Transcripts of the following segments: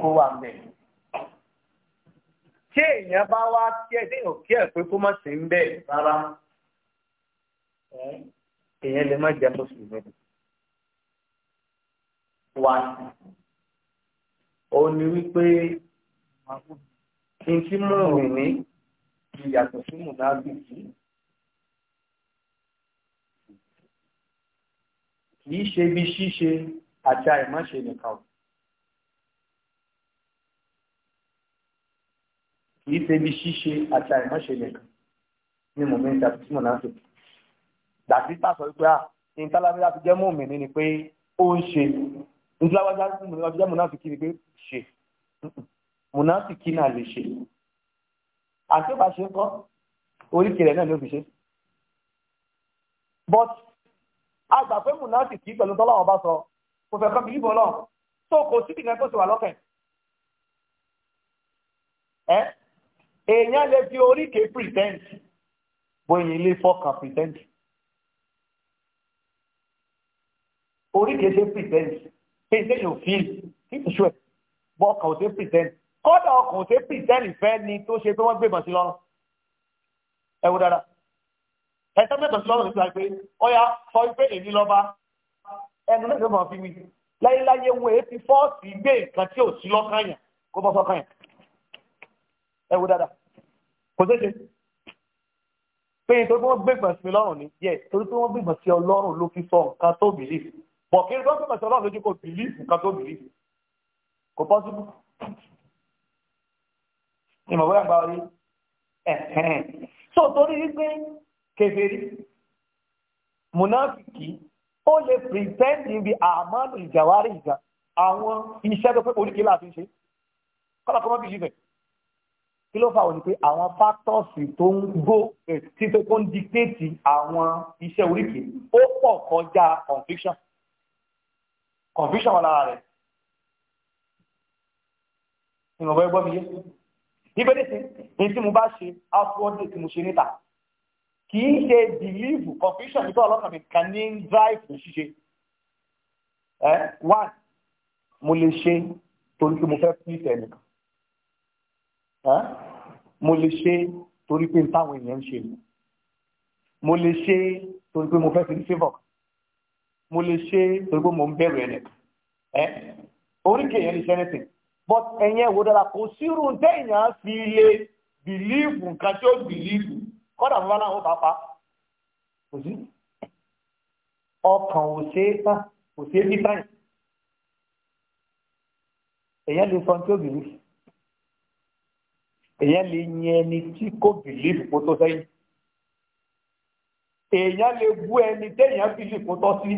kó wà ń bẹ̀. tí èèyàn bá wá kí ẹ̀ déyàn kí ẹ̀ pé kó má sí ń bẹ̀ rárá èèyàn lè má jẹ́ mùsùlùmí wá ó ní wípé kí n tí mú mi ní ìyàtọ̀ sí mùnábìkì kì í ṣe bí ṣíṣe àti àìmáṣe nìkan. kìí ṣe bí ṣíṣe àti àìmọ́ṣe nìkan ní mòmíntà tí mò náà ṣe dàbí pàṣọ wípé à ah, ní tálábíyá ti jẹ́ mòmìnì ni pé ó ń ṣe ní tálábíyá ti mòmìnì ọjọ́ mùnáfíkí ni pé ṣe mùnáfíkí náà lè ṣe àti ó bá ṣe ń kọ́ oríkèé rẹ̀ náà ló fi ṣe but àgbà pé mùnáfíkí pẹ̀lú tọ́lọ́wọ́n bá sọ kò fẹ́ kọ́ bí ibò náà tó kò síbi kan tó ti wà lọ́kẹ̀ èèyàn lè fi oríkèé pretend bóyá ilé fọkàn pretend oríkèé ṣe pretend pèsè yóò fi kíkì ṣú ẹ bọ ọkàn ò ṣe pretend kódà ọkàn ò ṣe pretend ìfẹ́ ni tó ṣe pé wọ́n gbé ìbọn sí lọ́rùn ẹ wo dára ẹ tẹ́ mẹ́tọ̀ sí lọ́rùn nípa pé ọya sọ pé èmi lọ́ba ẹnu náà ló mọ̀ fi wí láyéláyé wọn èé fi fọ́ọ̀sì gbé nǹkan tí ò sí lọ́kàn yẹn kó bọ́ sọ́kàn yẹn ẹ wo dáadáa kò ṣeé ṣe pé nítorí pé wọ́n gbẹ̀gbọ̀n sí mi lọ́rùn ni yẹ torí pé wọ́n gbẹ̀gbọ̀n sí ọlọ́run ló fi sọ nǹkan tó bìlíf bọ̀ kí ni wọ́n gbẹ̀gbọ̀n sí ọlọ́run lójú kò bìlíf nǹkan tó bìlíf kò pọ́sibú ìmọ̀ bóyá gba orí ẹ̀hẹ́n so torí wípé kèfèrí mùnáfìkì ó lè pretend níbi àmọ́nù ìjàwárí ìjà àwọn iṣẹ́ tó pé oríkèé láti ṣe kọ́lá kọ́mọ́ bí ṣe kí ló fà wọ́n ni pé àwọn fáktọ́ọ̀sì tó ń gbó eh, tí tó kó ń dictate àwọn iṣẹ́ oríkì ó pọ̀ kọjá conviction conviction wọn lára rẹ̀ ìmọ̀ bọ́ ẹgbọ́n mi yé níbẹ̀ ní sin ní tí mo bá ṣe outward date mo ṣe níta kì í ṣe believe conviction nígbà ọlọ́kàn mi kàn ní drive ní ṣíṣe ẹ eh, one mo lè ṣe torí pé mo fẹ́ fún ìtẹ̀ nìkan. Eh? mo lè ṣe torí pé táwọn èèyàn ń ṣe mi mo lè ṣe torí pé mo fẹ́ fi favour mo lè ṣe torí pé mo ń bẹ̀rù ẹ̀nẹ̀ ẹ́ oríkè yẹn lè ṣe anything but ẹ̀yẹn wo dára kò sírù téèyàn fi lè bìlíìfù nǹkan tí ó bìlíìfù kọ́dà fún fáwọn àwọn bàbá kò sí ọkàn ò ṣe é tán kò ṣe é bí táyì ẹ̀yẹn lè sọ tí ó bìlíìfù èèyàn lè yin ẹni tí kò bìlífù kó tó sẹ́yìn èèyàn lè bú ẹni téèyàn bìlífù kó tó sí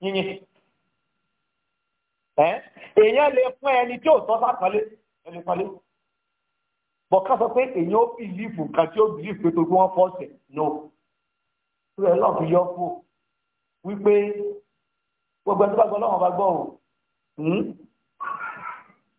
yíyìn èèyàn lè fún ẹni tí ò tọ́ sàkọlé ẹni kọlé bọ̀ká sọ pé èèyàn ó bìlífù kan tí ó bìlífù pé torí wọ́n fọ́ọ̀sẹ̀ no rẹ̀ náà fi yọ fún wípé gbogbo ẹni tó bá gbọ́ lọ́wọ́ bá gbọ́ ò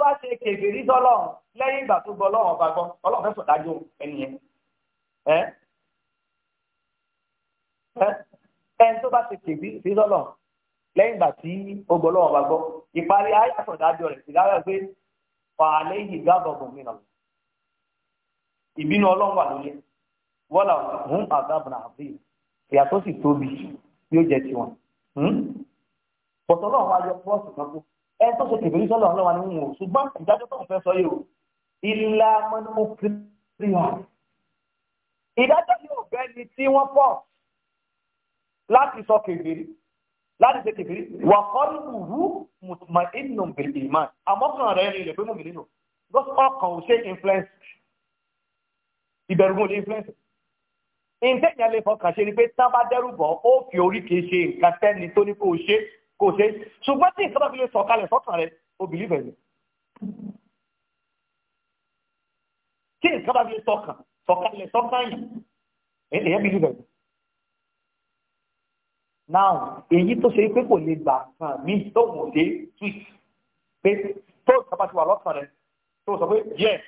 bá ṣe kèfèrí sọ́lọ́run lẹ́yìn ìgbà tó gbọ́ ọlọ́run ọba gbọ́ ọlọ́run fẹ́ sọ̀dájú ẹni yẹn ẹ ẹni tó bá ṣe kèfèrí sọ́lọ́run lẹ́yìn ìgbà tí ó gbọ́ ọlọ́run ọba gbọ́ ìparí ayé sọ̀dájú rẹ̀ ìdájọ́ pé fàálẹ́ yìí gbàgbọ́ bòmínà ìbínú ọlọ́run wà lórí wọ́lá hún àgbàbọ̀nà àbí ìyà tó sì tóbi ẹni tó ṣe kèbèrè sọ́lọ̀ ọlọ́wà ni wọn ò ṣùgbọ́n ìdájọ́ tó ń fẹ́ sọ yìí o ilá mọ́nìmọ́ kiri hàn ìdájọ́ yóò bẹ́ ni tí wọ́n pọ̀ láti sọ kèbèrè láti ṣe kèbèrè wà kọ́ lùwú mùtùmá inú bèrè ìmá àmọ́kàn rẹ̀ rìn rẹ̀ pé mòmìnir nù lọ́kàn ò ṣe influence ìbẹ̀rù mọ́ ní influence ìǹtẹ̀yìn alẹ́ fọkàn ṣe ni pé tábà dẹ́rù bọ̀ ó fi oríkèé ṣe nǹkan tẹ́ni tó ní kó ṣe é kò ṣe ṣùgbọ́n tí ìsọ́nà fi lè sọ kalẹ̀ sọ́kàn rẹ̀ ó bìlí bẹ̀rẹ̀ tí ìsọ́nà fi lè sọkàn sọkalẹ̀ sọ́kàn yìí èyàn bìlí bẹ̀rẹ̀ now èyí tó ṣe pé kò lè gbà kan mí tó wò dé twist pé tó ìsọ́nà ti wà lọ́kàn rẹ̀ tó sọ pé yes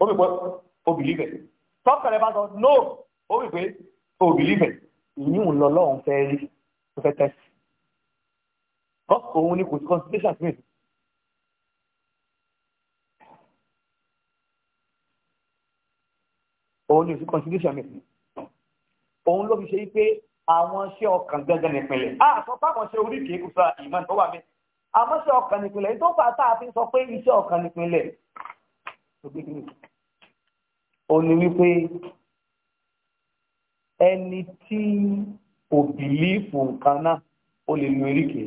ó bì pé ó bìlí bẹ̀rẹ̀ sọ́kàn rẹ̀ bá sọ no ó bì pé ó bìlí bẹ̀rẹ̀ ìyíhùn lọ́lọ́run fẹ́ rí fẹ́ tẹ́sí kọ́ òun ni kò sí constitution smith. òun ni kò sí constitution mi òun ló fi ṣe wípé àwọn iṣẹ́ ọkàn gangan nípìnlẹ̀ àṣọ táwọn ṣe oríkèé kò sọ ìmọ̀ tó wà mí àmọ́ iṣẹ́ ọkàn nípìnlẹ̀ tó bá tá a fi sọ pé iṣẹ́ ọkàn nípìnlẹ̀ ó ní wípé ẹni tí ò bìlífù nǹkan náà ó lè lu oríkèé.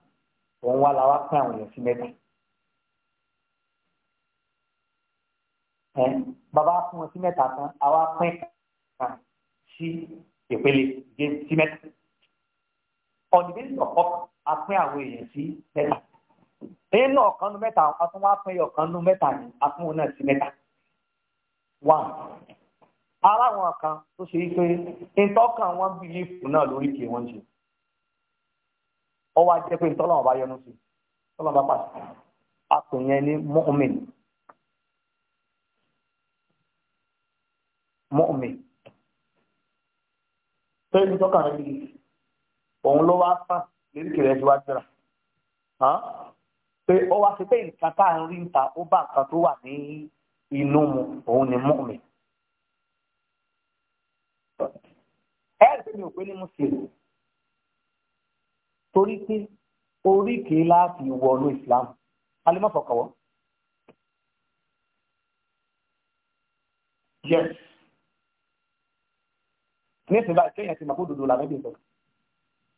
òun wá la wá pín àwọn èèyàn sí mẹ́ta. bàbá fún wọn sí mẹ́ta tán àwa pín kan sí ìpele sí mẹ́ta. ọ̀nìbí ọ̀pọ̀ a pín àwọn èèyàn sí mẹ́ta. nínú ọ̀kan nu mẹ́ta a tún wá pín ọ̀kan nu mẹ́ta ni a fún wọn náà sí mẹ́ta. one ara kan tó ṣe é pé ntọ́kàn wọn bí lífù náà lórí kí wọ́n ṣe ọ wá jẹ́ pé tọ́lọ́wọ́n bá yọnu sí tọ́lọ́wọ́n bá pàṣẹ apò yẹn ní mọ́ọ̀mìn mọ́ọ̀mìn tó yẹ kí tọ́ka rẹ bí òun ló wá fà lóríkèrè ẹ ti wá jẹrà pé ọ wá sí pé nǹkan tá à ń rí níta ó bá nǹkan tó wà ní inú mu òun ni mọ́ọ̀mìn ẹ ẹ́ rí pé mi ní mùsùlùmí torí pé oríkèé láti wọnú Islam alimọ́fọ̀kọ̀wọ́. yes nísìnyí báyìí kéèyàn ti mọ̀ kó dodo làwọn ẹbí sọ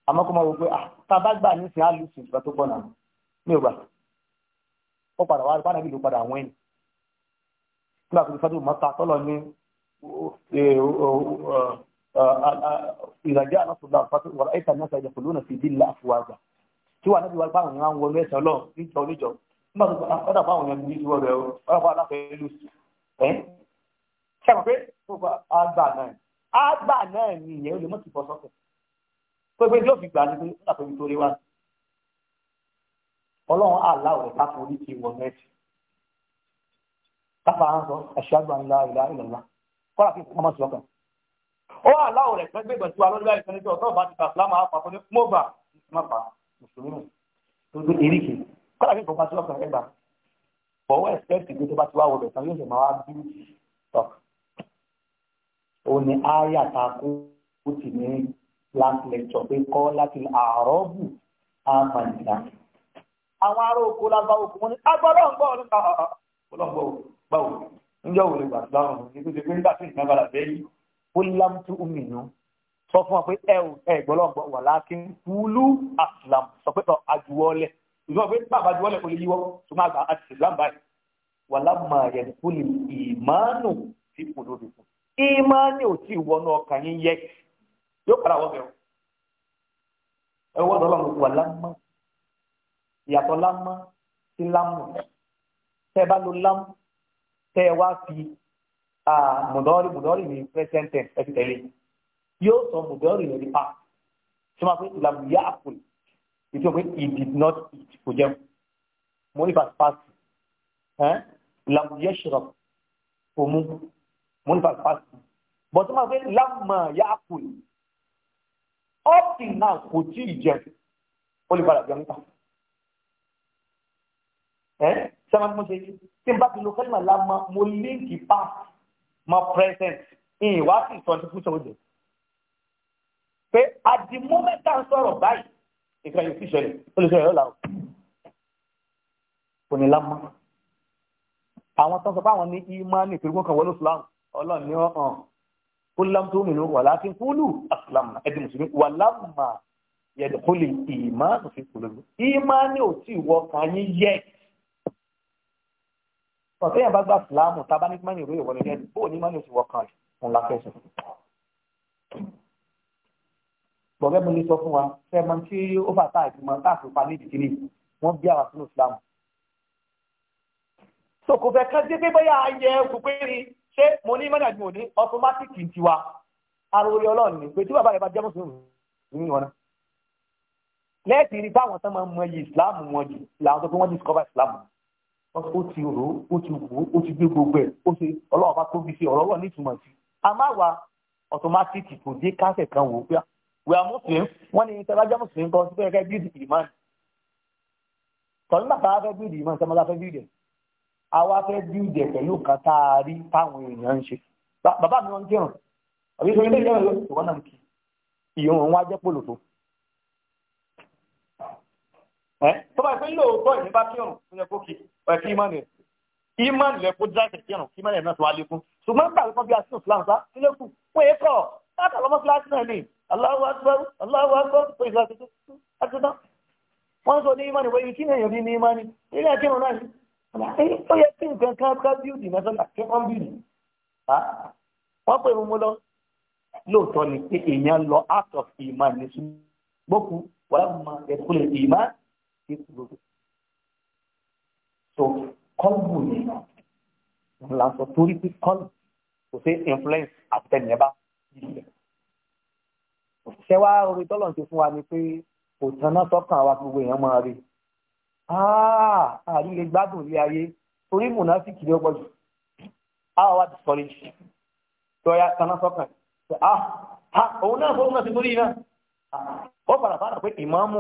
àmọ́ kó máa wọ pé ah, tá a bá gbà nísìnyí á lù sí ìgbà tó pọ̀ náà mi ò gbà ó padà wá gbàdàbí ló padà wọ́n ẹ̀ nígbà tó ti fẹ́ tó mọ́ta tọ́lọ ní إذا جاء نصر الله الفتح ورأيت الناس يدخلون في دين الله أفواجا tí wà níbi wà bá àwọn èèyàn wọlé ẹsẹ Ọlọ́run níjọ níjọ nígbà tó gbà ọdà bá àwọn èèyàn ní ìwọ rẹ o ọdà bá aláfẹ lù sí ẹ ṣe àmọ́ pé tó bá àgbà náà àgbà náà ni ìyẹn olè mọtì bọ sọkẹ pé pé yóò fi gbà ní pé ọdà pé nítorí wà Ọlọ́run àlá ọrẹ káfọ orí ti wọ mẹsì káfọ ó wà láwọ̀ rẹ̀ pẹ́ẹ́gbẹ́ ìgbà tí wà lọ́dún báyìí pẹ́ẹ́gbẹ́ ọ̀tọ́ bá ti gbà fúlámà á pàpọ̀ ní mọ́bà mọ́bà mùsùlùmí tó gbé eríkì kọ́lá fífọ́ bá ti ẹgbà tó bá ti wọlé tán yóò máa wá bí tọ́ ó ní áyà ta kó ó ti ní láti pé kọ́ láti àárọ̀ bù á tu uminu sọ fún wa pé ẹ ò ẹ gbọ́lọ́gbọ́ wà láti kúlú asilam sọ pé tọ àjùwọ́lẹ̀ ìgbọ́n pé bàbá àjùwọ́lẹ̀ kò lè yíwọ́ ṣùgbọ́n àgbà àti islam báyìí wà lámà yẹn kú ni ìmánù tí kò lóde fún ìmánì ò tí ì wọnú ọkàn yín yẹ yóò padà wọ́n o ẹ wọ́n lọ́wọ́ wà lámà ìyàtọ̀ lámà sí lámù tẹ́ bá lo lámù tẹ́ wá fi mùdọ́rì mùdọ́rì ní present tense ẹ̀sìn tẹ̀lé yóò sọ mùdọ́rì ní pa tí wọ́n pè é ìlànà ìyá àpòlì ìtí wọ́n pè he did not eat kò jẹun mo ní past past ìlànà ìyá ṣìrọ̀ kò mú mo ní past past bọ̀ tí wọ́n pè é lámà ìyá àpòlì up till now kò tí ì jẹun ó lè padà jẹun níta sẹ́wọ́n mo ṣe tí n bá ti lo kẹ́lìmọ̀ lámà mo líǹkì past. More present in ìyìn wá sí ìtọ́jú fún sọ́jọ́ pé at the moment tá a sọ̀rọ̀ báyìí ìkan yóò sì ṣẹlẹ̀ ó lè ṣẹlẹ̀ lọ́la o kò ní lámọ́ àwọn tó ń sọ pé àwọn ní imani pé wọ́n kàn wọ́n ní islam ọlọ́run ní ọ̀hún kó lám tó mìíràn wà láti kúlù aslam ẹ̀dí mùsùlùmí wà lámà yẹ̀dẹ̀kọ́lì ìmáà tó fi kúlù ìmáà ní òtí ìwọ kan yín yẹ́ẹ̀ ọ̀sẹ̀ yẹn bá gba fìlàmù tábà ní mọ́ni ìró ìwọlé lẹ́nu bó ní mọ́ni òṣùwọ̀n kan òun la fẹ́ sùn. bọ̀gẹ́ mi lè sọ fún wa ṣe é mọ tí ó bá tá ìgbìmọ̀ tá àfipá ní ìdíkiri wọ́n bí àwọn sínú fìlàmù. so kò fẹ́ ká dé pé bóyá ayẹ kò pé ni ṣé mo ní mọ́ni àti mo ní ọtọmátìkì ń tiwa aróore ọlọ́run ni pé tí bàbá rẹ̀ bá jẹ́ mùsùlùmí wọn lẹ́ẹ̀tì rí báwọn tán máa ń mọyì ìsìláàmù wọn ó ti rò ó ti wò ó ti gbé gbogbo ẹ̀ ó ṣe ọlọ́run bá tóbi sí ọ̀rọ̀ ọlọ́run nítumọ̀ sí a má wa ọ̀tọ̀mátìkì kò dé kásẹ̀ kan wò ó pé wẹ́ amúsùlùm wọ́n ní sẹ́lájà mùsùlùm kan sí fẹ́ẹ́ bíìdì ìmán tọ́lú bàbá fẹ́ bíìdì ìmán sẹ́mọ́lá fẹ́ bíìdì àwa fẹ́ bíìdì ẹ̀ pẹ̀lú kan tá a rí táwọn èèyàn ń ṣe bàbá mi wọn ń kírun àbí sọ ilé ìyá tó bá pẹ́ lóòótọ́ ìní bá kírun tó yẹ kó kí ẹ kí ìmọ̀ nìyẹn ìmọ̀ nìyẹn kó já kẹ̀kẹ́rùn kí mẹ́rin náà tó wá lékún ṣùgbọ́n gbà wípé bí a sínú fúlàn sá sílé kù pé kọ́ láti àwọn fúlàsì náà ní Allahu Akbar Allahu Akbar pé ìlú àti tuntun àti tán wọ́n sọ ní ìmọ̀ nìyẹn kí ni èèyàn ní ìmọ̀ ni ilé akérò náà ni ó yẹ kí nǹkan kan ká bíúdì mẹ́tọ́lá kí wọ́n bíúdì wọ́n pè mú mú lọ lóòótọ́ ni pé èèyàn lọ out of ìmọ̀ nìṣú gbókù wọ́n máa ẹ̀kú lè ìmọ̀ ipò so kọ́lbù yìí la sọ torí pé kọ́lbù kò sí influence àtẹnìyẹ́bá yìí ṣé wàá orí tọ́lọ̀ ń ṣe fún wa ni pé kò tán náà sọ́kàn wa gbogbo èèyàn máa rí àárín lè gbádùn ilé ayé torí mùnáfíkì ló gbọ́dọ̀ àwọn wa discourage tọ́ya tán náà sọ́kàn ah òun náà fọ́nà sí torí náà ah, ó padà fara pé ìmáàmù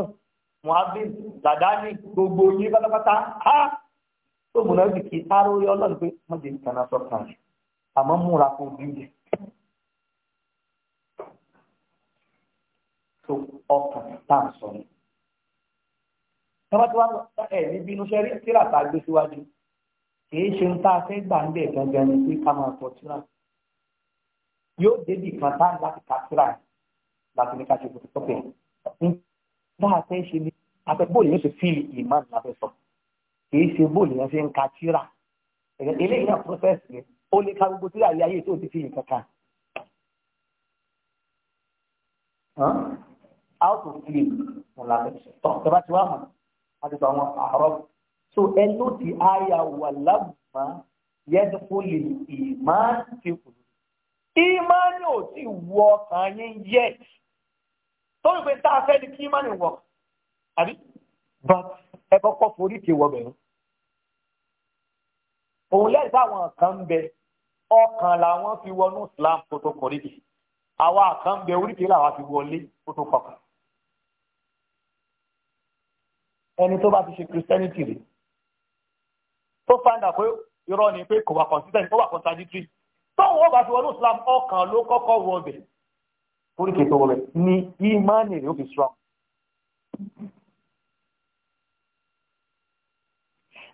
muhammed ladani gbogbo yín pátápátá ha. tó múná sì kí sáré orí ọlọ́run pé wọ́n jẹ́ ìkànnà sọ́kàn rẹ̀ àmọ́ múra kó díje. tó ọkàn tá à ń sọ ni. tọ́ba tí wàá ẹ̀ níbi inú sẹ́rí tíra tá a gbé síwájú kìí ṣe ń tá a fẹ́ gbà ń bẹ̀ gangan ni pé ká máa tọ́ tíra. yóò débi kan tá a láti ka tíra láti ní ká ṣe fòtò tọ́pẹ̀ bá a ṣe ni afẹ́ bóòlù yẹn ṣe fíìlì ìmáàmù láfẹ́ sọ kìí ṣe bóòlù yẹn ṣe ń ka tíra eléyìí náà prọfẹ́sì yẹn ó lè ka gbogbo tíra ayé tó ti fi kankan. out of fíìlì wọn láfẹ́ sọ tọ́ ẹ bá ti wá mọ̀ a ti sọ àwọn àárọ̀ so ẹ ló ti àyà wà lábùmá yẹn kó lè ìmáàmù ti kù ìmáàmù ò tí wọ ọkàn yín yẹtì tó ń pè tá a fẹ́ ni kí má ní wọ̀ àbí but ẹ kọ́kọ́ forí ti wọ̀ bẹ̀rù. òun lẹ́yìn táwọn kan ń bẹ ọkàn làwọn fi wọnú Islam kó tó kọ̀ níbi àwa kan ń bẹ oríkèé làwọn fi wọlé kó tó kọkàn. ẹni tó bá ti ṣe Christianity rèé tó fàǹdà pé irọ́ ni pé kò wà consistent tó wà contradictory tóun ó bá ti wọnú Islam ọkàn ló kọ́kọ́ wọ bẹ̀rù oríkè tó rẹ̀ ni ìmánì rẹ̀ ó fi strong.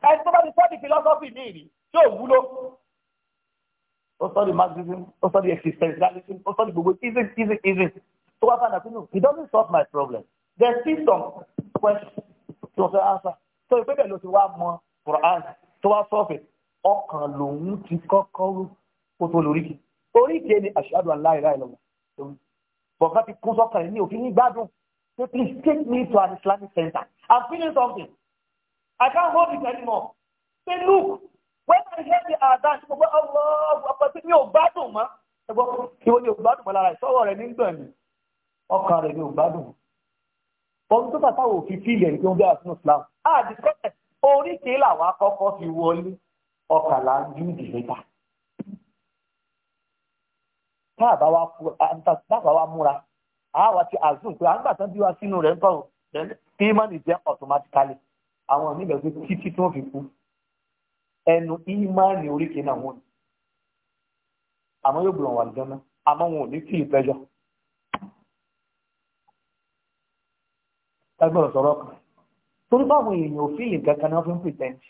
ẹni tó bá ti sọ́ọ̀dì philosophy ní ìrì yóò wúlò ó sọ́ọ̀dì marxism ó sọ́ọ̀dì existentialism ó sọ́ọ̀dì gbogbo ism ism ism tó wá it doesn't solve my problem there is still some questions to also answer so ìpè bẹ́ẹ̀ ló ti wá mọ Quran tó wá sọ́ọ̀fì ọkàn lòun ti kọ́kọ́ kó tó lóríkì oríkì ni ashhadu an la ilaha illallah bọ̀gá ti kún sọ́kàn yìí ní òfin ní gbádùn say please take me to an Islamic center I'm feeling something I can't hold it anymore say look when I hear the adan ṣe mo gbọ́ Allahu Akbar mi ò gbádùn mọ́ ẹ gbọ́ Badu? ni ò gbádùn mọ́ lára ìṣọwọ́ rẹ nígbọ̀n mi ọkàn rẹ ni ò gbádùn ohun tó bàtà wò fi fíìlì ẹni tó ń bẹ àtúnú Islam àdìsọ́tẹ̀ ah, oríkèé làwọn akọ́kọ́ fi wọlé ọkàlà ń dúdú níta. tá a bá wa múra àwa ti assume pé àgbà tán bí wa sínú rẹ̀ ń bọ̀ ìmánì jẹ́ automatically àwọn onígbà pé títí tí wọ́n fi kú ẹnu ìmánì oríkèé náà wọ́n àmọ́ yóò gbọ́n wà lọ́nà àmọ́ wọn ò ní kí ìpẹ́jọ́. ẹgbọ́n sọ̀rọ̀ kan torí báwọn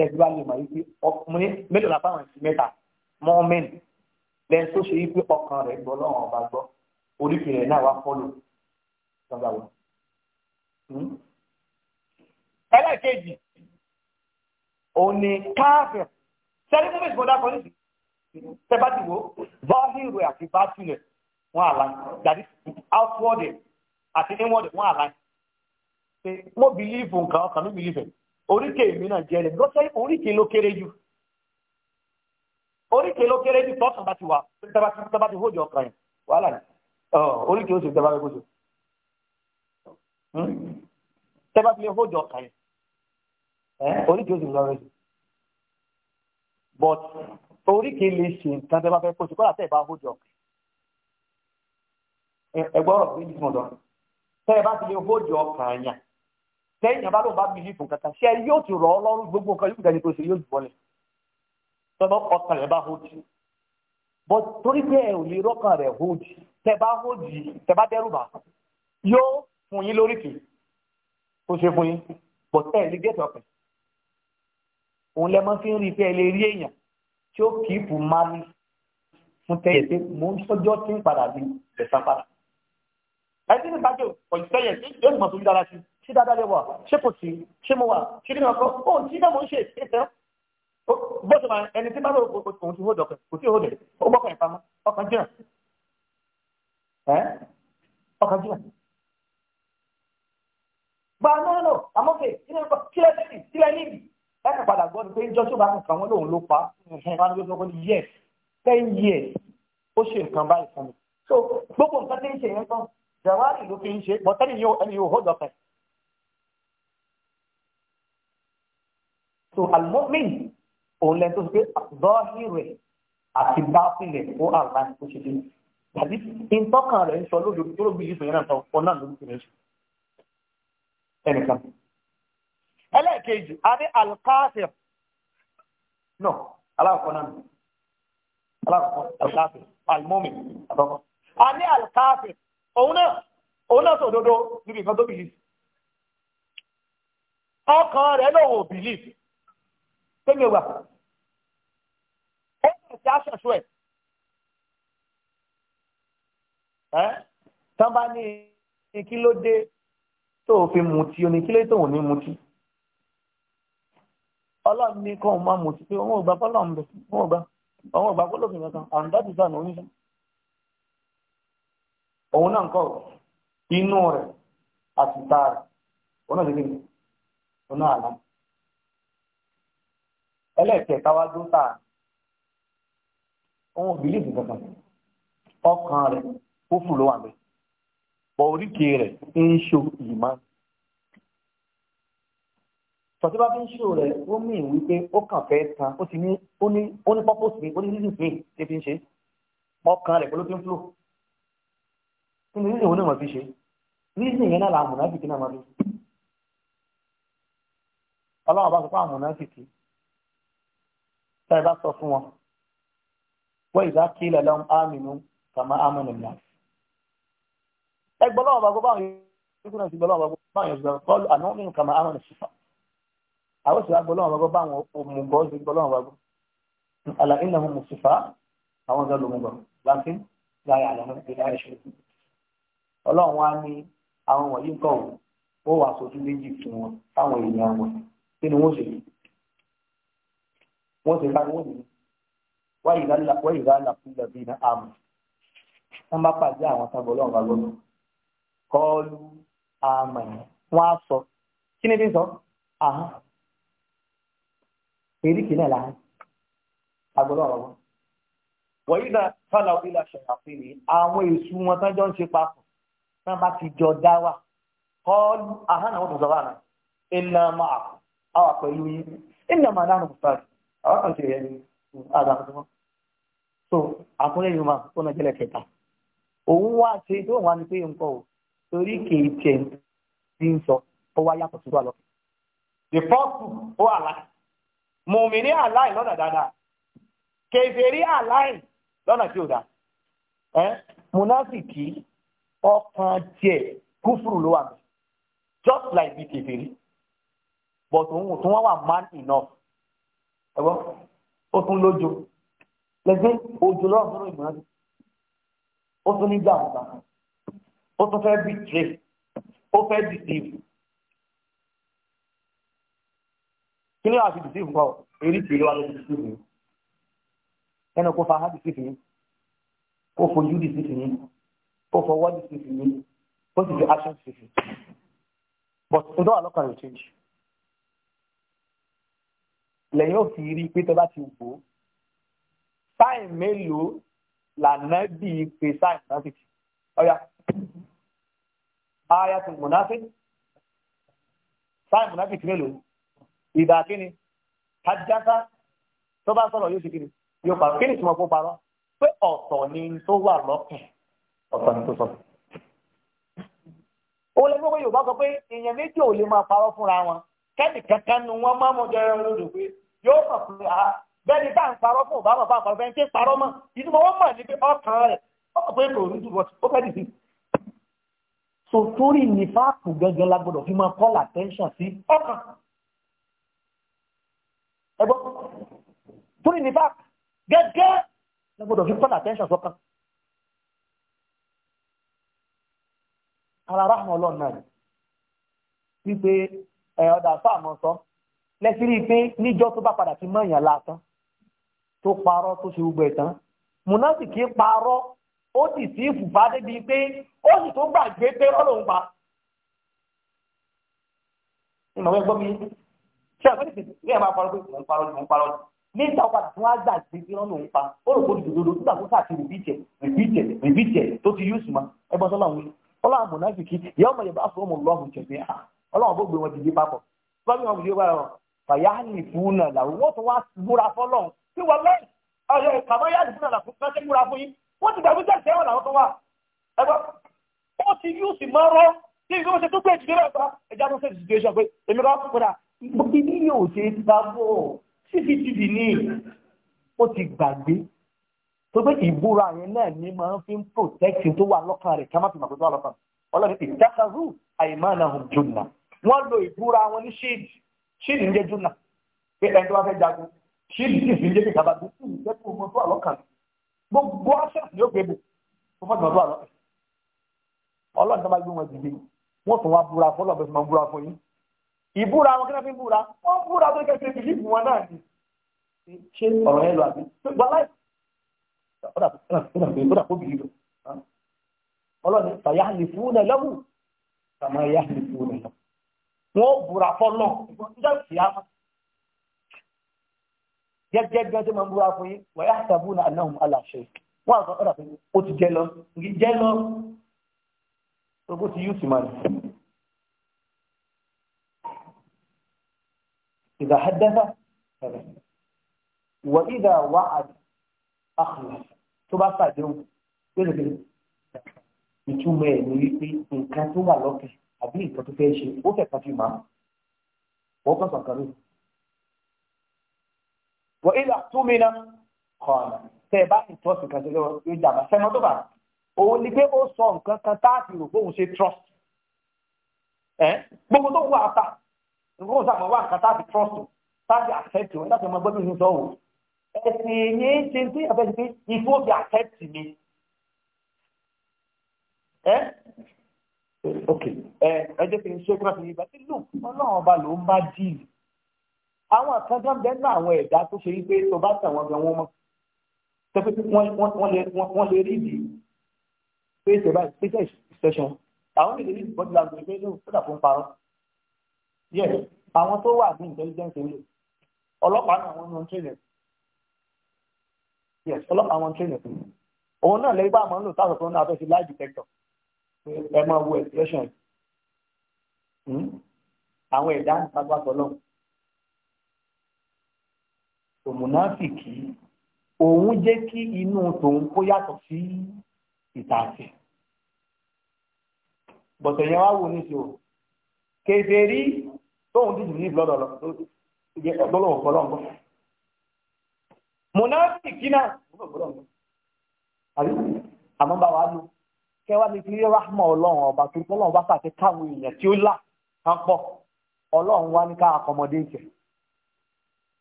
tẹ̀síwá lè mọ̀ wípé ọkùnrin mélòó la fáwọn ẹ̀sìn mẹ́ta mọ́ọ́mẹ́nì lẹ́yìn tó ṣe wípé ọkàn rẹ̀ gbọ́ lọ́wọ́n ọba gbọ́ oríkì rẹ̀ náà wá fọ́lò lọ́gbàwọ́. Hmm? ẹlẹ́ẹ̀kejì òní káàfẹ̀ sẹ́ni tó bẹ̀rẹ̀ bọ́dá kan níbi tẹ́bátìwó bọ́ọ̀hìnrò àti bátìlẹ̀ wọn àlá dàdí outward àti inward wọn àlá. mo bìlíìfù nǹkan ọkàn mi bìlíìfù ẹ̀ oríkè èmi náà jẹlẹ̀ lọ́sẹ̀ oríkè ló kéré jù oríkè ló kéré jù tọ́sán bá ti wà tábà ti hójú ọkàn yẹn wàhálà ni oríkè oṣù tẹ́bà fẹ́ kóso tẹ́bà ti lè hójú ọkàn yẹn oríkè oṣù tẹ́bà fẹ́ kóso but oríkè lè ṣe nǹkan tẹ́bà fẹ́ kóso kọ́lá tẹ́ ẹ̀ bá hójú ọkàn ẹ̀gbọ́n ọ̀gbìn ìtumọ̀dọ̀ tẹ́ ẹ bá ti lè hójú ọkàn yẹn lẹ́yìn ìyàbá ló bá bìlí fún kankan ṣe yóò ti rọ̀ ọ́ lọ́rùn gbogbo nǹkan yóò dẹni tó ṣe yóò jù bọ́lẹ̀ tọ́lọ́ ọkàn rẹ̀ bá hóòjì bọ́ torí pé ẹ ò lè rọ́kàn rẹ̀ hóòjì tẹ bá hóòjì tẹ bá dẹ́rù bá yóò fún yín lórí kì tó ṣe fún yín bọ́ tẹ́ ẹ lè gẹ́tọ̀ pẹ̀ òun lẹ mọ́ ń rí pé ẹ lè rí èèyàn tí ó kì í fún mali fún tẹ́yẹ̀ pé mò ń sọ́jọ́ tí ń padà bí ẹ̀sán padà ẹ sí dáadáa lè wà ṣé kò sí ṣé mo wà ṣé kí ni ọkọ ó ti bá mo ń ṣe ètò bó ṣe máa ẹni tí bá lọ òun ti hó dọkẹ kò tí ì hó dẹ ó gbọ́kàn ìpamọ́ ọkàn jìnnà ẹ ọkàn jìnnà gba náà lọ àmọ́fẹ́ kílẹ̀ tẹ́lẹ̀ kílẹ̀ níbi ẹ̀ka padà gbọ́ ni pé ń jọ bá ń kàn wọ́n ló pa wọn ló sọ ní yes ten years ó ṣe nǹkan báyìí fún mi so gbogbo nǹkan tí ń ṣe yẹn tán jàwárì ló fi ń ṣe bọ́tẹ́lì ni yóò hó dọ̀kẹ́ so almu'min òun lẹ́nu tó sọ pé zọ́ọ̀hì rẹ̀ àti báàfin rẹ̀ ó àrùn tó ṣe dé tàbí ìtọ́kàn rẹ̀ ń sọ lódodo tó ló bí ìsòyìn náà tán ọ̀nà ló ń tẹ̀lé sùn ẹnìkan. ẹlẹ́ẹ̀kejì a ní alkaasir no aláàkọ́ náà aláàkọ́ alkaasir almu'min àtọ́kọ́ a ní alkaasir òun náà òun náà sọ òdodo níbi nǹkan tó bìlì sẹ́mi ẹ̀wà ó bẹ̀rẹ̀ sí aṣọ̀ṣọ́ ẹ̀ ẹ́ tán bá ní kí ló dé tó o fi mutí o ní kí ló tó o ní mutí ọlọ́run ní kóun máa mutí pé òun ò gbà fọlọ́run bẹ̀ òun ò gbà òun ò gbà fọlọ́run kankan àrùn dátì sàn òun nìkan òun náà kọ inú rẹ̀ àti tá rẹ̀ òun náà ti kí ni òun náà àlá ẹlẹ́ẹ̀kẹta wá dún tà òun bìlíìfù kankan ọkàn rẹ̀ ó fún ló wà bẹ́ẹ̀ bọ̀ oríkèé rẹ̀ ń ṣo ìmọ̀ tọ́tí bá fi ń ṣò rẹ̀ ó mì wípé ó kàn fẹ́ tan ó ti ní ó ní ó ní purpose ó ní reason mi ṣe fi ń ṣe ọkàn rẹ̀ pẹ̀lú fi ń flow kí ni reason wo ni wọ́n fi ṣe reason yẹn náà làmùnáfìkì náà máa fi ọlọ́run bá sọ pé àmùnáfìkì tá ẹ bá sọ fún wọn wọ́n ìdá kí ilẹ̀ lọ́n ámìnú kàmá ámìnú náà. ẹ gbọ́ lọ́wọ́ bàbá báwọn yóò kúrò sí gbọ́ lọ́wọ́ bàbá báwọn yóò gbọ́ kọ́lù àná nínú kàmá ámìnú sífà. àwọn ìṣòro àgbọ̀ lọ́wọ́ bàbá báwọn òmùgọ̀ sí gbọ́ lọ́wọ́ bàbá. àlà iná mu mu sífà àwọn ọ̀gá lòmùgọ̀ láti láyà àlàmú ìlà ẹ̀ṣẹ̀. ọlọ́run wa ní àwọn wọ̀nyí kọ̀ ó wà sójú méjì fún wọn táwọn èèyàn wọn kí ni wọ́n ṣe yìí wọ́n ti bá wọ́n nìyí wọ́n ìgbà làkú lẹ́bí ní àmù wọ́n bá pàdé àwọn sábọ̀ lọ́wọ́ bá lọ́nà kọ́ọ̀lù àmà wọ́n á sọ kí ni bí sọ àhán eríkì náà láhán agbọ́dọ̀ ọ̀rọ̀ wọn. wọ́n yìí náà fọlá òbí la ṣàyàfin ni àwọn èṣù wọn tán jọ ń ṣe papọ̀ tán bá ti jọ dá wà kọ́ọ̀lù àhán àwọn tó sọ fún àná ìnàmọ́ àwọn pẹ̀lú yìí ìnàmọ́ àná àwọn mùsùlùmí àwọn kan ti rẹ̀ ní àgbà hmm, kan so àkúnlẹ̀ yorùbá ó náà jẹ́lẹ̀ kẹta òun wá ṣe tó wà ní pé nǹkan o torí kìí tiẹ̀ ti ń sọ ó wá yàtọ̀ síbà lọ. the first ó àlá mùmíní àláì lọ́nà dáadáa kèfèrí àláì lọ́nà tí ò dáa munafiki ọkàn tiẹ̀ kúfùrù ló wà mí just like bí kèfèrí but òun ò tún wá wà man enough. ẹ̀wọ́ ó tún lojo lẹ́sìn òjò lọ́wọ́ fún ìmọ̀ rẹ̀ ó tún ní jàǹbá ó tún fẹ́ bí tre ó fẹ́ bí tèèfù kí ló àti bí tèèfù kọ́ èrí tèèfù wà lójú for yìí ẹnu kó fa ha bí tèèfù yìí kó fojú bí tèèfù yìí kó fọwọ́ bí tèèfù yìí kó sì fi action tèèfù but ǹdọ́ àlọ́kàn rẹ̀ change. lẹ́yìn ò fi rí i pé tó bá ti wò ó táì mélòó lànà bíi pé sáì mùnáfíkì ọ̀yà aya tó mùnáfíkì sáì mùnáfíkì mélòó ìdá kíni kájáká tó bá sọ̀rọ̀ yóò ṣe kíni yóò parọ́ kíni tí mo kó parọ́ pé ọ̀tọ̀ ni tó wà lọ́kàn ọ̀tọ̀ ni tó sọ. ó lè gbọ́ pé Yorùbá sọ pé èèyàn méjì ò lè máa parọ́ fúnra wọn kẹ́ni kankan nu wọ́n máa mọ jẹrẹ olódò pé yóò mọ̀ pé a ah, bẹ́ẹ̀ ni bá ń parọ́ fún òbá mọ̀ bá ń parọ́ fẹ́ẹ́ ń ké parọ́ mọ́ ìdí mọ́ wọ́n mọ̀ ní pé ọkàn rẹ̀ ọkàn pé kò ní dùbọ̀ ó fẹ́ dìbì. so torí nífàkù gẹ́gẹ́ la gbọ́dọ̀ fi máa call attention sí ọkàn ẹ gbọ́ torí nífàkù gẹ́gẹ́ la gbọ́dọ̀ fi call attention sọ́kàn. ara rahman ọlọ́run náà wípé ọ̀dà fáàmù sọ lẹ́sìn rí i pé níjọ́ tó bá padà fi mọ́ èèyàn lásán tó parọ́ tó ṣe gbogbo ẹ̀tàn mùnásìkì parọ́ ó sì sí ìfùfà débi pé ó sì tó gbàgbé pé ọlọ́run pa ìmọ̀ wẹ́gbọ́n mi ṣé àgbẹ̀ ní ìsìn bí ẹ̀ máa parọ́ pé mò ń parọ́ mò ń parọ́ níta ọ̀pá tí wọ́n á gbàgbé pé ọlọ́run pa ó rò kó di dòdòdò nígbà tó káàkiri rìbíjẹ̀ rìbíjẹ̀ rìbíjẹ̀ tó ti yúùsù mọ́ ẹgbọ́n sọ́lá òun ọlọ́run mùnásìkì ìyá ọmọ yorùbá fún ọmọ ọlọ́run jẹ̀bi ọlọ́run bó gbé wọn dìde papọ̀ bọ́ọ̀lù wọn dìde papọ̀ fàyàlì fún náà làwọn wọ́n tún wá múra fọlọ́run tí wọ́n lẹ́yìn ọ̀yọ́ ìkàmọ́yàlì fún náà làwọn kan ṣe múra fún yín wọ́n ti gbàgbé jẹ́ ìṣẹ́wọ̀n làwọn tó wà ẹgbẹ́ ó ti yóò sì máa rọ́ kí ìgbé wọn ṣe tó gbé ìdílé rẹ̀ pa ẹja tó ṣe situation pé èmi rọ́ kúrà ibi yóò ṣe bá cctv ní ó ti gbàgbé tó pé ìbúra yẹn náà ni máa ń fi ń protect tó wà lọ́kàn rẹ̀ ká má fi màgbé tó lọ́kàn ọlọ́run ti tẹ́kazú àìmánahùn jùnà wọ́n lo ìbúra wọn ní ṣíìdì ṣíìdì ń jẹ́ júnà pé ẹni tó bá fẹ́ jagun ṣíìdì sì fi ń jẹ́ kíkà bá dé sí ìjẹ́ tó mọ tó àlọ́kàn gbogbo aṣọ ni ó gbé bò tó fọ́ tìmọ̀ tó àlọ́kàn ọlọ́run tó bá gbé wọn dìde wọ́n tún wá búra fún ọlọ́run tó máa búra fún yín ìbúra wọn kí wọ́n fi búra wọ́n búra tó kẹ́kẹ́ fi bìlíìfù wọn náà ni ṣé ọ̀rọ̀ yẹn lọ àbí gbogbo aláì ọlọ́run tàyà lè fún un náà lọ́wọ́ wọ́n búra fọ́lọ̀ níjọ́ ìfìyàmọ́ gẹ́gẹ́ bí wọ́n ti máa ń búra fún yín wọ́n yá àtàbù náà aláhùn aláṣẹ wọ́n àgbà ọ̀dà pé ó ti jẹ́ lọ ní jẹ́ lọ gbogbo ti yóò sì máa nì. إذا حدث كذب وإذا وعد أخلف tó bá ṣàdéhùn yóò lè fi ìtumọ̀ ẹ̀ ní wípé nǹkan tó àbí nǹkan tó fẹ́ ṣe ó fẹ́ kan fi máa wọ́n kàn sàn kan ní. wọ́n ilà tún mi náà kọ́ ọ̀nà tẹ́ ẹ bá ti trust nǹkan ṣe lọ́wọ́ yóò jàmbá sẹ́mọ́ tó bá òun ni pé ó sọ nǹkan kan táàtì rò bóun ṣe trust gbogbo tó wù àtà nǹkan ó sàmọ́ wà nǹkan táàtì trust táàtì accept wọn láti ọmọ gbọ́dọ̀ ní sọ́wọ́ ẹ̀sìn èyí ṣe tí a fẹ́ ṣe pé ìfowópamọ́ accept mi ok ẹ ẹ jẹ́ kí n ṣe kúrò fún yín bàtí lò ọlọ́run ọba ló ń bá díìlì àwọn àkàndá bẹ́ẹ̀ náà àwọn ẹ̀dá tó ṣe wípé tó bá tàwọn gan wọn mọ́ tẹ́fẹ́ tí wọ́n lè rí ìdí pé ìṣẹ̀bá ìṣẹ̀ṣẹ̀ ìṣẹ̀ṣẹ̀ àwọn lè rí body language pé lóò tó dàpọ̀ ń parọ́ yẹ àwọn tó wà ní intelligence wúlò ọlọ́pàá náà wọ́n ń tẹ̀lé yes ọlọ́pàá wọn ń tẹ̀lé òun náà lẹ́yìn bá àmọ́ ń lò táwọn tó ń náà fẹ́ fi lie detector ẹ máa wo expression hmm? àwọn ẹ̀dá ń tagbá tọ́lọ́ òmùnáfìkì òun jẹ́ kí inú tòun kó yàtọ̀ sí ìtàsí bọ̀tọ̀ yẹn wá wò ní sí o kèfèrí tóun dìdì ní ìbúlọ́dọ̀ lọ lọ́lọ́wọ́ gbọ́lọ́ngbọ́ mùnáfìkì náà gbọ́lọ́ngbọ́ àbí àmọ́ bá wa lò kẹwàá ní ti rí rahma ọlọ́run ọba tó tọ́lọ́run bá pàṣẹ káwọn èèyàn tí ó là á pọ̀ ọlọ́run wá ní ká akọmọdé jẹ.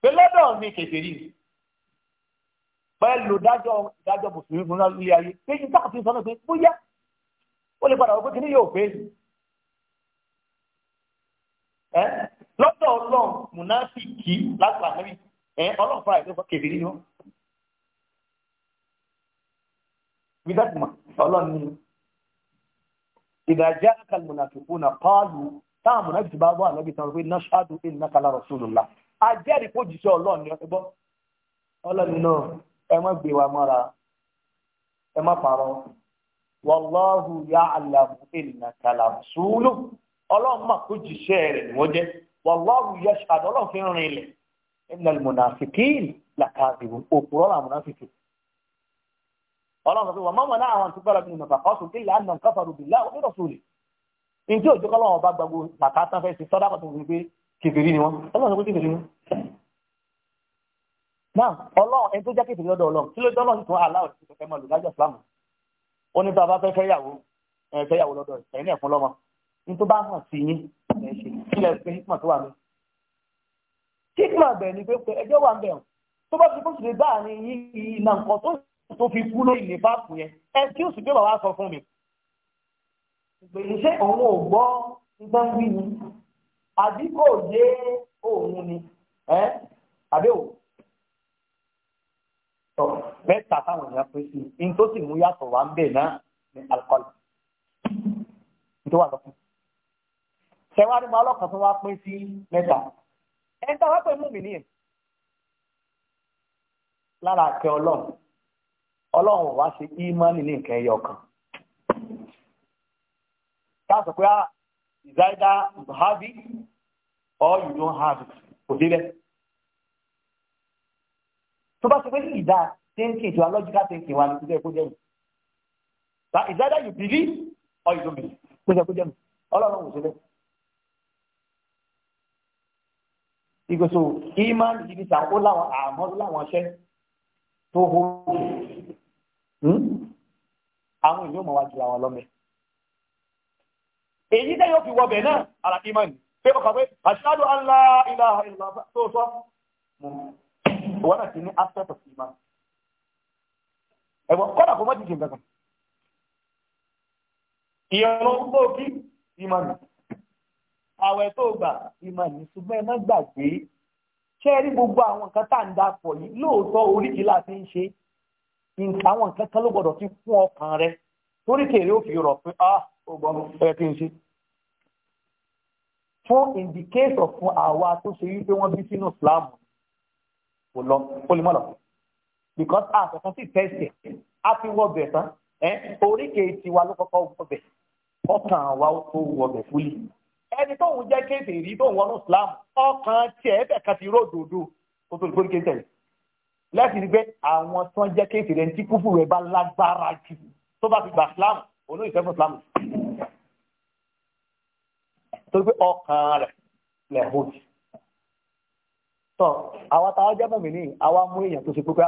pé lọ́dọ̀ mi kèfèrí ni pẹ̀lú dájọ́ dájọ́ mùsùlùmí fún ilé ayé pé yín tá a fi sọ náà pé bóyá ó lè padà wọ pé kíní yóò fẹ́ ẹ lọ́dọ̀ ọlọ́run mùnáfíkì láti àmì ẹ ọlọ́run fúnra ẹ̀ ló fọ kèfèrí ni wọ́n. ọlọ́run ni إذا جاءك المنافقون قالوا táwọn mọ̀nàbí ti bá wà lọ́bí tán pé nashadu innaka la rasulullah ajẹ́rìí kó jìṣẹ́ ọlọ́ọ̀ni ẹgbọ́ ọlọ́ọ̀ni náà ẹ má gbé wa mọ́ra ẹ má parọ́ wallahu ya'lamu innaka la rasulu ọlọ́ọ̀n mà kó jìṣẹ́ rẹ̀ ni wọ́n jẹ́ wallahu yashhadu ọlọ́ọ̀n fi rìn ilẹ̀ innal munafiqin làkàbìrún òpùrọ̀ làmùnàfíkì ọlọ́run sọ pé wọ́n mọ̀mọ́ náà àwọn àtúgbọ́lá bíi nàfà kọ́sùn kí làánà káfàrú bíi láwọn ní rọ̀sùlì ní tí òjò kọ́lọ́wọ́n bá gbàgbó bàtà tán fẹ́ ṣe sọ́dá kọ́tù ní pé kèfèrí ni wọ́n ọlọ́run sọ pé kèfèrí ni. náà ọlọ́run ẹni tó jẹ́ kèfèrí lọ́dọ̀ ọlọ́run kí ló dé ọlọ́run tún aláwọ̀ tó fẹ́ máa lò lájọ fúlàmù ó ní bàbá fẹ́ fẹ́yàwó fẹ́yàwó lọ́dọ̀ ẹ̀yìn náà fún lọ́mọ ní tó bá tó fi kú lórí nìbáàpù yẹn ẹ tí ó sì gbé bàbá sọ fún mi. ìgbèyìnṣẹ́ òun ò gbọ́ nǹkan wí ni àbí kò yé òun ni ẹ àbí òun. tọ mẹ́ta táwọn èèyàn pín sí i n tó sì mú yàtọ̀ wá ń bẹ náà ní alcohol n tó wà lọ́kùn. sẹ́wárí máa lọ́kàn tó wá pín sí mẹ́ta ẹ̀ ń tàwọn pé mú mi nìyẹn lára àkẹ́ ọlọ́run ọlọ́run wá sí ímánì ní nǹkan ẹyọ kan káàsọ̀ pé ah, is either you have it or you don't kò débẹ̀ tó bá ṣe pé ìdá thinking to a logical thinking wa ní ìdá ẹ̀kọ́ jẹ́ mi that is either you believe or you don't believe kó jẹ́ kó jẹ́ mi ọlọ́run kò débẹ̀. ìgbésò ímánì yìí ní láwọn àmọ́ láwọn ṣẹ́ tó hó àwọn èèyàn mọ̀ wá ju àwọn lọ́mẹ. èyí tẹ́ yóò fi wọ bẹ̀ náà àlàkí mọ́ ni pé ọkọ̀ pé ashhadu an la ilaha illallah tó sọ wọn náà ti ní aspect of iman ẹ̀wọ̀n kọ́dà kó mọ́ ti jìn kankan ìrún tó kí iman àwẹ̀ tó gbà iman ṣùgbọ́n ẹ má gbàgbé ṣẹ́ẹ́rí gbogbo àwọn nǹkan tá à ń yìí lóòótọ́ oríkì láti ń ṣe àwọn nǹkan kan ló gbọdọ̀ ti fún ọkàn rẹ torí kèrè ó fi rọ̀ pé ah ó gbọ́ ẹ kí n ṣe. fún indicator fún àwa tó ṣe wípé wọ́n bí sínú Islam kò lọ ó lè mọ̀ lọ because àtọ̀tún sì tẹ̀sí á fi wọ́ bẹ̀ tán oríkèé tiwa ló kọ́kọ́ wọ́ bẹ̀ ọkàn wa tó wọ́ bẹ̀ fúlì ẹni tóun jẹ́ kéde rí tóun wọnú Islam ọkàn tiẹ̀ ẹ̀bẹ̀ kan ti ródòdó tó lè kórìkè tẹ̀lé láti rí pé àwọn tó ń jẹ́ kéèsì rẹ̀ tí kúfù rẹ̀ bá lágbára jù tó bá fi gbà sílámù olóyè sẹ́fún sílámù torí pé ọkàn rẹ̀ lẹ̀ hojì tọ́ àwa táwọn jẹ́ mọ̀mí ní àwa mú èèyàn tó ṣe pé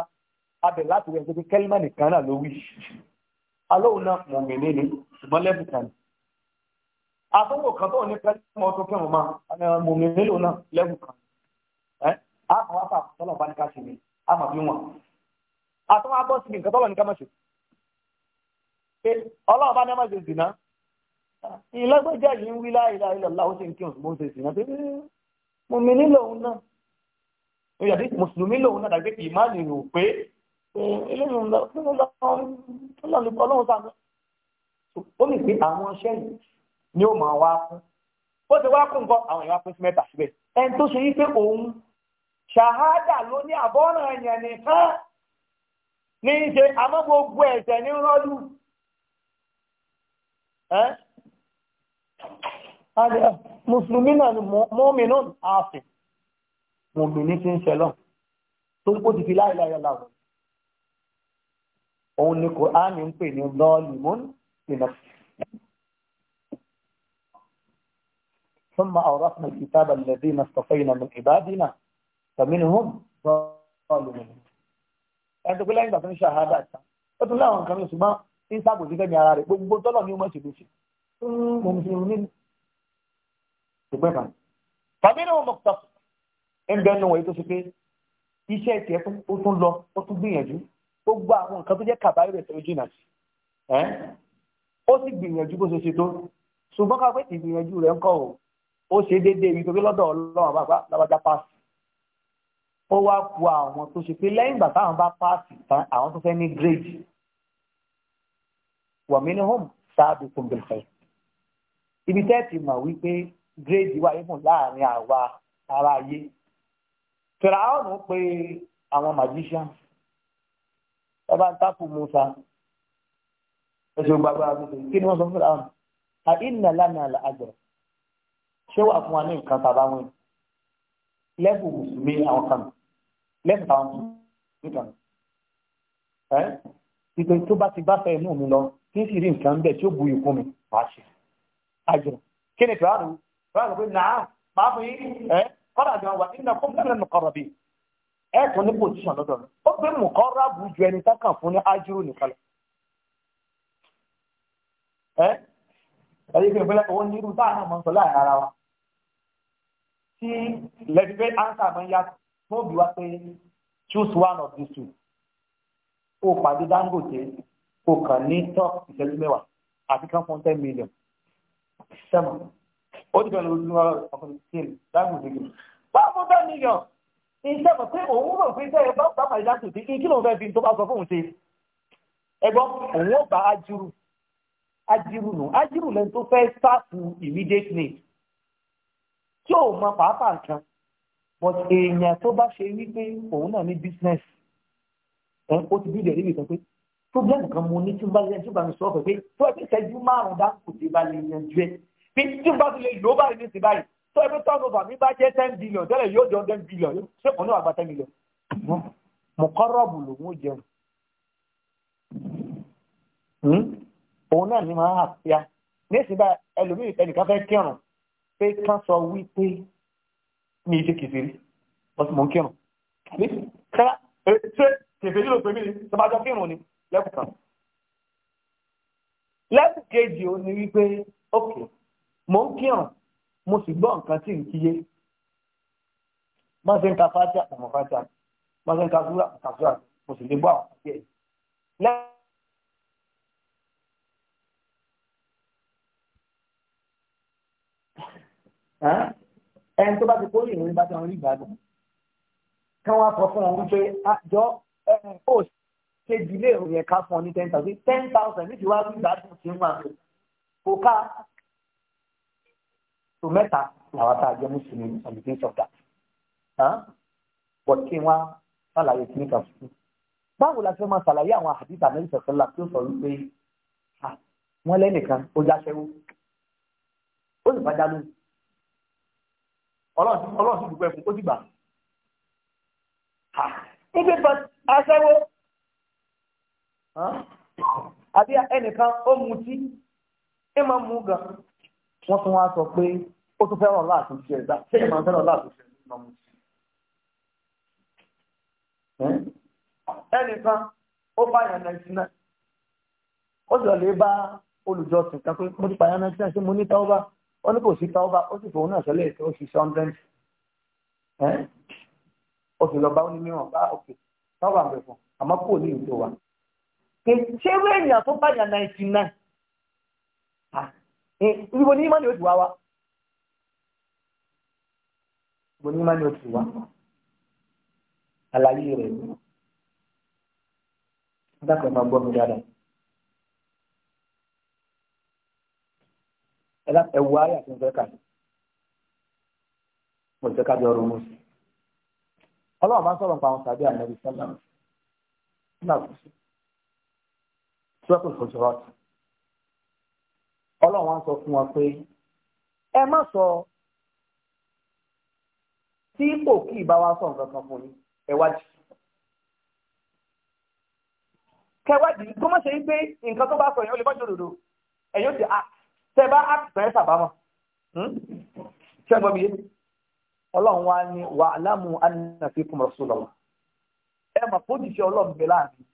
abẹ̀ láti rẹ̀ tó fi kẹ́límà nìkan náà ló wí alóhùn náà mọ̀mí ni ṣùgbọ́n lẹ́bù kan ni àtúntò kan tó ní kẹ́límà tó kẹ́wọ̀n máa mọ̀mí nílò náà lẹ́bù kan ẹ́ àkàwọ́ àtàwọn tọ́lọ̀ bá ní ká ṣe nìyí a máa fi wọn àtúnwá bọ́ síbi nǹkan tọ́lọ̀ ní ká má ṣe pé ọlọ́run bá ní ọmọ ṣe zìnà ìlọ́gbẹ́jẹ́ yìí ń wí láìlá ilẹ̀ láwọn ṣe ń kí òṣùmọ́ ṣe zìnà pé mo mi nílò òun náà mo yàtí mùsùlùmí lòun náà dàgbé ìmáàlì rò pé eléyìí ọlọ́run sáà ó pé àwọn iṣẹ́ ni ó máa wá fún ó ti wá kó nǹkan àwọn èèyàn pín sí mẹ́ta síbẹ̀ ẹni tó ṣe yí pé òun ṣàhádà ló ní àbọ́ràn ẹ̀yàn nìkan ní í ṣe àmọ́ gbogbo ẹ̀ṣẹ̀ ní rọ́lù. mùsùlùmí náà ni mọ́mí náà ààfin mùmìnì ti ń ṣẹlọ̀ tó ń kó ti fi láìláyọ̀ láwọn. òun ni Kùránì ń pè ní lọ́ọ̀lì mọ́nì nínú. ثم أورثنا الكتاب الذين اصطفينا من عبادنا فمنهم ظالمون ẹni tó pé lẹ́yìn ìgbà tó ń ṣe àhádà ìta ó tún láwọn nǹkan mi ṣùgbọ́n tí ń sábò síkẹ́ ní ara rẹ̀ gbogbo tọ́lọ̀ ní ọmọ ìṣèlú sí mo fi ní ìgbẹ́ kan. fàmílì wọn mọ̀kútà ń bẹ nù wọ̀nyí tó ṣe pé iṣẹ́ ìtẹ́ ó tún lọ ó tún gbìyànjú ó gba àwọn nǹkan tó jẹ́ kàbáyé rẹ̀ tó jìnà sí ó sì gbìyànjú bó ṣe ṣe tó ṣùgbọ́n ká ìgbìyànjú rẹ̀ ń kọ́ ó wá ku àwọn tó ṣe pé lẹ́yìn ìgbà táwọn bá páàsì tán àwọn tó fẹ́ ní gírèjì wa minhum sabiqun bil khair ibi tẹ́ ti mọ̀ wípé gírèjì wà yìí láàrin àwa ara ayé fìràwọ̀nù pé àwọn magician ẹ bá ń tápù Musa ẹsẹ̀ gbàgbà àgùntàn kí ni wọ́n sọ fún àwọn àìnà lánàá àjọ ṣé wà fún wa ní nǹkan tàbá wọn lẹ́bù mùsùlùmí àwọn kan left táwọn tù nìkan ẹ́ tó bá ti bá fẹ́ inú mi lọ kí n sì rí nǹkan bẹ́ẹ̀ tí ó bu ikún mi máa ṣe àjọ kí ni tòwárù tòwárù pé nàá máa fún ẹ́ kọ́dà jọ wà nínú kó bẹ́ẹ̀ lẹ́nu kọ̀rọ̀ bí ẹ̀ tún ní pòtíṣàn lọ́dọ̀ ó mú kọ́ rábù ju ẹni tá kàn fún ní ájúrò nìkan wọ́n bí wá pé choose one of these two o pàdé Dangote o kàn ní top ìṣẹ́jú mẹ́wàá àti kan fún ten million sẹ́mu ó ti bẹ̀rẹ̀ lórí ọkùnrin skin Dangote kì í wá fún ten million iṣẹ́ mọ̀ pé òun rò pé sẹ́yìn bá bá pàdé Dangote kí kí ló fẹ́ fi tó bá sọ fóun ṣe ẹgbọ́n òun ó bá ajuru ajuru nù ajuru lẹ́nu tó fẹ́ sáàpù immediate need tí òun mọ pàápàá nǹkan but èèyàn tó bá ṣe wípé òun náà ní business ẹ ó ti bí ìdẹ̀rí ìtàn pé problem kan mo ní tí n bá lẹ́yìn tí n bá mi sọ ọ́ pé tó ẹ bí ìṣẹ́jú márùn-ún dá kò tí bá lè yanjú ẹ pé tí n bá ti lè lò ó báyìí ní ti báyìí tó ẹ bí turnover mi bá jẹ́ ten billion tẹ́lẹ̀ yóò jọ ten billion ṣé kò ní wàá gba ten million mo kọ́ rọ́ọ̀bù lòun ó jẹun hmm? òun náà ni màá hà pẹ́à ní ìsìn bá ẹlòmíì ẹnìkan fẹ́ kírun pé kán sọ wípé mi ṣe kèfèrí ọtí mò ń kírun ní kára ṣe kèfèrí ló pè mí ni tọ́bajọ́ kírun ni lẹ́kùn kan lẹ́kùn kejì ó ní wípé ok mò ń kírun mo sì gbọ́ nǹkan tí n kíyé má ṣe ń ka fájà àtàwọn fájà má ṣe ń ka súrà àtàwọn mo sì lè gbọ́ àwọn àti ẹ̀ lẹ́kùn. Huh? ẹni tó bá ti kórè ìròyìn bá ti wọn rí ìgbádùn kí wọn sọ fún wọn wípé àjọ ah, ó ṣe ìdílé ìròyìn ẹ̀ka fún ọ ní ten thousand ten thousand ní wá rí ìgbádùn tí wọn àgbẹ̀ kò ká tó mẹ́ta làwọn tá a jẹ́ mùsùlùmí on the face of that bọ̀ kí wọn ṣàlàyé kí ní kan fún báwo la fẹ́ máa ṣàlàyé àwọn àdìsá náà ìṣẹ̀fẹ́ la tó sọ wípé ah, wọ́n lẹ́nìkan ó jáṣẹ́wó ó sì bá dá lóhùn ọlọ́run sì dúpẹ́ fún ó sì gbà. níbi ìbọn aṣẹ́wó àbí ẹnìkan ó mutí ẹ máa mú gan wọ́n tún wá sọ pé ó tún fẹ́ràn láti ṣe ẹ̀dá ṣé ìmọ̀ fẹ́ràn láti ṣe ẹ̀dá ẹnìkan ó báyàn ninety nine ó sì lọ lè bá olùjọsìn kan pé mo ti pààyàn ninety nine ṣé mo ní táwọn bá ó ní kò sí tọ́ba ó sì fòun náà sọlẹ̀ tó ṣe sọ́ndẹ́ǹt ó sì lọ bá onímọ̀ bá òkè tọ́ba rẹ̀ fún àmọ́ kò ní ìtò wa. ṣé wé èèyàn tó bàjẹ́ náìtì náà ibo ní ìmọ̀ni oṣù wa wa ibo ní ìmọ̀ni oṣù wa àlàyé rẹ̀ dákẹ́ máa gbọ́ mi dáadáa. ẹwọ ayé àti nfẹ ka mo ti ká jọ ọ̀rọ̀ mo sí Ọlọ́run bá ń sọ̀rọ̀ nípa àwọn sàbí ànábi sọlá nígbà tó sí tíwọ́pù fòjúrọ́tì Ọlọ́run wá ń sọ fún wọn pé ẹ má sọ tí kò kí ì bá wa sọ nǹkan kan fún yín ẹ wájú kẹwàá dì í kó má ṣe ń gbé nǹkan tó bá sọ yẹn ó lè bá jòdòdò ẹ yóò ti tẹ bá àtìsàn ẹ̀ sàbámọ̀ ṣé ẹgbọ́n mi yé ọlọ́run wa ni wà á lámù ànàfi kùmọ̀ sọlọ́wọ́ ẹ mà fojìṣẹ́ ọlọ́run bẹ̀ láàrin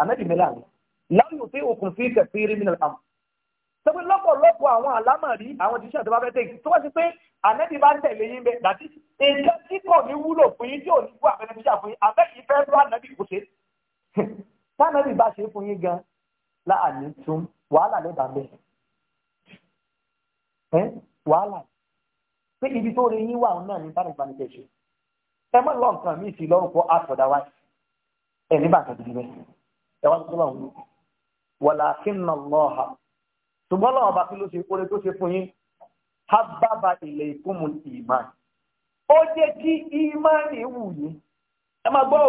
ànábì mi láàrin láàrin òfin òkun fi kẹsí rí mi nà àmọ́ sọ́pẹ́ lọ́pọ̀lọpọ̀ àwọn àlámọ̀rí àwọn tíṣà tó bá fẹ́ tẹ̀yìn tó wá sí pé ànábì bá ń tẹ̀lé yín bẹ́ẹ̀ dàtí nǹkan tí kò ní wúlò fún yín tí ò ní wú àfẹnẹ tíṣà fún yín àbẹ́yìn fẹ́ lọ́ ànábì kò ṣe tánàbì bá ṣe fún yín gan láàánú tún wàhálà ló bàbẹ ẹ wàhálà pé ibi tó rí yín wà òun náà ní sáré ìbánikẹ́ ẹ mọ̀ lọ nǹkan míì sí lórúkọ àtọ̀dáwá ẹ ní bàtà gidi ẹ wá lọ́wọ́ wọn walakinna Allaha ṣùgbọ́n lọ́wọ́ bá kí ló ṣe kóre tó ṣe fún yín iman ó jẹ́ kí wù yín ẹ gbọ́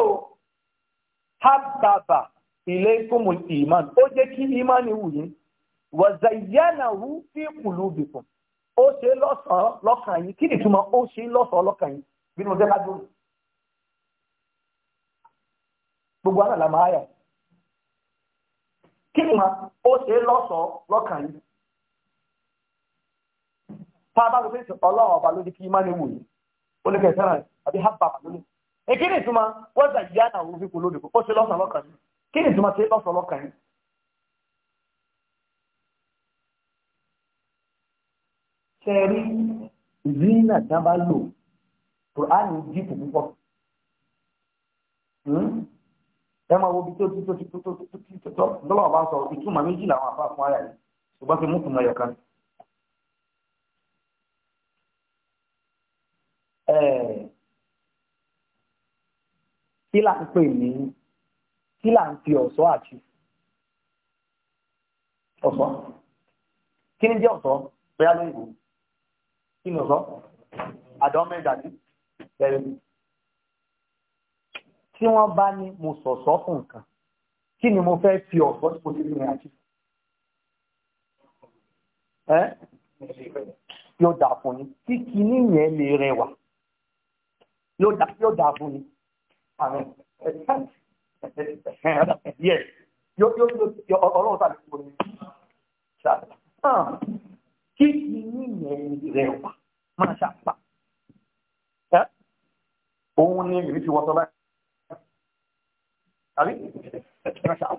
ilaykum al-iman ó jẹ́ kí ìmánì wù yín wa zayyanahu fi qulubikum ó ṣe lọ́sàn-án lọ́kàn yín kí ni túmọ̀ ó ṣe lọ́sàn-án lọ́kàn yín bínú ọjọ́ ká dúró gbogbo àná làmà áyà kí ni ó ṣe lọ́sàn-án lọ́kàn yín tá a bá lọ sí ọlọ́run ọba ló kí ìmánì wù yín ó lè kẹsàn-án àbí hábà lónìí èkí ni túmọ̀ wọ́n zàyà fi kú lónìí ó ṣe lọ́sàn-án lọ́kàn yín kí ni ìtumọ̀ tí ó bá sọ lọ́kàn yìí tẹ́rí zina tán bá lò Kùránì jíìpù púpọ̀ hmm? ẹ máa wo bí tó tó tó tó tó tó tó tó lọ́wọ́ bá sọ ìtumọ̀ méjì làwọn àbá fún ara yìí ṣùgbọ́n fi mú tùmọ̀ ẹ̀yọ̀ kan. kí láti pè ní kí là ń fi ọ̀ṣọ́ àti ọ̀ṣọ́ kí ni jẹ́ ọ̀ṣọ́ bóyá ló ń wò kí ni ọ̀ṣọ́ àdánmẹ́dàdí bẹ̀rẹ̀ tí wọ́n bá ní mo sọ̀sọ́ fún nǹkan kí ni mo fẹ́ fi ọ̀ṣọ́ tí mo ti rìn àti ẹ́ yóò dà fún ni tí kinní yẹn lè rẹwà yóò dà fún ni àmì ẹ̀dẹ́gbẹ̀rẹ̀ yes yóò yóò yóò ọlọ́run sáà lè fún mi sáà kí ni ìyẹn rẹ wà máa ṣàpá òun ni èmi ti wọ́tọ́ báyìí àbí ẹ̀rọ ṣàpá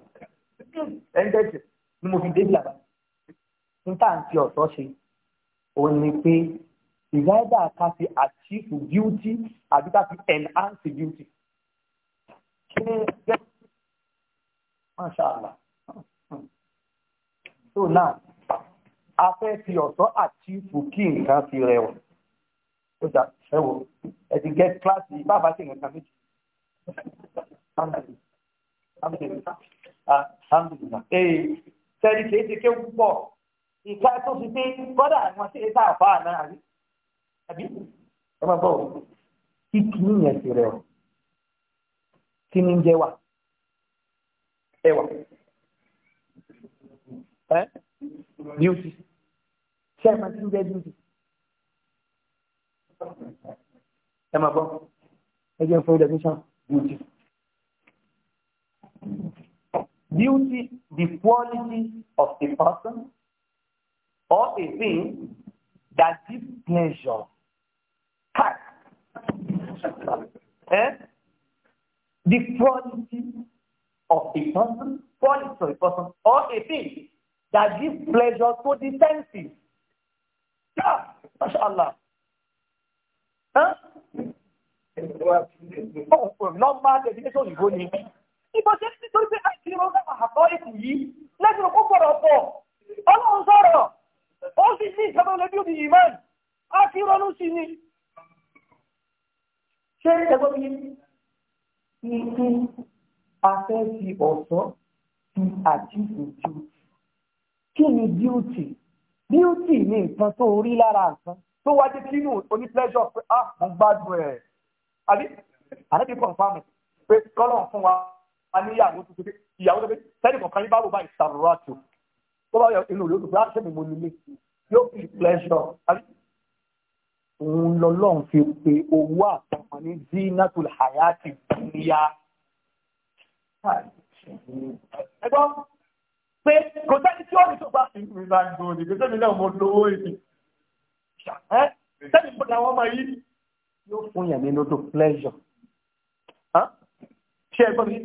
ẹ̀ńdẹ́jì ni mo fi dé ìlànà níta àti ọ̀tọ̀ ṣe òun ni pé ìyá ẹ̀dá ká fi achieve beauty àbí ká fi enhance beauty ṣé jẹ́ mọ́ṣáàlá tó náà a fẹ́ fi ọ̀tọ́ àti ìfò kí nǹkan fi rẹwà ó dà ẹwọ ẹ ti gẹ́ kíláàsì bàbá sí nǹkan méjì sẹ́ni kìí ti ké púpọ̀ ìka tó fi pé kọ́dà àwọn sí ìta àfáà náà àbí ẹ máa bọ̀ kí kìí yẹn ti rẹwà kí ni ń jẹ wà ẹwà ẹ beauty ṣé ẹ máa ti ń jẹ beauty ẹ máa bọ ẹ jẹ́ fún definition beauty beauty the quality of a person or a thing that gives pleasure. Cut. Eh? the quality of a person, quality of a person, or a thing that gives pleasure to the senses. Yeah, mashallah. Huh? Oh, normal definition òyìnbó ni. Ìbọ̀sẹ̀ nítorí pé àìsí ló dábàá àkọ́ ètò yìí lẹ́sìn òkú gbọ́dọ̀ pọ̀. Ọlọ́run sọ̀rọ̀, ó sì ní ìjọba lójú òbí ìmọ̀. Akírọ́nù sí ni. Ṣé ẹgbẹ́ mi tí tí a fẹ́ fi ọ̀ṣọ́ fi àjíǹde ju kí ni beauty beauty ni nǹkan tó rí lára nǹkan tó wá dé kínú oní pleasure pé ah mo gbádùn ẹ̀ àbí àdébí confam pé kọ́lọ̀ fún wa a ní ìyàwó tuntun pé ìyàwó tuntun sẹ́ni kọ̀ọ̀kan yín bá wò báyìí sàrọ̀ àtò tó bá yọ inú rẹ̀ ó dùn pé àṣẹ ah, mi mo nílé yóò fi pleasure òun lọ́lọ́run fi pe owó àtọmọ ní zinatul hayati dunya. ẹgbọ́n pé kò sẹ́ni tí ó ní tó bá ìrìn ìrìn àjò òní kò sẹ́ni náà mo lówó ìdí. sẹ́ni mo làwọn ọmọ yìí yóò fún yàn nínú tó pleasure. ṣé ẹ gbọ́ mi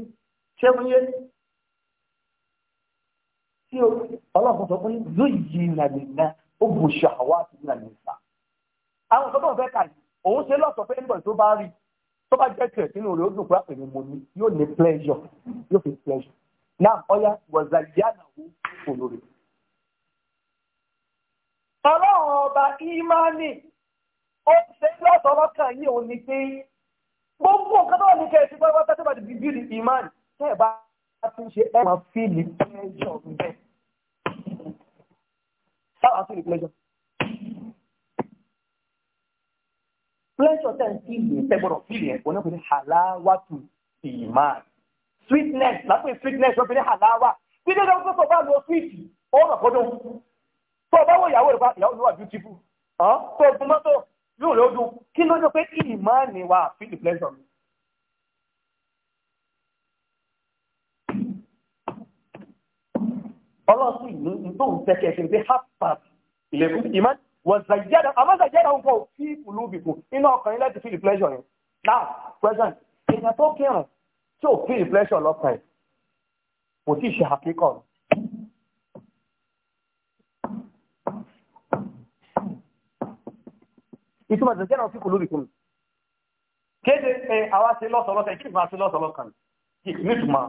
ṣé mo yé ọlọ́run sọ fún yín lóyìn ó bu ṣàwá àti nàìjíríà àwọn nǹkan tó ń fẹ́ kà yìí òun ṣe lọ́sọ̀ pé nígbà tó bá rí tó bá jẹ́ tiẹ̀ sínú rẹ̀ ó dùn pé àpèrè ah, mo ní yóò ní pleasure yóò fi pleasure náà ọ̀yá wọ̀zàlíyànà wo olórí. ọlọ́run ọba ìmánì ó ṣe lọ́sọ̀ ọlọ́kàn yìí òun ni pé gbogbo nǹkan tó wà ní kẹ́ẹ̀sì pé wọ́n tẹ́tẹ́ bá ti di bíi ìmánì tẹ́ ẹ̀ bá ti ń ṣe ẹ̀ máa feel pleasure bẹ́ẹ̀. sábà feel pleasure. pleasure tẹ̀ ń fi lè tẹ́ gbọ́dọ̀ fi lè ẹ̀kọ́ náà fi ní halawatu iman sweetness lápẹ́ sweetness wọ́n fi ní halawa bí dédé wọ́n tó bá lọ sweet ó rọ̀ kọ́dọ̀ tó bá wọ ìyàwó rẹ̀ bá ìyàwó rẹ̀ wà beautiful tó gun mọ́tò yóò lọ dùn kí ló dé pé iman ni wà fi the pleasure mi. ọlọ́sìn ní ìdóhùn tẹ́kẹ̀ẹ́ ṣe pé half past ilẹ̀kùn iman wọ̀zàjẹ́dà àmọ́zàjẹ́dà ń kọ́ sí ìlú bìkù iná ọkàn ilẹ̀ ti feel pleasure yẹn now present èèyàn tó kírun tí ò feel pleasure lọ́kàn ẹ̀ kò tí ì ṣe àkíkọ̀ rẹ̀. ìtumọ̀ zàjẹ́dà sí ìlú bìkù kéde ẹ àwa ṣe lọ́sọ̀lọ́sọ̀ kí ìfà ṣe lọ́sọ̀lọ́kàn nítumọ̀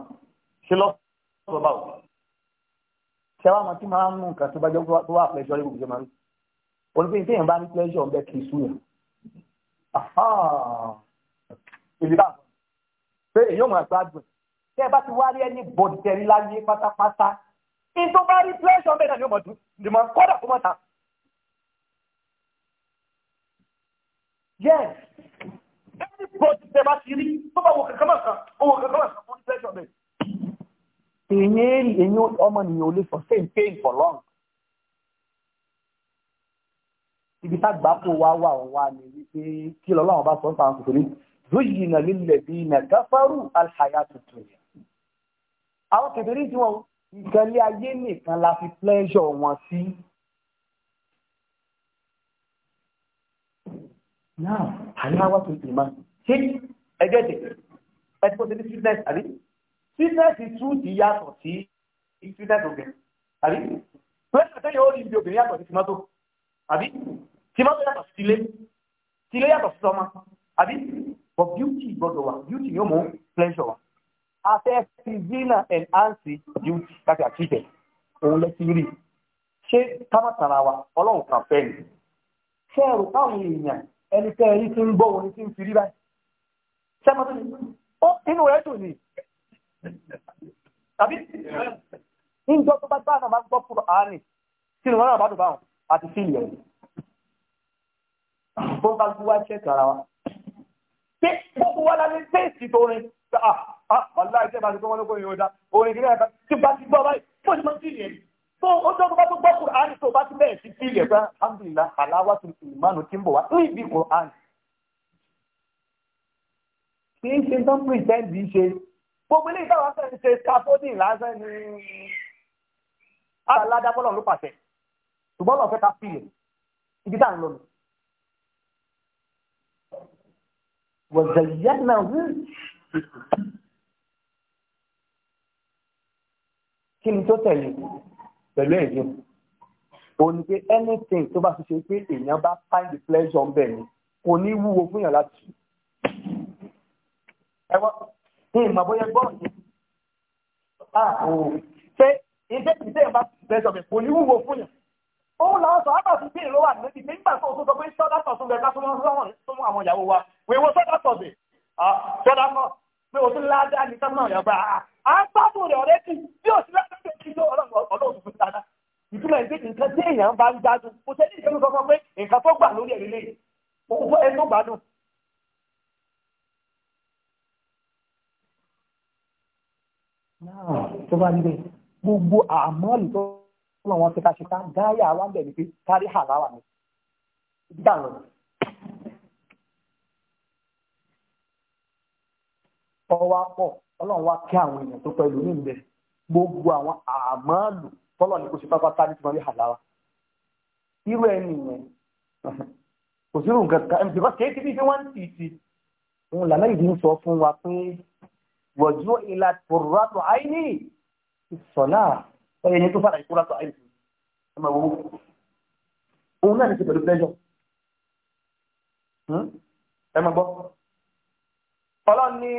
ṣe lọ́sọ̀lọ́sọ̀ báwo ṣe wá máa tí máa ń mú nǹkan tó bá jẹ́ tó wà pẹ̀lú ìṣọ́ olùgbé téèyàn bá ní pleasure ń bẹ kì í súyàn ìlera pé èèyàn máa gbádùn tẹ ẹ bá ti wá rí ẹni bọ̀dẹ̀ láyé pátápátá ní tó bá rí pleasure ń bẹ náà ni ó mọ̀ dùn ní mọ̀ kọ́dà kó mọ̀ ta. yes everybody tẹ bá ti rí tó bá wo kankan mọ̀ kan ó wo kankan mọ̀ kan fún pleasure bẹ́ẹ̀. èyí èyí ọmọ nìyẹn ò lè sọ same pain for long. ibi tágbàpọ̀ wa wà wà ní wípé kí lọ́lọ́run bá sọ nípa àwọn kòkòrò zuyina lilladina kafaru alhayatud dunya àwọn kèfèrí tí wọn ìkẹlẹ ayé nìkan la fi pleasure wọn sí. náà aláwọ̀ tó ti máa ṣe ẹgbẹ́ tẹ̀ ẹ ti kó ṣe ní fitness àbí fitness tún ti yàtọ̀ sí fitness obìnrin àbí pẹ́ẹ́sì tẹ́yìn ó ibi obìnrin yàtọ̀ sí tomato àbí tí mọ́tò yàtọ̀ sí tilé tilé yàtọ̀ sí sọmọ àbí for beauty gbọdọ̀ wà beauty ni mú pleasure wà afẹ́ fi and enhance beauty láti àtìkẹ́ òun lẹ́sí rí ṣé kámátara wa ọlọ́run kan fẹ́ ni ṣé ẹ̀rù káwọn èèyàn ẹni tẹ́ ẹni tí ń gbọ́ òun tí ń fi rí báyìí ṣé mọ́tò ni ó inú rẹ̀ dùn ni tàbí ń gbọ́ tó bá gbá àná máa gbọ́ fún àánì tí ìrànlọ́rọ̀ bá dùn báwọn àti fíìlì ẹ̀yìn tó ń kálukú wá ṣẹ́ tara wa pé gbogbo wa la fèsì tó rin ah ah wàlúwà ìṣe ìbáṣe tó wọn lóko yìí ó dá orin kìíní ẹ̀ka tí bá ti gbọ́ báyìí tó ti máa ń fìlì ẹ̀ tó ó tó bá tó gbọ́ Kùránì tó bá ti bẹ̀rẹ̀ sí fìlì ẹ̀ pé alhamdulillah aláwa tó ti ìmánu tí ń bọ̀ wá ní ibi Kùránì. kì í ṣe tán pretend yìí ṣe gbogbo ilé ìtawà fẹ́ẹ́ ṣe scaffolding lásán ni aládàbọ̀lọ̀ ló pàṣẹ ṣùgbọ́n lọ́ọ̀ fẹ́ ká fìlì ibi tá à ń lọ nù. wọ̀zẹ̀yẹ́nàwó kí ni tó tẹ̀lé pẹ̀lú ẹ̀rí o ní pé anything tó bá fi ṣe pé èèyàn bá find the pleasure ń bẹ̀ ni kò ní wúwo fún yàn láti ṣe. ẹ wọ́n ní ìmọ̀ bóyá gbọ́ ọ̀sẹ̀ ṣé iṣẹ́ ìṣe ìbá pleasure mi kò ní wúwo fún yàn òun làwọn sọ àbà fún bíi ìrọwà níbi nígbà tó tó pé sọdá sún bẹ ká súnmọ́ sọ́wọ́n àwọn ìyàwó wa wíwọ sọdá tọ̀ bẹ̀ sọdá pé o tún ládá ní sọ́mọ́ ìyàgbá à ń gbádùn rẹ̀ ọ̀rẹ́ kì bí o sì lọ́sẹ̀ tí èèyàn bá ń gbádùn tó fúnra wọn ṣẹka ṣẹka gáyà wa ń bẹ̀ ní pé kárí hàláwà ni dídà lọ. ọwọ́ pọ̀ ọlọ́run wá kí àwọn èèyàn tó pẹ̀lú ní ìbẹ̀ gbogbo àwọn àmọ́lù tọ́lọ̀ ní kò sí pápá tábí tí wọ́n rí hàláwà. irú ẹni yẹn kò sí nǹkan kan ẹnì kan kéékì bí wọ́n ń tì òun làlẹ́ ìdí ń sọ fún wa pé wọ̀jú ìlà tòrọ́tò àìní ìsọ̀lá ẹni tó fàlàyé kúrò àtọ̀ àìsí ọmọ ìwọ̀n òun náà ní ṣe pẹ̀lú pẹ́jọ hmm? ẹ mọ̀ gbọ́ ọlọ́run ní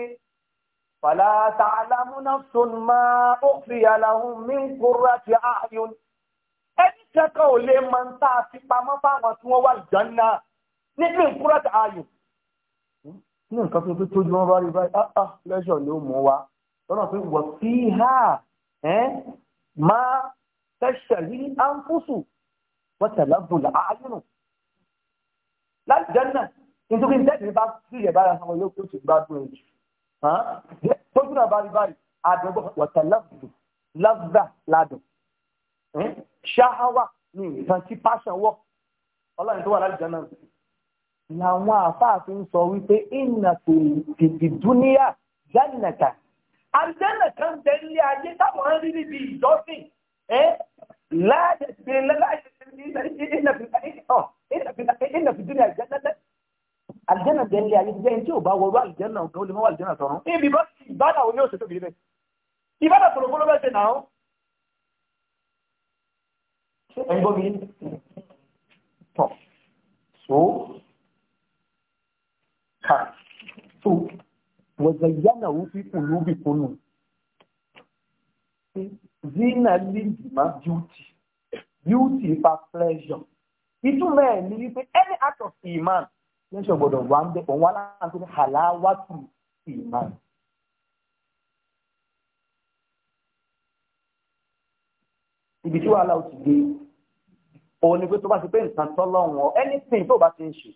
fàlà tààlámúná sọ́nùmá ó fi àlàhùn mí ń kúrò àti ààyùn ẹni kẹ́kọ̀ọ́ ò lè máa ń tà sí pamọ́ fáwọn tí wọ́n wà lùjọ́nà nínú ìkúrò àti ààyùn ní nǹkan tó tó tójú wọn bá rí báyìí ah ah lẹ́sọ̀ ló mú wa lọ́nà pé wọ́n fi hà ẹ́ máa tẹ́ṣẹ̀rí ánfúsù wọ́n tẹ̀lé bùlà ààyùnù láti jẹ́ náà nítorí tẹ́sí bá sí ìyẹ̀ bára àwọn olókùn tó ti gbádùn ẹ̀jù tójú náà bá rí báyìí àdúgbò wọ́n tẹ̀lé bùlà lọ́gbà ládùn ṣáháwà ní ìtàn tí pásán wọ̀ ọlọ́run tó wà láti jẹ́ náà làwọn àfáàfin sọ wípé ìnà tòlì tìtì dúníyà jannatan àjẹ́nà kan bẹ nílé ayé táwọn ń rí níbi ìjọsìn ẹ́ láàyè ṣe láàyè ṣe ìnà fìdírí àjẹ́nà àjẹ́nà bẹ nílé ayé jẹ́ tí ò bá wọ́rọ́ àjẹ́nà ọ̀gá olè mọ́wà àjẹ́nà tọ̀run ibi bá ìbádà òní òṣèlú tóbi rẹ̀ ìbádà kòlòkòlò bẹ́ẹ̀ ṣe náà ẹ̀yin gbọ́ mi tọ̀ so ká so wọ̀zẹ̀yánà wù fi kùlù bì kùnù zina lead ma beauty beauty fa pleasure ìtumọ̀ ẹ̀ ní wípé any act of iman lẹ́sọ̀ gbọ́dọ̀ wà ń bẹ òun wà láǹtó ní halawatu iman. ibi tí wàhálà ò ti dé òun ni pé tó bá ti pé nǹkan tọ́lọ́wọ́n anything tó bá ti ń ṣe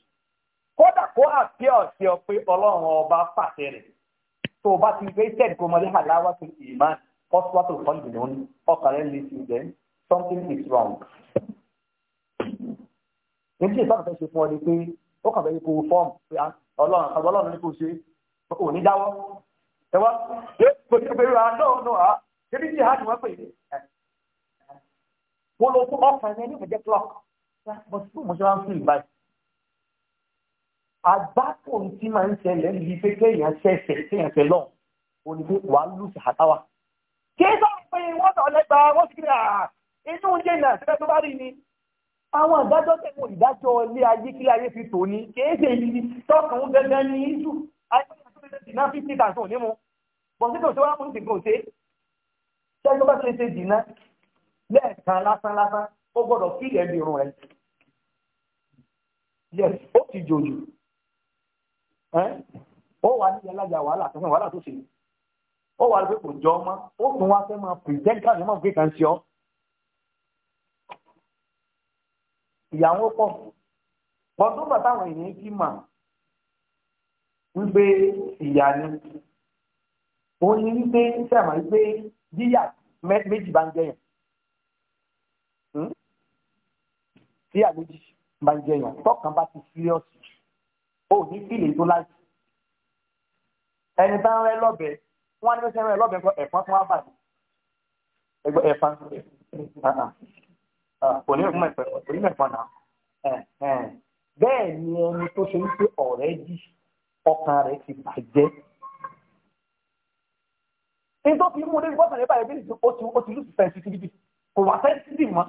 kódà kó àti ọ̀sẹ̀ ọ̀pẹ ọlọ́run ọba pàṣẹ rẹ̀ tó o bá ti gbé tẹ́ẹ̀dì kó mọlé aláwa tó yìí máa hospital tó fọ́n ní ọkàn rẹ̀ then something is wrong. èyí tí ìsọ́nà fẹ́ ṣe fún ọ ni pé ó kàn fẹ́ kó fọ́ọ̀mù pé ọlọ́run àti ọlọ́run ní kò ṣe ò ní dáwọ́ ẹ wá kò ṣe pé ra náà náà á débi tí a ti wọ́n pè é. mo lo ọkàn rẹ̀ ní ìfẹ̀jẹ̀ clock bó ṣe wá ń fi ìbáyìí àgbákò tí máa ń ṣẹlẹ̀ níbi pé kéèyàn ṣẹ̀ṣẹ̀ kéèyàn ṣẹ̀ lọ́n o ní pé wàá lù sàtàwà. kí ló ń pè wọ́n náà lẹ́gbà wọ́n sì kíra inú oúnjẹ náà síbẹ̀ tó bá rí ni. àwọn àdájọ́ tẹ̀wọ̀n ìdájọ́ ilé ayé kílé ayé fi tò ní kéèké yìí tọkàn gẹ́gẹ́ ní ìṣù ayé tó ń ṣe dìná fífi tàǹtàn ní mu bọ̀sí kò ṣe wá fún ìsìnkú ṣe tẹ́jọ́ bá ṣe ṣe dìná lẹ́ẹ̀kan lásán lásán ó gbọ́dọ̀ fílẹ̀ ẹ̀dì irun rẹ̀ yes ó ti jòjò ó wà ní ìyálàjà wàhálà tó fún wàhálà tó sì ní ó wà lópin kò jọ ọmọ ó tún wá fẹ́ máa pìrìtẹ́ńtì káàdì máa gbé kan sí ọ. ìyàwó pọ̀ pọ̀tún bàtàwọn èèyàn kì mà ń gbé ìyá ni òun ni wípé sẹ́mà wípé yíyà méjì bá ń jẹyàn tíyà hmm? méjì bá ń jẹyàn tọkàn bá ti síríọ̀sì ò ní fìlè tó lájú ẹni bá ń rẹ lọ́bẹ wọn ní sẹ́yìn rẹ lọ́bẹ kọ ẹ̀fọn tó wá bàjẹ́ ẹgbẹ́ ah, ah, ẹ̀fọn kò ní ìfún ẹ̀fọn kò ní ẹ̀fọn náà bẹ́ẹ̀ ni ẹni tó ṣe wípé ọ̀rẹ́ jì ọkàn rẹ̀ ti bàjẹ́ nítorí fi mú un débi bọ́sàn nípa ẹ̀bí nìkan ó ti lùsì sẹ́ńsì síbi kò wà sẹ́ńsì síbi mọ́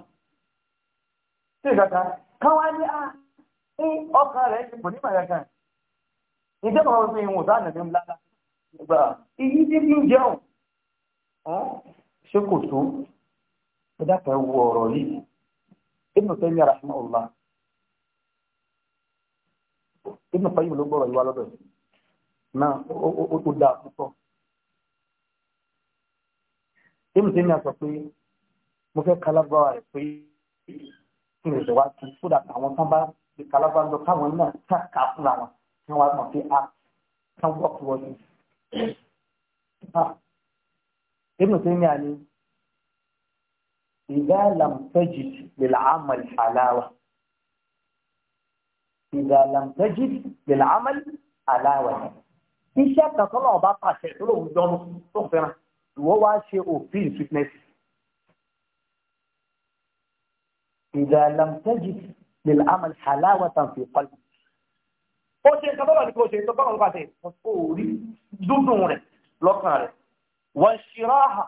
sí ìgbà kan káwá ní ah, ọkàn rẹ̀ kò ní màgà kan ìjẹ́ bàbá mi ìwọ̀n sáà nàbí ńlá gbà iyì tí fi ń jẹun ṣé kò tó ẹ dákẹ́ wo ọ̀rọ̀ yìí Ibn Taymiyyah rahimahullah Ibn Qayyim ló gbọ́rọ̀ ìwà lọ́dọ̀ náà ó tó dáa púpọ̀ Ibn Taymiyyah sọ pé mo fẹ́ kálábà rẹ̀ pé kí n lè wá tu fúdà àwọn tán bá ìkàlábà lọ káwọn náà káàkà fúnra wọn kí wọn mọ̀ sí a ah, kí wọn wọ́pù wọ́n sí. Ah. Ibn Taymiyyah ni ìdá làmùtẹ́jì lèlà àmàlì àláwà. Ìdá làmùtẹ́jì lèlà àmàlì àláwà. Iṣẹ́ kan tọ́lọ̀ ọba pàṣẹ tó lòun dánú tó fẹ́ràn. Ìwọ́ wá ṣe òfin fitness. إذا لم تجد lil حلاوة halawatan fi qalbi. ó ṣe nǹkan tọ́lọ̀ ní kò ṣe tó tọ́lọ̀ nípa ṣe ó rí dúdùn rẹ̀ lọ́kàn rẹ̀ wọ́n ṣìrá ha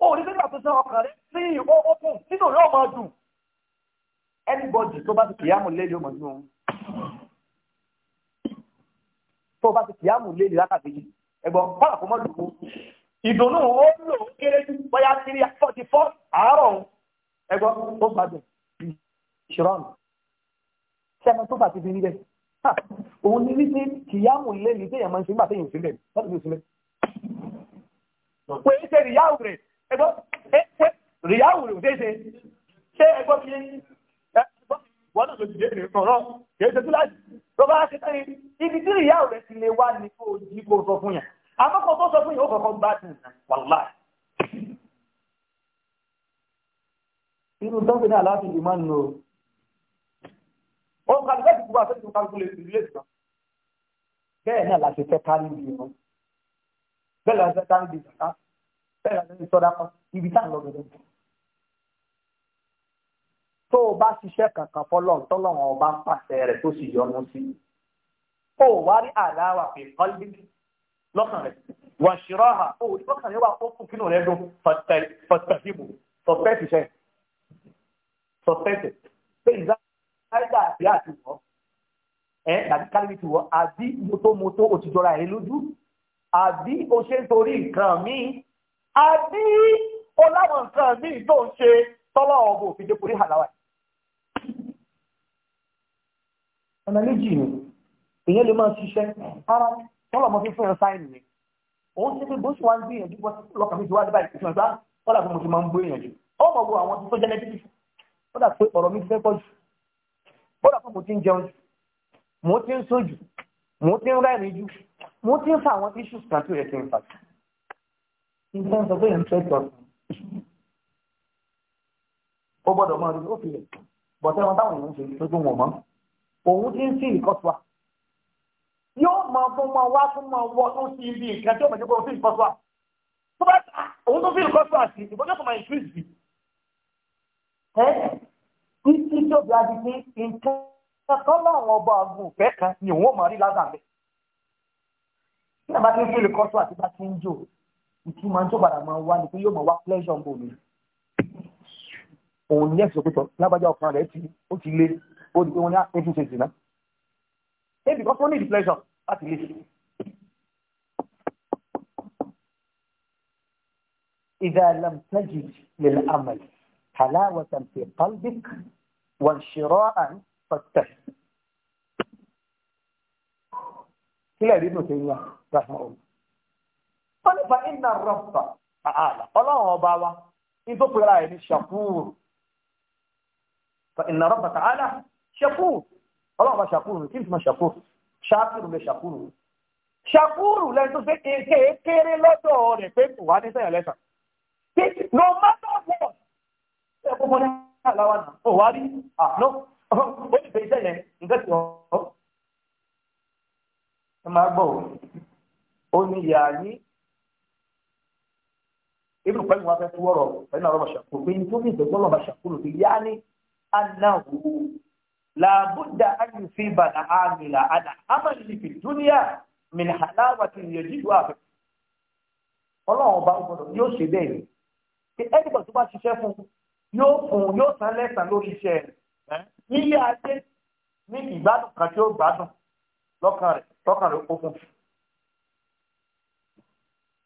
ó rí nígbà tó ṣe ọkàn rẹ̀ sí ìwọ́ ókùn nínú yóò máa dùn anybody tó bá ti kìyàmù lélẹ̀ ọmọ inú tó bá ti kìyàmù lélẹ̀ látàkì yìí ẹ̀gbọ́n kọ́là kò mọ́ dùn ìdùnnú ó lò ó kéré jù bóyá three forty four àárọ̀ ẹ̀gbọ́n ó gbádùn ìṣirọ́nù sẹ́mi tó bá ti fi rí bẹ́ẹ̀ òun ni wípé kìyàmù ilé ni téèyàn máa ń ṣe nígbà téèyàn sílẹ̀ láti fi sílẹ̀. pé ṣe ríyáwù rẹ̀ ẹgbọ́ ṣe ríyáwù rẹ̀ òde ṣe ṣé ẹgbọ́ fi wọ́n náà ló ti dé ìrìn ọ̀rọ̀ kìí ṣe túláàjì tó bá ṣe tẹ́lẹ̀ ibi tí ìyáwó rẹ̀ ti lè wá ní kó jí kó sọ fún yàn àmọ́kọ̀ tó sọ fún yàn ó kọ̀kọ́ gbá dùn wàláì. irú dọ́kítà láti ìmọ̀ nù ó ń kálukú ẹ̀sìn kúrò àti ẹ̀sìn kálukú lè ìdílé ìgbà bẹ́ẹ̀ náà la ṣe fẹ́ kárí ibi ìran bẹ́ẹ̀ la ṣe fẹ́ kárí ibi ìjàká bẹ́ẹ̀ la ṣe fi sọ́dá kan ibi tá à ń lọ gẹ́gẹ́ tó o bá ṣiṣẹ́ kankan fọlọ́n tọ́lọ́run ọba ń pàṣẹ rẹ̀ tó sì yọnu sí ó wá rí àdáwà fi kọ́lí lọ́kàn rẹ̀ wọ́n ṣìrọ́ ha ó lọ́kàn rẹ̀ wà ó kú kínú rẹ̀ dùn fọ̀tẹ̀fìbò sọ̀pẹ́tì sẹ́ sọ̀pẹ́tì pé kárígà àbí àti wọ́ ẹ tàbí kárígà ti wọ́ àbí mọ́tòmọ́tò o ti jọra ẹ lójú àbí o ṣe ń torí nǹkan míì àbí o láwọn nǹkan míì tó ń ṣe tọ́lọ́ ọ̀bọ̀ òfin dé kórè hàláwà. ọ̀nà méjì ni èèyàn lè máa ṣiṣẹ́ ara tọ́lọ̀ mọ́ fífún ẹ̀ sáìn ni òun ṣe pé bó ṣe wá ń gbìyànjú bọ́ lọ́kàn mi ti wá dé báyìí ìfihàn gbá kọ́lá fún mo ti máa ń gbìyànjú ọmọ wo àwọn tó jẹ́ lẹ́tí ó dà pé ọ̀rọ̀ mi fẹ́ pọ̀ jù ó dà pé mo ti ń jẹun jù mo ti ń sùn jù mo ti ń rẹ́rìn jù mo ti ń fa àwọn issues kan tó yẹ kí n fà jù nǹkan sọ pé nǹkan tọ̀ ó gbọ́dọ̀ máa rí ó fi lẹ̀ bọ̀tẹ́ wọn táwọn èèyàn ń ṣe tó tó wọn mọ́ òun ti ń sí ìkọ́sùà yóò máa fún máa wá fún máa wọ tó sí ibi nǹkan tí ó mọ̀jọ́ pé òun sí ìkọ́sùà tó bá òun tó sí ìkọ́sùà sí ìbọn yóò máa ìṣú títí tó bí a nǹkan kan láwọn ọba àgùn ìfẹ́ kan ni òun máa rí lágbàmbẹ́. bí a bá ń fi ìlẹ̀kọ́tọ̀ àti bá ti ń jò ìtumọ̀ tó padà máa wá ni pé yóò máa wá pleasure ń bò mí. òun ní ẹ̀sìn pípọ̀ lábàjá ọkàn rẹ̀ ó ti lé ó di pé wọ́n ní ah, eighty six náà. ebi kan ní pleasure láti lé. ìdá lam tajid lil amal. حلاوة في قلبك وانشراء فاتح إلى ابن تيمية رحمه الله قال فإن الرب تعالى الله باوا إن تقول يعني شكور فإن الرب تعالى شكور الله شكور كيف ما شكور شاكر ولا شكور ṣàkúrù lẹ́nu tó ṣe kékeré lọ́dọ̀ rẹ̀ pé kò wá no matter ẹ̀kọ́ mọ́ náà láwa náà ó wá rí àná ó ti fẹ́ iṣẹ́ yẹn nǹkan ti ọ̀ ẹ máa gbọ́ ó ní ìyá yín ibi ìpẹ́ mi wá fẹ́ fún ọ̀rọ̀ pẹ̀lú àwọn ọmọ ṣàkóso pé ní tó ní ìgbẹ́gbọ́n lọ́mọ ṣàkóso ti yá ní anáwó làbúdà àyùfẹ́ ìbàdà àmìlà àdà àmàlì fi dúníà mìíràn aláwà ti yẹ jíjù àfẹ́. ọlọ́run ọba gbọ́dọ̀ yóò ṣe bẹ́ẹ̀ ni ẹnìkan tó bá ṣiṣẹ́ fún yóò fún yóò san lẹ́sàn lórí iṣẹ́ rẹ̀ níyà ajé ní ìgbádùn kan tí ó gbádùn lọ́kàn rẹ̀ lọ́kàn rẹ̀ ó fún un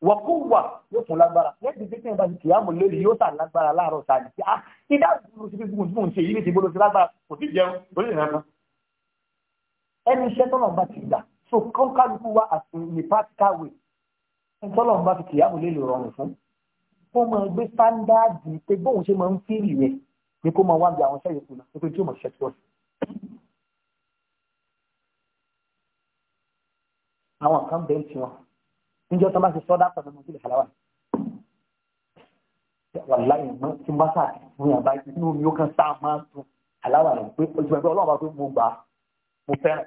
wọ̀kúwà yóò fún lágbára lẹ́ẹ̀dì tí kí n bá ti kìí àmọ̀ lórí yóò sàn lágbára láàárọ̀ sáàdì ah, tí a ti dá ìdúró sí fífún tí mò ń ṣe yìí ní ti gbọ́dọ̀ sí lágbára kò sí jẹun lórí ìrìn kan. ẹni iṣẹ́ tọ́lọ̀ bá ti gbà so kọ́ńkálukú wa àti ní practical way ẹni tọ́lọ̀ bá ti kìí àmọ̀ lórí rọrùn fún kó máa gbé sáńdáàdì pé bóun ṣe máa ń fírì rẹ̀ ni kó máa wá bí àwọn sẹ́yìn kùnà pé tí ó máa ṣẹ́tù ọ̀sẹ̀. àwọn kan bẹ́ẹ̀ tí wọn níjọ́ tó bá ti sọ́dá pẹ̀lú ọmọ ìdílé aláwà wàláyé mọ́ tí wọ́n sà fún yàrá inú mi ó kàn sáà máa ń tún aláwà rẹ̀ pé ojú ẹgbẹ́ ọlọ́run bá pé mo gbà mo fẹ́ràn.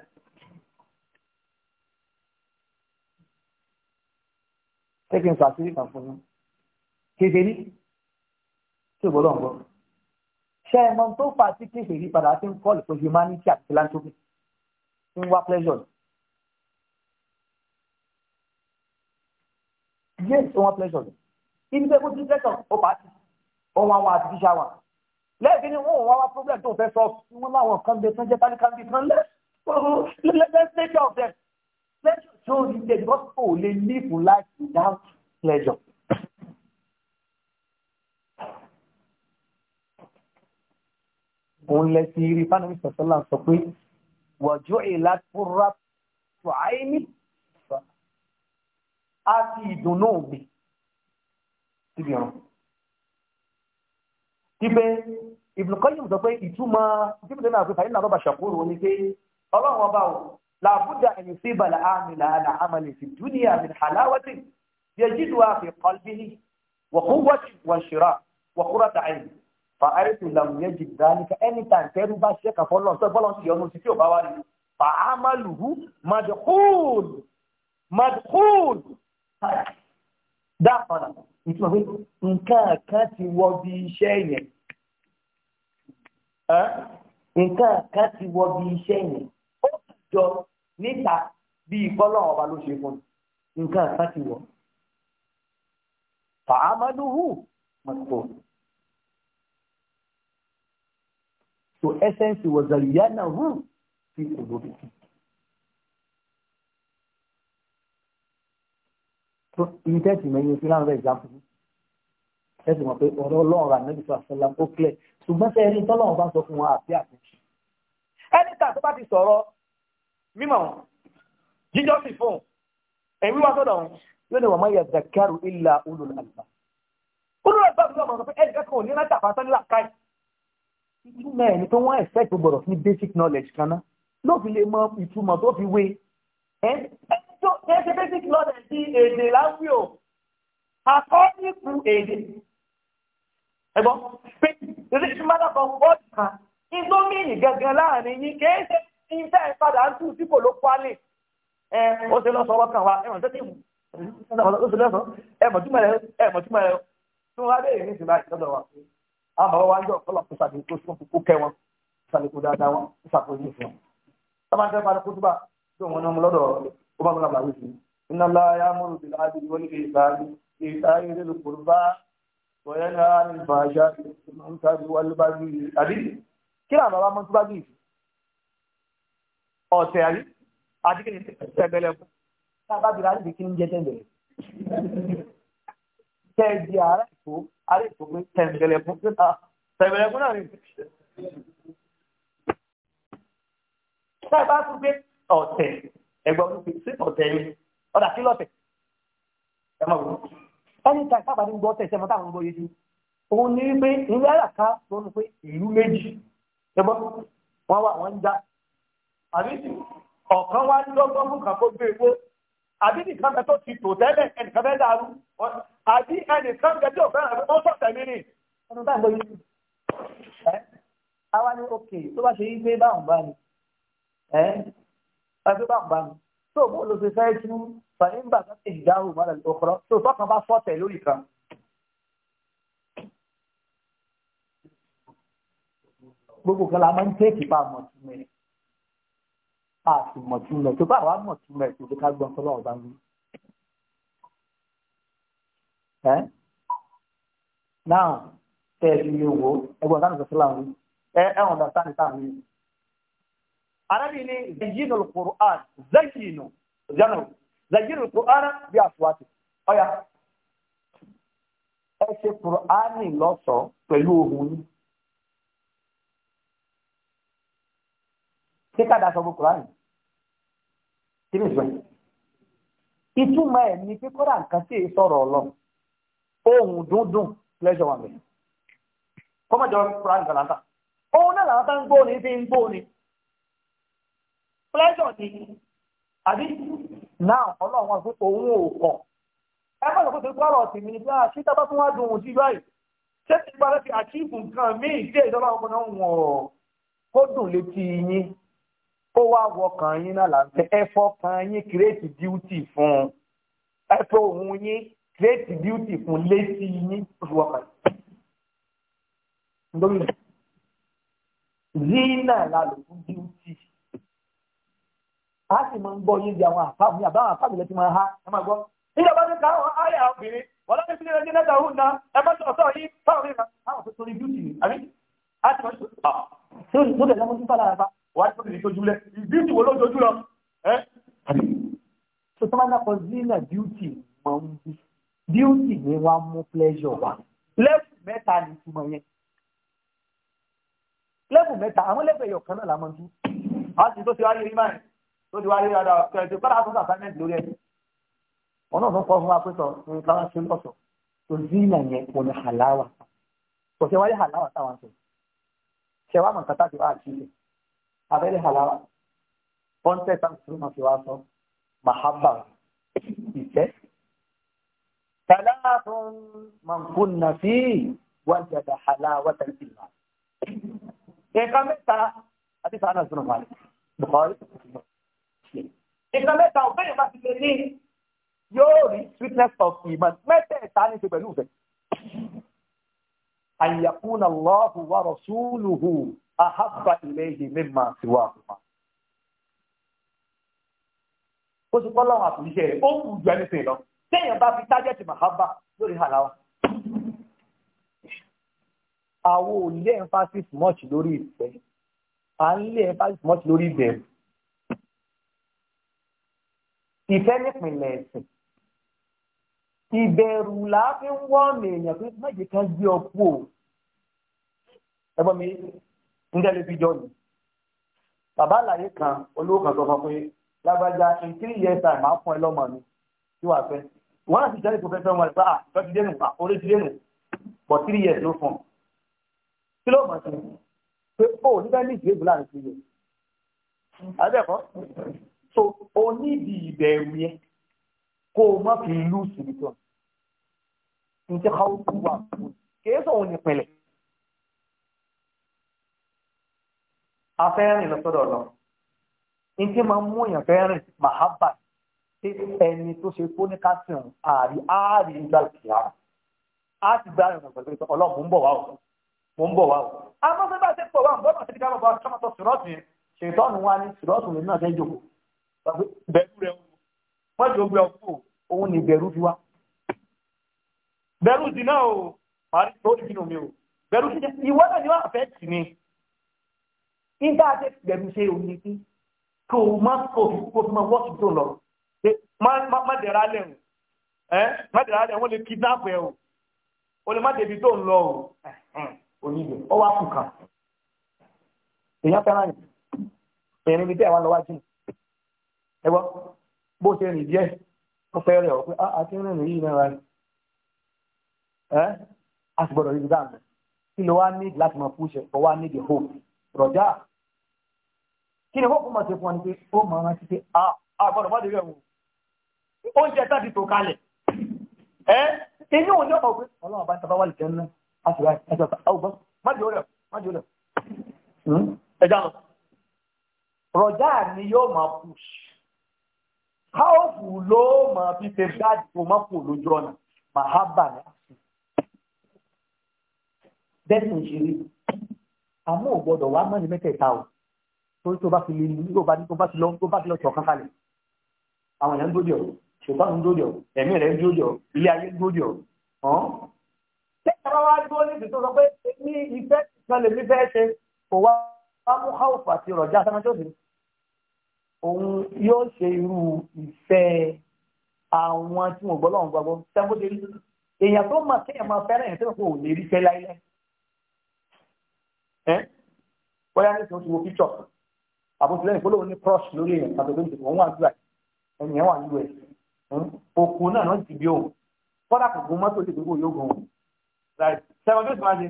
Taking facility and for you kèfèrí tí ò bọ́ lọ́n gbọ́ ṣe é mọ tó fà sí kèfèrí pleasure yes ó pleasure ibi tẹ́ kó ti pleasure ó bá ti ó wá wá artificial problem tó fẹ́ sọ wọn láwọn kan bẹ tán jẹ́ tani nature of them pleasure show you the gospel lè live life without pleasure. òun lẹ sí rí fánàmì sọ̀tọ́là sọ pé wọ̀jú ìlà fúnra tó àìní a ti ìdùnnú mi síbi ọ̀run. Ibẹ̀ Ibn Qayyim sọ pé ìtumọ̀ ìtumọ̀ náà fi fàyínà rọ́bà ṣàkóso wọn ni pé ọlọ́run ọba ò làbúdà ẹ̀yìn sí ìbàlẹ̀ àmì làálà àmàlè sí dúníà min halawatin yajiduha fi qalbihi wa quwwatin wa shira wa qurrata 'ayn fa àìsàn ìlànà yẹn jì dáníkà anytime tẹ́rù bá ṣiṣẹ́ kan fọlọ́n tó bọ́lọ́n sì yọnu sí tí ò bá wá rí fa amaluhu madhul madhul dáfọ̀nà ìtumọ̀ pé nǹkan kan ti wọ bí iṣẹ́ yẹn nǹkan kan ti wọ bí iṣẹ́ yẹn ó jọ níta bí ìfọ́lọ́n ọba ló ṣe fún nǹkan kan ti wọ fa amaluhu madhul. So essence was zayyanahu fi qulubikum. So intent ìmọ̀ yẹn fi láwọn example. Ẹ sì mọ̀ pé ọ̀rọ̀ ọlọ́run rà níbi sọ àṣẹlá ó clear. Ṣùgbọ́n sẹ́ ẹni tọ́lọ́run bá sọ fún wọn àti àtúnṣe. Ẹni tà tó bá ti sọ̀rọ̀ mímọ̀ wọn, jíjọ́ sì fún un, ẹ̀mí wá sọ́dọ̀ wọn, yóò ní wọ́n máa yẹ zakaru illa ulul albab. Ulul albab ló mọ̀ sọ pé ẹnì kẹ́kọ̀ọ́ ní láti àfàṣẹ́ ńlá káyìí ìtumọ̀ ẹni tó wọ́n expect gbọ́dọ̀ fún basic knowledge kan náà ló fi lè mọ ìtumọ̀ tó fi wé ẹ tó ṣe ṣe basic knowledge ti èdè láwùí o according to èdè ẹ̀gbọ́n pé relation matter of word kan indomini gangan láàrin yín kì í ṣe iṣẹ́ ìpadà ń tù sí kò ló kwalẹ̀ ẹ ó ṣe lọ́sọ̀ ọwọ́ kan wa ẹ̀wọ̀n tó ti wù ó ṣe lọ́sọ̀ ẹ̀mọ̀túmọ̀ rẹ̀ ẹ̀mọ̀túmọ̀ rẹ̀ tí wọ́n bá bẹ̀rẹ̀ ní ìsìn báyìí lọ́dọ̀ wa àmọ́ wá ń jọ ọ̀pọ̀lọ̀ kó sàdé kó sún kó kẹ́ wọn sàdé kó dáadáa wọn kó sàkóso fún wọn. sábà ń tẹ́ parí kótó bá tó wọn náà lọ́dọ̀ ó bá wọn làbàwí sí i. iná ńlá ya múlò bí láti wọ́n ní ìsáyé ìsáyé lórí kùrùbá wọ́yẹ́ ní àárín ìfàṣà ìsáyé wà ló bá bí i. àbí kí làwọn bàbá mọ́tò bá bí i. àbí àti kí ni fún. tá a bá bìrì àti kí ni jẹ́ tẹ̀gbẹ̀lẹ̀. tẹ̀ di àárẹ̀ ìfowó arìtùkún tẹ̀m̀bẹ̀lẹ̀kún tẹ̀m̀bẹ̀lẹ̀kún náà ni. Táì bá tún gbé ọ̀tẹ̀ ẹ̀gbọ́n mi fi sí ọ̀tẹ̀ yìí ọ̀dà kí lọ́tẹ̀ ẹ máa wò ó. Ẹni ta ìsábà ní gbọ́ ọ̀tẹ̀ ìṣẹ́mọ́ táwọn ń gbọ́ yé ju. Òun ní pé ìlú àyàká ló ń pé ìlú méjì ẹgbọ́n wọn àbí nìkan bẹ tó ti tò tẹ́lẹ̀ ẹnìkan bẹ dàrú àbí ẹnìkan bẹ tó fẹ́ràn àbí wọ́n sọ̀tẹ̀ mí nì. ẹnu bá gbóyè ẹ àwa ni òkè tó bá ṣe yí pé báwọn bá mi ẹ ẹ pé báwọn bá mi tó bó ló ṣe fẹ́ tú fàyínbà tó ti dáhùn mọ́lẹ̀ tó tọ́kàn bá sọ̀tẹ̀ lórí kan. gbogbo kan la máa ń tẹ́ẹ̀kì bá a mọ̀ mi. a sì mọ̀ túmọ̀ tó bá wàá mọ̀ túmọ̀ ẹ̀ tó fi ká gbọ́n tó lọ́wọ́ bá ẹ́ náà tẹ́ ẹ fi lè wò ẹgbọ́n táwọn ẹ ẹ sáà arábì ni zayinu quran zayinu zayinu zayinu quran bí ẹ ṣe lọ́sọ̀ọ́ pẹ̀lú ohun yìí. ṣé ká daṣọ bo kùránì kí ni ìṣúná ìtumọ̀ ẹ̀ nǹkan tí ohun dúndùn pleasure wà bẹ́ẹ̀ kọ́mọ̀jọ́ kùránì kan láǹtà ohun náà làwọn ń gbóni fi ń gbóni pleasure ni àbí náà ọlọ́run bá lọ́kọ́ tó tì mí a ah, tábà fún wa dùn sí ṣé ti ó wá wọkàn yín náà láǹfẹ́ ẹ fọkàn yín kírètì díútì fún un ẹ fọ òun yín kírètì díútì fún létí yín oṣù wọkàn yín. zina la lò fún díútì a sì máa ń gbọ́ yín di àwọn àfáàmù ní àbáwọn àfáàmù lẹ́tí máa ha ẹ máa gbọ́. nígbà bá ní ká àwọn ayé àwọn obìnrin wọ́n lọ́dún sílẹ̀ ẹjẹ́ lẹ́tà òun náà ẹ bá sọ̀rọ̀ sọ̀rọ̀ yín fáwọn mìíràn àwọn tó torí bíútì àbí. a ti máa ń sọ ah wà á tó ti dojúlẹ̀ ìdíjì wo ló dojú lọ ẹ́ àbí. tó tó máa ń dákọ̀ zina beauty máa ń bí beauty ni wàá mú pleasure wá lẹ́fù mẹ́ta ni ìtumọ̀ yẹn lẹ́fù mẹ́ta àwọn lẹ́fù ẹ̀yọ̀ kan náà la máa ń tú àwọn sì tó ti wáyé rí máa tó ti wáyé rárá kẹ̀kẹ́ kọ́lá tó sàfẹ́mẹ́ntì lórí ẹ̀ wọn náà kọ́ fún wa pé sọ nǹkan wá sí lọ́sọ̀ tó zina yẹn kò ní halawa kò sí wáyé halawa táwọn sọ ṣẹwàá mọ̀ nǹkan tá a ver, les jalaba. Ponte tan uno que vaso, mahabba y sed. ثلاث من كن فيه وجد حلاوة الإيمان. إقامة مẹ́ta حديث أنس بن مالك بخاري إقامة mẹ́ta ọ̀bẹ́rẹ̀ bá ti lè ní yóò rí sweetness of iman mẹ́tẹ̀ẹ̀ta ní ti pẹ̀lú ìfẹ́. أن يكون الله ورسوله ahabba ilayhi mimma siwahuma ó sì kọ́ lọ́wọ́ àtúnṣe rẹ̀ ó kù ju ẹni sìn lọ téèyàn bá fi tájẹ́tì mahaba lórí halawa àwọn ò lé emphasis much lórí ìfẹ́ à ń lé emphasis much lórí ìbẹ̀rù ìfẹ́ nípìnlẹ̀ ẹ̀sìn ìbẹ̀rù làá fi ń wọ́n èèyàn pé méje kan gbé ọ kú o ẹ̀gbọ́n mi ńjẹ́ lè fi jọ ni bàbá àlàyé kan olówó kan sọ fún pé lágbájá in three years time máa fún ẹ lọ́mọ mi tí wàá fẹ́ wọn àti ìjẹ́rìí tó fẹ́ fẹ́ wọn ẹ̀fọ́ àfẹ́ ti dé nù orí ti dé nù for three years ló fún kí ló mọ̀ sí pé ó nígbà ní ìgbéyàwó láàrin three years àbẹ́ẹ̀kọ́ so o ní ìdí ìbẹ̀rù yẹn kó o má fi lù sí ìtọ́ ní ti káwọ́ tó wà fún un òun ní pẹ̀lẹ́. afẹ́rìn lọ́sọ́dọ̀ lọ ní tí máa ń mú èèyàn fẹ́rìn mahaba tí ẹni tó ṣe kó ní kásìn ààrí ààrí ìgbà kìá á ti gbá ìrìn pẹ̀lú ìtọ́ ọlọ́run mò ń bọ̀ wá o mò ń bọ̀ wá o. àmọ́ bí bá ṣe pọ̀ wá ń bọ́ náà ṣe ti dábọ̀ bá ṣọ́mọ́tò sùrọ́ọ̀tì ṣètọ́nù wa ní sùrọ́ọ̀tì rẹ̀ náà fẹ́ jòkó bẹ̀rù rẹ̀ wọ́n jò gbé ọkọ̀ òun ni bẹ̀rù fi wá. bẹ̀rù dì náà o màá rí tó ìbínú mi o bẹ̀rù ti jẹ́ ìwọ́n náà ni wọ́n àfẹ́ tì ní nígbà tí gbẹ̀mí ṣe òní sí kò má kò fi kó fi máa wọ́ọ̀kì tó lọ pé má dẹ̀ra lẹ̀ o ẹ́ má dẹ̀ra lẹ̀ wọ́n lè kidnap ẹ o o lè má débi tó ń lọ o onídìí ọ wá kù kàn èèyàn fẹ́ràn yìí èèyàn níbi tí àwọn lọ wájú ẹ gbọ́ bó ṣe rìn díẹ̀ ó fẹ́ rẹ̀ ọ́ pé a ah, ti rìn rìn yìí náà ẹ́ a sì gbọ́dọ̀ rí ibi dáàbò kí ló wá ní láti máa fúnṣe ọ wá ní the hope rọ̀jà kí ni wọ́n kó máa ṣe fún ọ ní pé ó máa rántí pé ah, a gbọ́dọ̀ bá dèrè ẹ̀wọ̀n oúnjẹ tá ti tò kalẹ̀ ẹ inú òun ní ọ̀pọ̀ pé ọlọ́run bá ń tàbá wà lìjẹ́ ńlá a sì wá ẹjọ́ ta ọgbọ́ má jò rẹ̀ má jò rẹ̀ ẹja lọ. rọjá ni yóò máa push káwọ́fù ló máa fi ṣe gáàdì tó máa kù lójú ọ̀nà màhábà ní àṣù. bẹ́ẹ̀ ni ìṣeré àmọ́ ò gbọ́dọ̀ wá mọ́ni mẹ́tẹ̀ẹ̀ta o torí tó bá fi lè ní tó bá tó bá ti lọ tó bá ti lọ tọ̀ kankalẹ̀ àwọn èèyàn ń dójọ ṣùgbọ́n ń dójọ ẹ̀mí rẹ̀ ń dójọ ilé ayé ń dójọ hàn. tẹ́tàrà wá dúró níbi tó sọ pé ní ìfẹ́ kan lè mi fẹ́ ṣe kò wá wá mú káwọ̀fù àti rọ̀jà sámájọ́sìn òun yóò ṣe irú ìfẹ́ àwọn tí wọ́n gbọ́ lọ́wọ́ gbàgbọ́ sẹ́kó ṣe rí èèyàn tó mà kéèyàn máa fẹ́ràn èèyàn tó kò lè rí fẹ́ láyé ẹ́ bóyá ní sọ́ọ́ ti wo píṣọ̀pù àbótilẹ́yìn ìpolówó ní cross lórí èèyàn pàtó tó ń tètè wọ́n wà lúwà ẹ̀yìn ẹ̀ wà lú ẹ̀ òkú náà ló ń ti bí òun fọ́dà kò gun mọ́tò lè gbogbo yóò gun òun sẹ́wọ̀n tó sì máa ṣe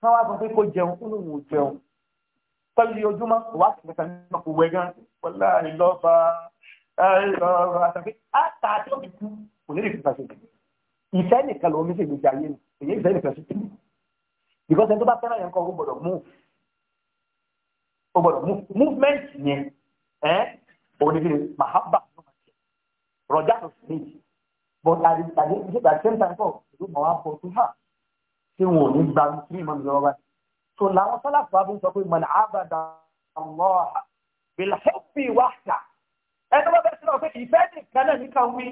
wọ́n wá sọ pé kó jẹun kó lóun ò jẹun pẹ̀lú ojúmọ́ kò wá kẹ̀kẹ́ náà kò wẹ̀ gan pẹ̀lá ìlọ́ba ìlọ́ba àtàkì àtà tó fi kú kò ní lè fi pàṣẹ ìfẹ́ nìkan lòun mi sì gbèjà yé mi èyí ìfẹ́ nìkan sí tì ó gbọ́dọ̀ movement yẹn ẹ́ onídìrí mahaba rọjá tó sì ní but àti àti ìṣègbà same time for ìlú mọ̀ wá bọ̀ tó hà tí wọn ò ní gba three months lọ́wọ́ báyìí so làwọn sálàfù wa fi ń sọ pé mọ̀nà àbàdà ọlọ́ọ̀hà bìlàfẹ́fì wáṣà ẹni wọ́n bẹ sílẹ̀ pé ìfẹ́ nìkan náà nìkan wí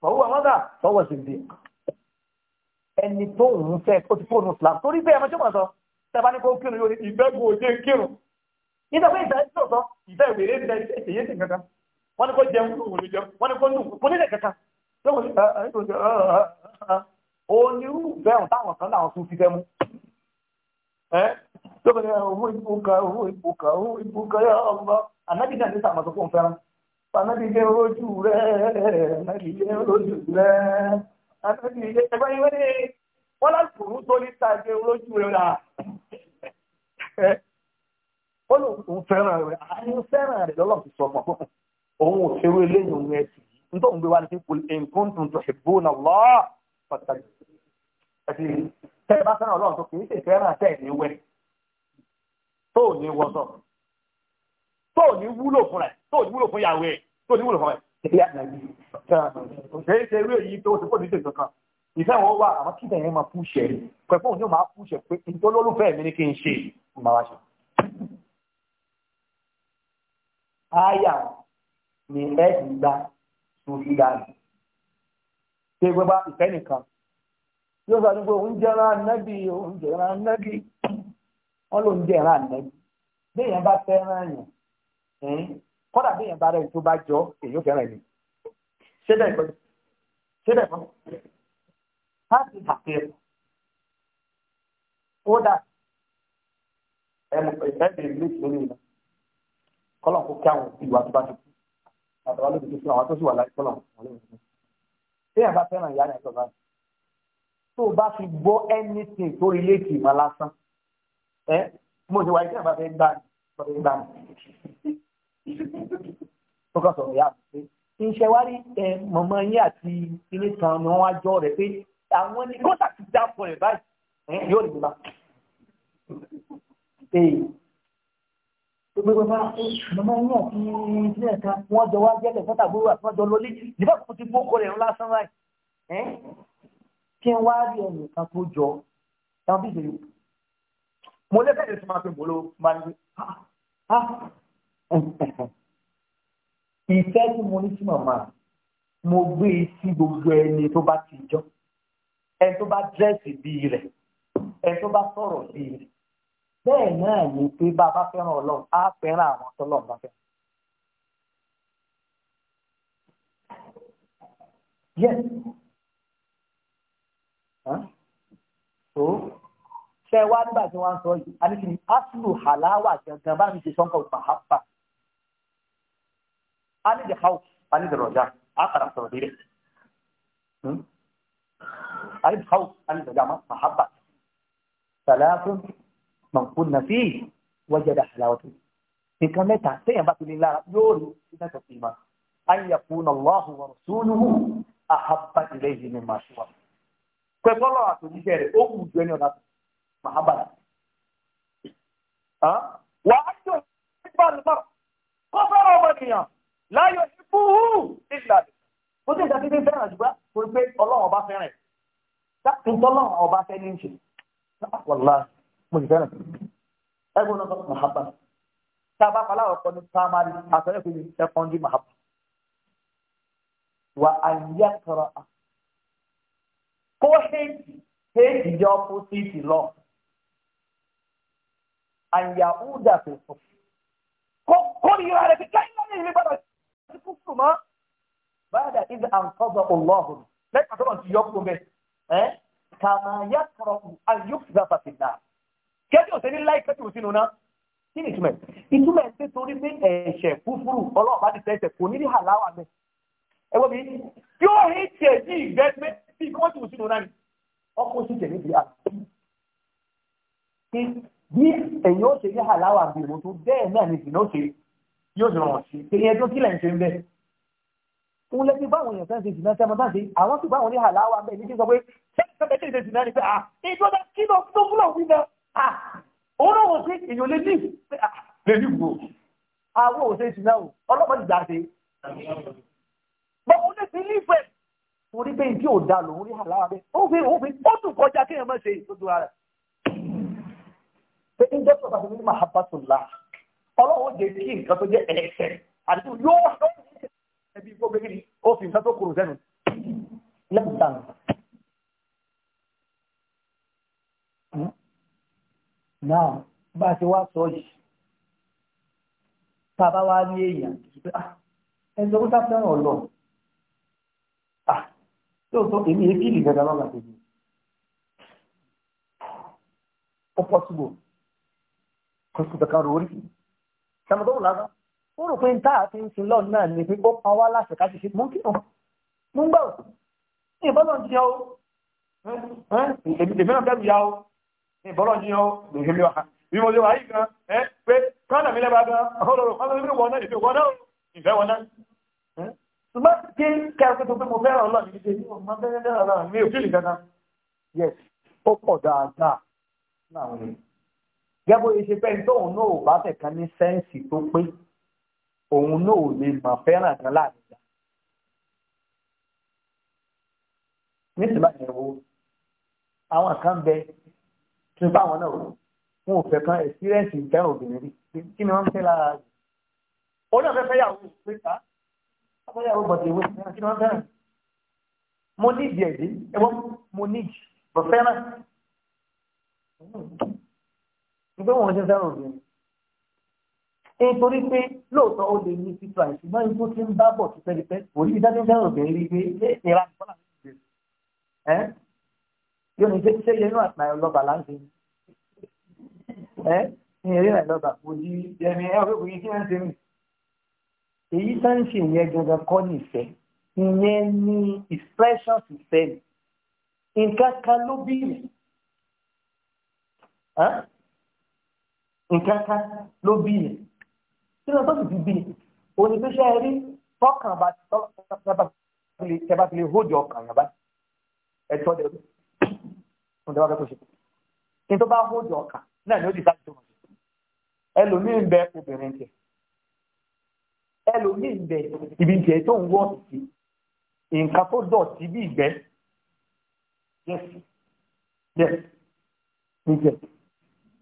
fọwọ́ ọlọ́dà fọwọ́ sì dé ẹni tó ń fẹ́ ó ti fóònù flam torí bẹ́ẹ̀ ọmọ tí wọ́n sọ tẹ́bá ní kó kírun yóò ní ìbẹ́gun òde kírun nígbà pé ìfẹ́ tó sọ ìfẹ́ ń bẹ èyí sì kankan wọ́n ní kó jẹun kó wòlé jẹun wọ́n ní kó nù kó nílẹ̀ kankan tó wòlé onírú bẹ́ẹ̀ táwọn kan náà tún fi fẹ́ mú tó bẹ̀rẹ̀ ah, owó ìbùkà owó ìbùkà owó ìbùkà yà ọmọ ànábì náà ní sàmọ́tò fún fẹ́ràn ànábì lé rojú rẹ̀ ànábì lé rojú rẹ̀ ànábì lé ẹgbẹ́ ó fẹ́ràn rẹ̀ àyìn fẹ́ràn rẹ̀ lọ́lọ́run ti sọ fún ọ òun ò ṣerú eléyìí òun ẹ sì yìí nítorí òun gbé wá ní pé nǹkan tó ń tó ṣèbó náà lọ́ pàtàkì ẹ̀sì tẹ́ bá fẹ́ràn ọlọ́run tó kì í ṣe fẹ́ràn tẹ́ ní wẹ́ tó ò ní wọ́sọ̀ tó ò ní wúlò fún rẹ̀ tó ò ní wúlò fún ìyàwó ẹ̀ tó ò ní wúlò fún ẹ̀ ìfẹ́ wọn wà àwọn kí tẹ̀yìn máa púṣẹ̀ pẹ̀fún òun yóò máa púṣẹ̀ pé ìtọ́lólùfẹ́ mi ni kí n ṣe máa ṣe. haya ni ẹ́ẹ̀sì gba tó fi gbogbo nìkan yóò sọ nígbà oúnjẹ rán anábì oúnjẹ rán anábì wọn ló ń jẹ rán anábì béèyàn bá fẹ́ràn yàn kódà béèyàn bá rẹ̀ tó bá jọ èyí fẹ́ràn láti kódà ìfẹ́ bèrè lóṣù kọ́lọ̀ kó kí àwọn òbí wa tó bá ti kú àtàwọn olóògbé tó fún àwọn tó sì wà láyé kọ́lọ̀ wọn lè wọ́n. téèyàn bá fẹ́ràn ìyá rẹ̀ tó bá tó bá fi gbọ́ anything tó rí léèkì ìmọ̀ lásán ẹ mo ti wáyé téèyàn bá fẹ́ gbá tó fẹ́ gbá tó kàn sọ̀rọ̀ ìyá mi pé iṣẹ́ wa rí mọ̀mọ́ yín àti ilé kan ni wọ́n wá jọ rẹ̀ pé àwọn ni kọ́tà ti dá fún ẹ̀ báyìí yóò rí gbogbo bá mọ̀mọ́ ní àti ilé ẹ̀ka wọ́n jọ wá jẹ́lẹ̀ fọ́tà gbogbo àti wọ́n jọ lólé nígbà ìfẹ́ tí mo ní sí màmá mo gbé e sí gbogbo ẹni tó bá ti jọ ẹni tó bá dírẹ́sì bíi rẹ̀ ẹni tó bá sọ̀rọ̀ bíi rẹ̀ bẹ́ẹ̀ náà ló pé bá a bá fẹ́ràn ọlọ́run á fẹ́ràn àwọn tọ́lọ́run bá fẹ́ràn. yes so ṣe wá nígbà tí wọ́n ń sọ yìí àti kìnnì aslu halawa gangan bá mi ṣe sọ́nkà òpàhápà a ní ìdíhàwò a ní ìdíròjà a kàrà sọ̀rọ̀ délé hmm? a ní ìdíhàwò a ní ìdíròjà a máa pàhápà sàlẹ́ àtúntò mọ̀nkú nàfi wọ́jẹ̀dá àlàwọ̀tò nǹkan mẹ́ta téèyàn bá ti lè lára yóò rí iṣẹ́ tó fi mọ́ ayẹ̀kùn ọlọ́hùn wọn sùúrù àhábà ilé yìí ni màá ṣùwà pẹ̀lú àtòjíṣẹ́ rẹ̀ ó kù jù ẹni ọ̀nà màhábà wà á jọ ìgbà lùmọ̀ kó fẹ́ràn ọmọnìyàn láyọ̀ ìbúhù ìlànà ó sì ìdájí ní fẹ́ràn àjùgbá torí pé ọlọ́run ọba fẹ́ràn ẹ̀ dákùntọ́lọ́run ọba fẹ́ ní í ṣe wàláhì mo sì fẹ́ràn ẹgbẹ́ náà mahaba tá a bá pa aláwọ̀ kọ́ ní primary àtọ́lẹ́ pé secondary mahaba wà á yẹ kọ́ra kó hẹ́ẹ̀tì hẹ́ẹ̀tì jẹ́ opposite lọ àyàwúdà tó fò kó ní ìrà rẹ̀ fi ká iná ní ìlú gbọ́dọ̀ sí kúkú mọ́ báyà ìdí àǹkọ́bọ̀ ọlọ́hùn lẹ́yìn àtọ́bọ̀ ti yọ kúrò bẹ́ẹ̀ kàmáyà kọ̀ọ̀ àyùkúzà fàfìlà kẹ́tì ò sí ní láì kẹ́tì ò sínú náà kí ni ìtumẹ̀ ìtumẹ̀ ṣe torí pé ẹ̀ṣẹ̀ fúfurú ọlọ́ọ̀bá ti tẹ̀sẹ̀ kò ní ní àláwà mẹ́ ẹ wọ́n mi tí ó hẹ́ tiẹ̀ ní ìgbẹ́ pé bí wọ́n ti ò sínú náà ni ọkọ̀ sì tẹ̀lé bí i àti bí ẹ̀yìn ó ṣe ní àláwà bí mo tó bẹ́ẹ̀ náà ni ìdìnnà ó ṣe yóò ṣe rọrùn sí i pé yẹn tó kílẹ̀ ń ṣe ń bẹ́ẹ̀ òun lẹ́bí báwọn èèyàn fẹ́ẹ́ ṣe jìnnà sí ọmọ bá ṣe àwọn sì báwọn ní àláwà bẹ́ẹ̀ ní kí n sọ pé ṣé ìṣẹ́bẹ̀ẹ́ ṣe jìnnà ni pé à èyí tó dá kí lọ tó kúlọ̀ wí náà Ah, òun náà wò sí èèyàn lè ní ah, lè ní ah, wò àwọn òṣè ìṣúná o ọlọ́pàá ti dàdé bọ́kú lè ti nífẹ̀ẹ́ orí bẹ́ẹ̀ tí ò da lòun rí àlá rẹ̀ ó fi ó fi ó tún kọjá kéèyàn má ṣe ìtọ́jú ara rẹ̀ pé ń dọ́tọ̀ bá fi ní mahabatullah ọlọ́run jẹ́ kí nǹkan tó jẹ́ ẹ̀ẹ́sẹ̀ àti yóò wá lọ́wọ́ ẹbí gbogbo ẹbí ó fi nǹkan tó kúrò sẹ́nu lẹ́kùn sáà náà bá ti wá sọ yìí tàbá wá ní èèyàn ah, ẹjọ́ kúta fẹ́ràn ọ̀lọ́ ah, tó tó èmi èkìlì gẹ́gẹ́ lọ́gbà tèmi ó pọ̀ síbò kòsìkò kàrò orí sàmùtọ́wò lásán ó rò pé táà fi ń sin lọ́ọ̀ náà ni pé ó pa wá láṣẹ ká ti ṣe mú kí wọn mú gbà ó ní ìbọn náà ti yá ó èmi náà bẹ́ẹ̀ yá ó ìbọ́lọ́jì yàn lòṣè lé wa bí mo ṣe wà yìí gan ẹ pé kánà mi lẹ́ba gan ọlọ́rọ̀ kánà mi wọ̀ náà ìfẹ́ wọ̀ náà ìfẹ́ wọ̀ náà. ṣùgbọ́n kí kẹ́kẹ́ tó pé mo fẹ́ràn ọlọ́run mi ṣe ní ọmọ bẹ́ẹ̀ náà náà mi ò fílì kankan. yes ó pọ̀ dáadáa náà wọlé. gẹ́gbó ṣe pé tóun náà ò bá fẹ̀ kan ní sẹ́ǹsì tó pé òun náà ò lè mà fẹ́ràn kan láàrin ìgbà. nítorí báyìí wo àwọn kan tí n fáwọn náà wọn ò fẹ́ kan experience ìfẹ́ràn obìnrin rí kí ni wọ́n ń lára rẹ̀ òun náà fẹ́ fẹ́ yàwó pé ká fẹ́ yàwó bọ̀dé ìwé kí ni wọ́n fẹ́ràn mo ní ìdí ẹ̀dí ẹ̀wọ́n mo ní ìdí bọ̀ fẹ́ràn nígbà wọn ṣe fẹ́ràn obìnrin nítorí pé lóòótọ́ ó lè ní títú àìsí máa ń tó ti ń bá bọ̀ tipẹ́tipẹ́ òní ìdájọ́ fẹ́ràn obìnrin rí pé ìlera ìfọ́nà yóò ní ṣe yẹn náà náà lọ́ba láǹtì ẹ ní eré náà lọ́ba kò di ẹ̀mí ẹ̀ ọ̀fẹ́ kò yí kí wọ́n ṣe mí. èyí tá ń ṣe ìyẹn gangan expressions ìfẹ́ mi nǹkan kan ló bí mi nǹkan kan ló bí mi kí ló tó sì ti bí mi òní tó ṣe rí tọkàn bá tọkàn bá tẹ bá fi lè hold ọkàn yàrá ẹ tọ́ dẹ̀ lọ fún ìjọba fẹ́ kó ṣe kí n tó bá hójú ọkàn náà ni ó ti sáré tó mọ̀ sí ẹlòmíì ń bẹ obìnrin tiẹ̀ ẹlòmíì ń bẹ ibi tiẹ̀ tó ń wọ́ sí nǹkan tó dọ̀tí bí ìgbẹ́ yes yes níjẹ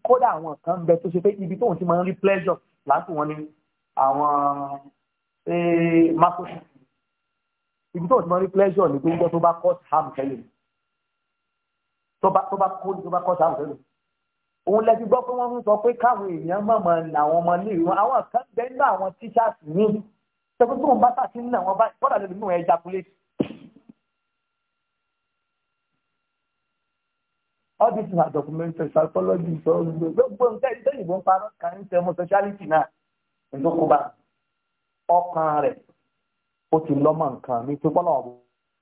kódà àwọn kan ń bẹ tó ṣe pé ibi tóun ti máa ń rí pleasure láti wọn ni àwọn eh, masochist ibi tóun ti máa ń rí pleasure ni tó ń jẹ́ tó bá cause harm tẹ́lẹ̀ mi tọba tọba kó tọba kọ́ sáà fẹ́lẹ̀ òun lẹ ti gbọ́ pé wọ́n ń sọ pé káwọn èèyàn máa máa nà àwọn ọmọ ilé wọn àwọn kan bẹ́ẹ̀ ní àwọn tíṣàtì ní tẹ́kọ̀ tó ń bá sàtì ní àwọn báyìí bọ́dà lè nínú ẹ̀ jakulé. all this na documentary psychology sọ gbogbo nǹkan ẹni tẹ́yìnbó ń parọ́ kà ń tẹ́ homosexuality náà ìdókòbá ọkàn rẹ̀ ó ti lọ́mọ nǹkan mi tó gbọ́dọ̀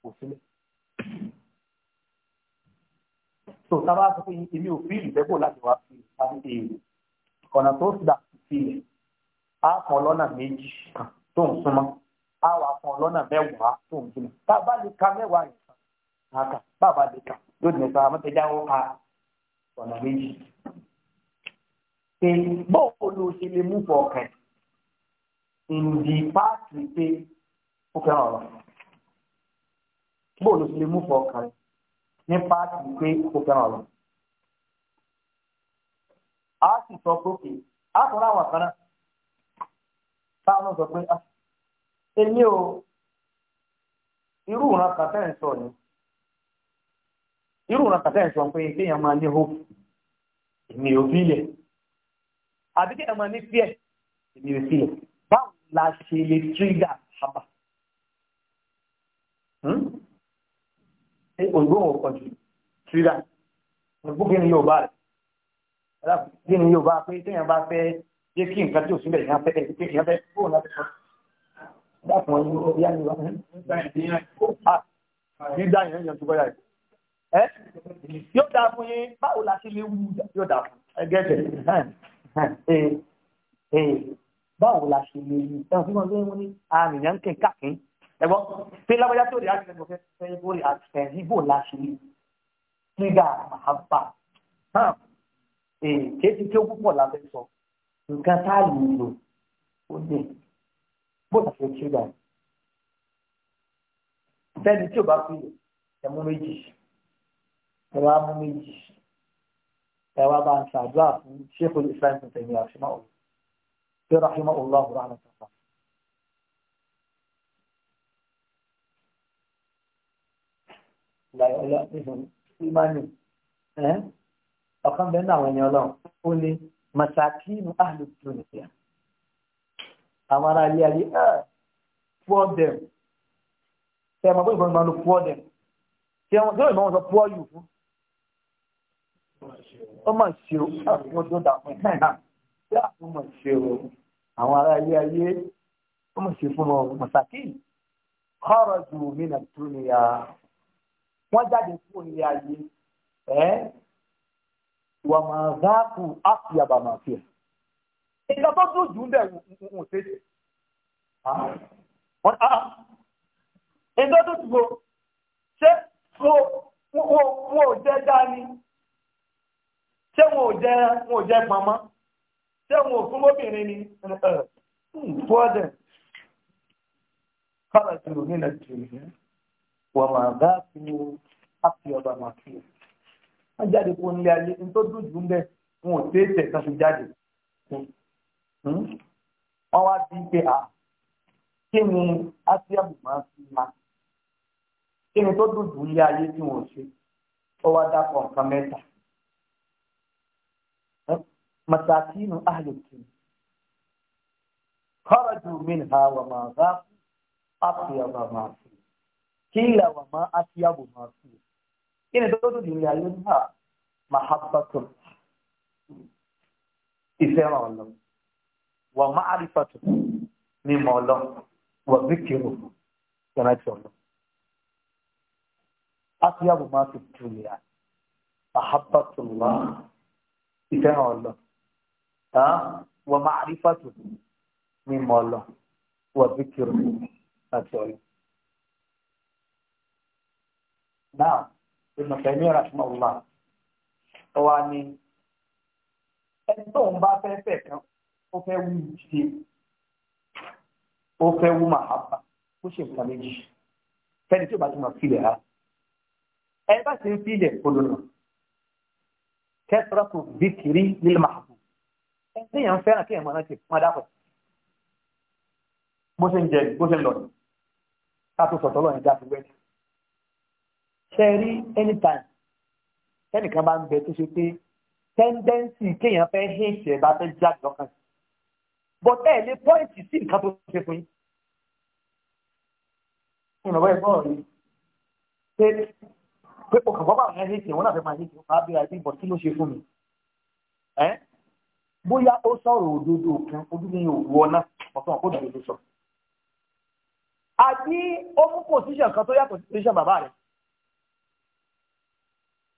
wọ̀ sílẹ̀. tó tábà sọ pé èmi ò fi ìbẹ́bò láti wá sí àti èrò ọ̀nà tó gbà sí ilẹ̀ á fọn lọ́nà méjì tó ń súnmọ́ á wà fọn lọ́nà mẹ́wàá tó ń jìnnà tá a bá lè ka mẹ́wàá yìí kan àkà bá a bá lè kà yóò dìbò sọ àmọ́tẹ́já ó ka ọ̀nà méjì. bọ́ọ̀ ló ṣe lè mú fọ ọkàn ǹdí páàtì pé ó fẹ́ràn ọ̀rọ̀ bọ́ọ̀ ló ṣe lè mú fọ ọkàn ní páàkì pé kò fẹ́ràn ọ̀rọ̀. a sì sọ pé kì á tún ráwọn kan náà táwọn sọ pé ah, èmi ò irú ìran kan tẹ́ ń sọ ni irú ìran kan tẹ́ ń sọ pé kéèyàn máa ní hope èmi ò fi ilẹ̀ àbí kéèyàn máa ní fear èmi ò fi ilẹ̀ báwo la ṣe lè trigger sábà ṣé òyìnbó wọn kọ jù tírà òyìnbó kí ni yóò bá rẹ̀ kí ni yóò bá pé téèyàn bá fẹ́ jẹ́ kí nǹkan tí ò síbẹ̀ yẹn fẹ́ pé èèyàn fẹ́ kó náà sọ dákun ẹni ló yá ni wá dídá yẹn yẹn tó bọ́yà yìí ẹ yóò dáa fún yín báwo la ṣe lè wú yóò dáa fún ẹgẹ́tẹ̀ báwo la ṣe lè wú ẹ̀ fún wọn lóyún ní àmì ẹ̀gbọ́n pé lábọ́já tó rí àti ẹ̀gbọ́n fẹ́ fẹ́ ibo rí àti fẹ́ ibo láṣẹ nígbà àbá hàn kéèké tí ó púpọ̀ lábẹ́ sọ nǹkan tá a lè lò ó lè bó ta fẹ́ tíga fẹ́ni tí ò bá fi lò ẹ mú méjì ẹ wá mú méjì ẹ wá bá ń ṣàdúrà fún ṣéèkù Islam tẹ̀yìn àṣìmọ́ òun tí ó rà ṣìmọ́ òun lọ́wọ́ àwọn àtàkùn. ìgbàyọ̀lọ́ nífun ìmánì ọ̀kan bẹ́ẹ̀ náà àwọn ènìyàn ọlọ́run ó ní masakínu àlùkù nìyà àwọn ará ilé ayé ẹ̀ poor them ṣe é mọ̀ pé ìbọn ìmọ̀ ló poor them ṣe wọn yóò ìmọ̀ wọn sọ poor you fún ó mọ̀ ṣe o wọ́n tó dà fún ẹ̀ ṣé àwọn mọ̀ ṣe o àwọn ará ilé ayé ó mọ̀ ṣe fún wọn masakínu kọ́rọ̀ ju mí nà tún wọ́n jáde kúrò nílé ayé ẹ́ wà máa záàkù ápì àbàmàfì ẹ̀. ìgbà tó dùn jù ń bẹ̀ ń ṣe é. ìgbà tó dùn jù ṣé wọn ò jẹ́ dání ṣé wọn ò jẹ́ wọn ò jẹ́ pamọ́ ṣé wọn ò fún lóbìnrin ni fọ́ọ̀dẹ̀ kọ́lá jùlọ nílẹ̀ jùlọ wọ́n máa bá fi ápì ọba máa fi ẹ̀. wọ́n jáde kó nílé ayé ní tó dùn jù ń bẹ̀ wọn ò tẹ́ tẹ̀ kan fi jáde. Hmm? wọ́n wá di pé à kí ni ápíàbù máa fi ma kí ni tó dùn jù ń ayé tí wọ́n ṣe ó wá dápọ̀ nǹkan mẹ́ta. مساكين أهل الجنة خرجوا منها وما غافوا أطيب ما kila wa ma atyabu ma fi ina da todo dunya yin ha mahabbatun isema wallahu wa ma'rifatu ni mawla wa zikru kana tolo atyabu ma fi dunya mahabbatullah isema wallahu ha wa ma'rifatu ni mawla wa zikru kana tolo náà ìmọ̀ tẹ̀mí rahman allah ó wá ní ẹni tó ń bá fẹ́ fẹ́ kan ó fẹ́ wú ṣe ó fẹ́ wú màhábà ó ṣe nǹkan méjì fẹ́ni tí ó bá ti mọ̀ sílẹ̀ ha ẹ bá ti ń sílẹ̀ olùnà kẹsàrọ́tò bìkìrí nílẹ̀ màhábù ẹ ní yàn fẹ́ràn kí ẹ̀ mọ̀ náà ti pọ́n dápọ̀ bó ṣe ń jẹ bó ṣe ń lọ ká tó sọ̀tọ̀ lọ́yìn já sí wẹ́ẹ̀tì ṣe rí anytime tẹ́nìkan bá ń bẹ tó ṣe pé tẹ́ndẹ́ǹsì kéèyàn fẹ́ hí ìṣẹ̀ bá fẹ́ jáde lọ́kàn bọ́ tẹ́ ẹ̀ lé pọ́ìntì sí nǹkan tó ṣe fún yín. ìrànwọ́ ẹ̀ bọ́ọ̀ yìí pé pé o kàn fọ́bà rẹ̀ hí ìṣẹ̀ wọn náà fẹ́ máa hí ìṣẹ̀ wọn bá bí ẹbí bọ̀ kí ló ṣe fún mi. bóyá ó sọ̀rọ̀ òdodo kan ojúlé òwú ọ̀nà ọ̀tún àkójọ òdodo sọ. àbí ó mú pòsíṣàn kan tó yàtọ̀ pòsíṣàn bàbá rẹ̀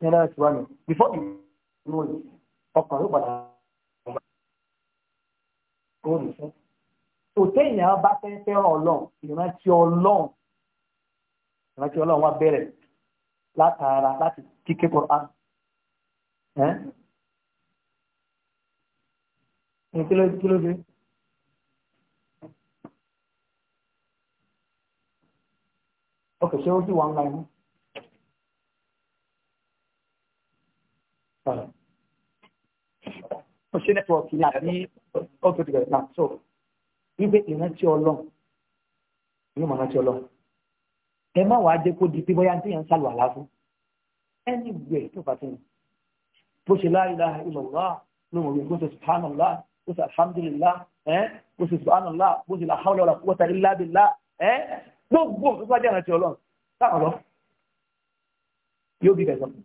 yẹn náà ti wá before the no yìí ọkàn yóò padà ọba kó ní fún. òtẹ́ èèyàn bá fẹ́ fẹ́ràn ọlọ́run ìrántí ọlọ́run ìrántí ọlọ́run wá bẹ̀rẹ̀ látara láti kíké Quran. kí ló kí ló dé. ok ṣé ó sì wà ó ṣe nẹ́tíwọ̀kì ní àbí ó tó tìgbà náà so wípé ìrántí ọlọ́run ní ìmọ̀ ìrántí ọlọ́run ẹ má wàá jẹ́ kó di pé bóyá tí yẹn ń sálùwàlá fún ẹni gbẹ̀ tó bá tẹ̀yìn bó ṣe la ilaha illallah ló mọ̀ wí bó ṣe subhanallah bó ṣe alhamdulillah ẹ bó ṣe subhanallah bó ṣe la hawla wala quwwata illa billah ẹ gbogbo nǹkan tó bá jẹ́ ìrántí ọlọ́run táwọn lọ yóò bí bẹ̀ sọ́kùn.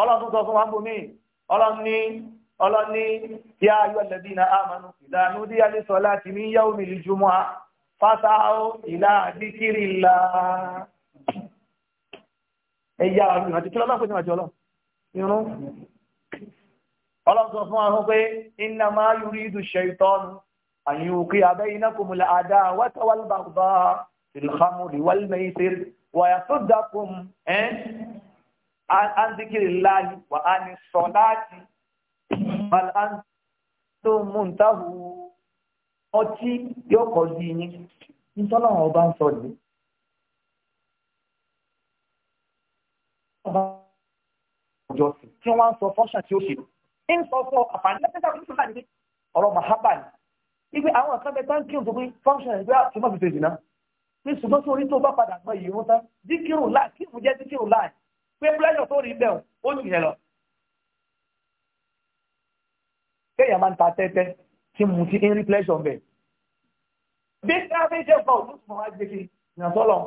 ọlọ́run sọ fún wa bomi ọlọ́run ní ọlọ́run ní kí a yọ lẹ́bí na amanu ìdánù díyàlé sọ láti mí yá omi ìjùmọ̀ a fásáhó ìlà àdíkírì ńlá ẹ̀yà ọ̀rùn àti kí lọ́lọ́ pé ní àjọ ọlọ́run irun ọlọ́run sọ fún wa pé iná máa yúrí ìdù ṣẹ̀tọ́nù àyíwòkí abẹ́ iná kò múlẹ̀ àdá wátawálbàgbà ìlhamù ìwálmẹ̀ ìṣẹ́rẹ̀ wàyà tó dákùn ẹ́ an zikiri lahi wa an sọláàtì bal an tó múntahu ọtí yóò kọ sí yín nítorí ọba ń sọ ní. ọjọ́ sí tí wọ́n ń sọ fọ́ṣà tí ó ṣe ń sọ fún àfààní lẹ́sẹ̀ tó ń sọ láti ọ̀rọ̀ mahaba ni àwọn kan bẹ tán pé fọ́nṣọ̀n ìgbé àti mọ́fìsì ìdìnnà ní ṣùgbọ́n tí tó bá padà gbọ́ pé pleasure tó rí bẹ́ẹ̀ ó jù yẹn lọ. kéèyàn máa ń ta tẹ́tẹ́ tí mo ti ń rí pleasure bẹ̀. bí káfíń ṣe fọ òtún fún wa gbé kí ìyànsọ́lọ̀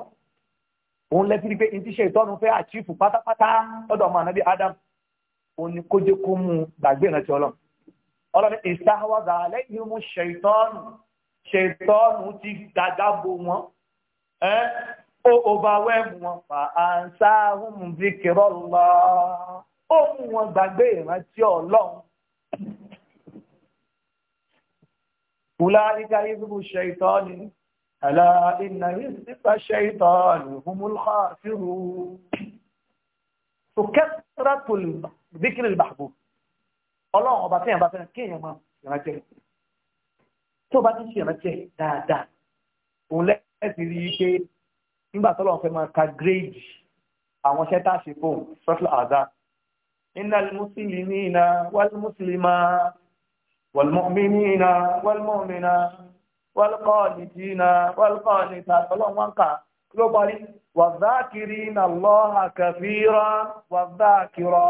òun lẹ́tìrí pé ìtíṣe ìtọ́nu fẹ́ àchífù pátápátá lọ́dọ̀ ọmọ ànábì Adam òun ni kó jẹ́ kó mú un gbàgbé ìrántí ọlọ́run ọlọ́run ìsáwọ́gà lẹ́yìn mú ṣètọ́nù ṣètọ́nù ti dàgbà bò wọ́n ó overwhelm wọn fà á ń sá ohun zikirọ́ lọ ó mú wọn gbàgbé ìrántí ọlọ́run. Kùláríkà ìbúrú ṣẹ̀tọ́ ni, àlà ìnà ìsìnkà ṣẹ̀tọ́ ni, humulkha fíru. Tùkẹ́tìrà tó lè bíkìrì ìbàbò. Ọlọ́run ọba tí ìyàmbá fẹ́ràn kí èèyàn máa ìrántí Tó bá ti ṣe ìrántí dáadáa, òun lẹ́ẹ̀sì rí i pé nígbà tó lọ́n fẹ́ máa ka gírèèdì àwọn iṣẹ́ a ṣe fóun sọ́tún àdá iná mùsùlùmí ní iná wàlú mùsùlùmá wàlúmọ́mí ní iná wàlúmọ́mí náà wàlúkọ́ọ̀lì tí iná wàlúkọ́ọ̀lì tá a tọ́lọ́ wọn kà ló parí wàzákìrí iná lọ́ha kàfíra wàzákìrọ́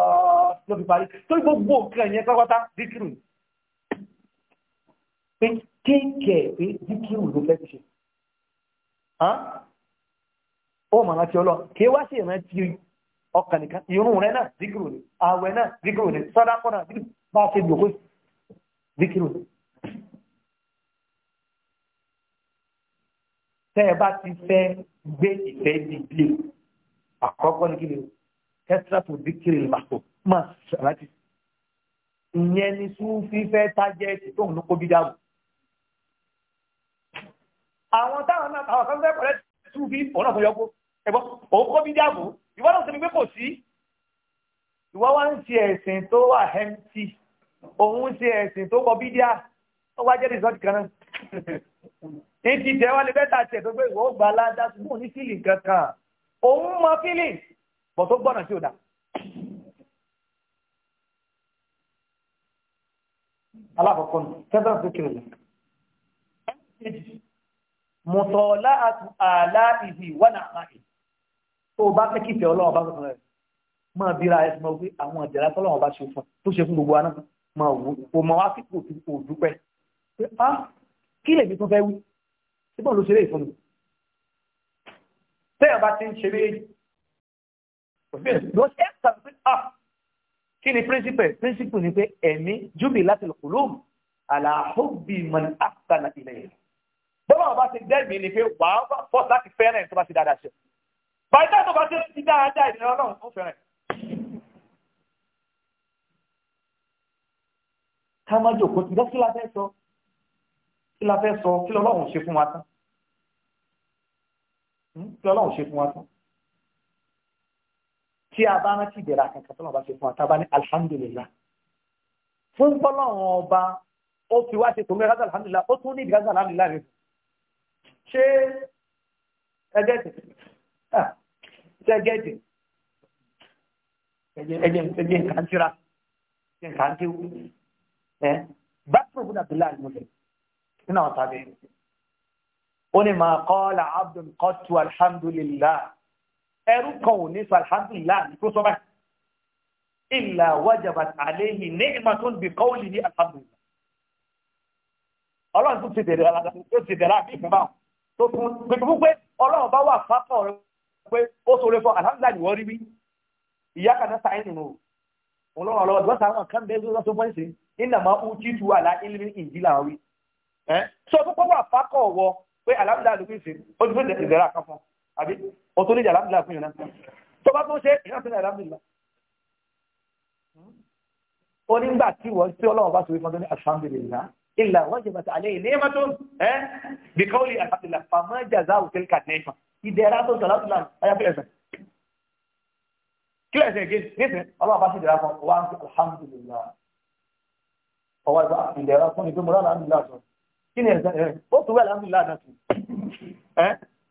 ló fi parí tó gbogbo nǹkan yẹn pátápátá díkìrù pé kéèké pé ló fẹ́ ṣe ó mọ̀ rántí ọlọ́run kí wá sí ìrántí ọkàn nìkan irun rẹ náà díkìrò ni ààwẹ̀ náà díkìrò ni sọ́dákọ́ náà díkìrò bá a ṣe gbòkó díkìrò ni. tẹ́ ẹ bá ti fẹ́ gbé ìfẹ́ dìde àkọ́kọ́ ní kíni kẹ́sìtàtù díkìrì màkò máa ṣàlàyé ìyẹn ni sùnfì fẹ́ tájẹ́ẹ̀tì tóun ló kó bí dáàbò. àwọn táwọn náà àwọn kan fẹ́ kọ̀rẹ́tì súfì ọ̀nà tó yọkú ẹ̀gbọ́n òun kọ́ bídíàbù ìwọ náà sọmi pé kò sí ìwọ wá ń ṣe ẹ̀sìn tó wà hẹ́mtì òun ṣe ẹ̀sìn tó kọ bídíà ó wá jẹ́ rìsọ́ọ̀tì kan náà ètì tẹ wá lè bẹ́tà tiẹ̀ tó gbé ìwọ gbà ládá ṣùgbọ́n ní fílì kankan òun mọ fílì bọ̀ tó gbọ́nà sí òdà. alákọ̀ọ́kọ́ nù tẹ́tà fún kìrìlẹ̀ mọ̀tọ̀ọ̀lá àti àlá ìdí wọ́nà àmáì tó bá fẹ́ kífẹ́ ọlọ́run bá fún rẹ̀ máa bíra ẹ̀sùn mọ́ wí àwọn ìdẹ̀ra tọ́lọ́run bá ṣe fún tó ṣe fún gbogbo aná máa wò ó mọ wá sípò tí kò dúpẹ́ pé á kí lè fi tún fẹ́ wí síbọ̀ ló ṣeré ìfún mi tẹ́yà bá ti ń ṣeré ló ṣe é sàn pé á kí ni príncipẹ̀ príncipù ni pé ẹ̀mí júbì láti lọ́kùnlóòmù àlàáhùbì na ní bọ́lá ọba ti dẹ́gbìn ni pé wà á bá fọ́ láti fẹ́ràn ẹ̀ tó bá ti dáadáa ṣe bàtà tó bá ti ti dáadáa ìdílé ọlọ́run tó fẹ́ràn. ká má jòkó tí lọ́sí la fẹ́ sọ kí la fẹ́ sọ kí lọ́lọ́run ṣe fún wa tán hmm? kí lọ́lọ́run ṣe fún wa tán tí a bá rántí ìbẹ̀rẹ̀ àkàkà tó lọ́ba ṣe fún wa tá a bá ní alihamudulilayi fún bọ́lọ́run ọba ó fi wá ṣe tòun ní gaza alihamudulilayi ó tún ní gaza ṣé ẹgẹ́tì ṣẹgẹ́tì ẹjẹ nǹkan tíra ẹjẹ nǹkan tí ẹ bákúrò fún abdullahi al-muslim nínú àwọn sábẹ́ ó ní máa qala abdul qattu alhamdulillah ẹrú kan ò ní sọ alhamdulillah ní tó sọ báyìí illa wajabat alayhi ni'matun bi qawlihi alhamdulillah ọlọ́run tó ti bẹ̀rẹ̀ alága tó ti bẹ̀rẹ̀ àbí ìfẹ́ báwọn tó fún gbẹgbẹ fún pé ọlọ́run bá wà fákàn rẹ pé ó sọ̀rọ̀ fún alhamdulilayi ni wọ́n rí bí ìyá kan náà sáyẹn o ọlọ́run ọlọ́run tí wọ́n sàrán kan bẹ́ẹ̀ ló sọ fún ẹ̀sìn nínà máa ń jí tu àlá ilé ìdí làwọn wí. sọ tó kọ́ wà fákàn wọ pé alhamdulilayi ló fi ṣe ó ti fún ìdẹ̀rẹ̀ àkàn fún àbí o tó ní ìjà alhamdulilayi fún yàn náà tó bá tó ṣe ìyá tó إلا وجبت عليه نعمة بقول الحمد لله فما جزاء تلك النعمة إدارة صلاة الله أيا في أسن كلا أسن كيس نسن الله باشي دراسة وانت الحمد لله هو إذا إدارة صلاة يقول مران الحمد لله صلاة كين أسن قلت هو الحمد لله نسن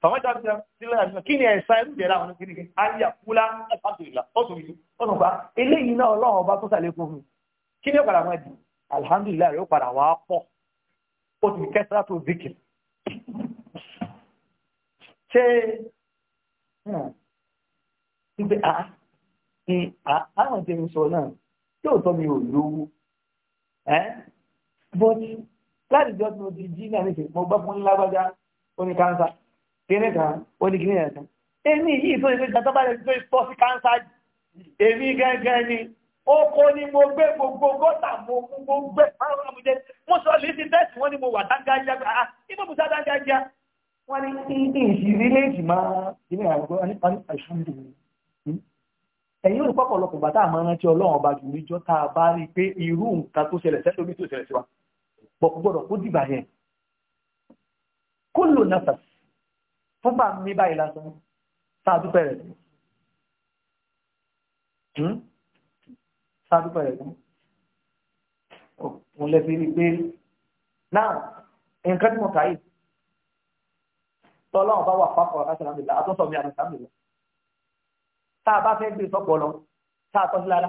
فما جزاء تلك النعمة كين أسن إدارة صلاة كين أن يقول الحمد لله قلت هو إليه إنا الله باشي سأليكم كين يقول الحمد لله alihamdulilayi yóò padà wá pọ̀ ó ti kẹsàrà tó dìkì ṣé hmm, ṣíbi a àwọn tí mo sọ náà yóò tọ́ mi ò lówó but láti jọ́ tí mo ti jí náà nìkan mo bá fún lágbájá ó ní kánsá kíní kan ó ní kíní ẹ̀sán èmi yìí tó ìgbésẹ̀ tó bá lè tó ìtọ́ sí kánsá èmi gẹ́gẹ́ ni oko ni mo gbé gbogbo gọ́tà mo kú mo gbé àwọn àmújẹ mo sọ lè ti tẹ́sí wọn ni mo wà dáńgájá gbà ah, á nínú mo sá dáńgájá. wọ́n ní ìṣìrílẹ̀èdì máa ilé àgbọ̀ àìsàndùn ẹ̀yin ò ní pọ̀pọ̀lọpọ̀ bàtà àmọ́ rántí ọlọ́run ọba jù níjọ́ tá a bá rí i pé irú nǹkan tó ṣẹlẹ̀ sẹ́tọ́ bí tó ṣẹlẹ̀ sí wa pọ̀ gbọ́dọ̀ kó dìgbà yẹn kó lò náà fún bá mi báyìí lásán tá a dúpẹ́ rẹ̀. Hmm? sádùpọ̀ rẹ̀ fún òun lè fi rí i pé náà nǹkan tí mo kà yìí tọ́lọ́run bá wà fáfọ̀ alásàlámìlá àtúntò mi alásàlámìlá tá a bá fẹ́ gbé sọ́pọ̀ lọ tá a tọ́jú lára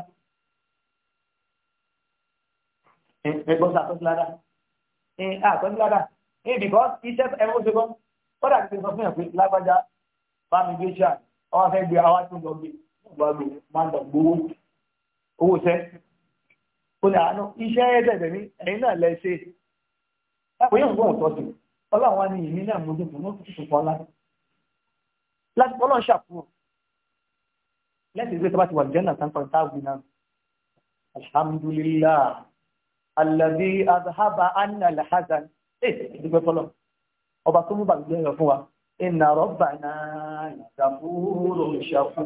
ẹgbọ́n tá a tọ́jú lára àtọ́jú lára because iṣẹ́ ẹ̀rọ ṣe gbọ́n kọ́dà kí n sọ fún yàn pé lágbájá bá mi gbé ṣáà ọwọ́ fẹ́ gbé àwọn àti ìjọba gbé máa ń dọ̀ gbowó owó iṣẹ́ ó ní àánú iṣẹ́ ẹ̀ẹ́dẹ̀gbẹ̀ mi ẹ̀yin náà lẹ ṣe lápò yóò gbóhùn tọ́sí ọlọ́run wá ní ìní náà mójú tó mọ́tò tuntun kan láti láti ọlọ́run ṣàkóso lẹ́sìn ìgbésẹ̀ bá ti wà jẹ́nà sanfọ̀n táàbù náà alhamdulillah alladhi azhaba anna alhazan ẹ̀ ìdúgbẹ́ fọlọ́ ọba tó mú bàbá yẹn fún wa inna rabbana ìdàkúrò ìṣàkóso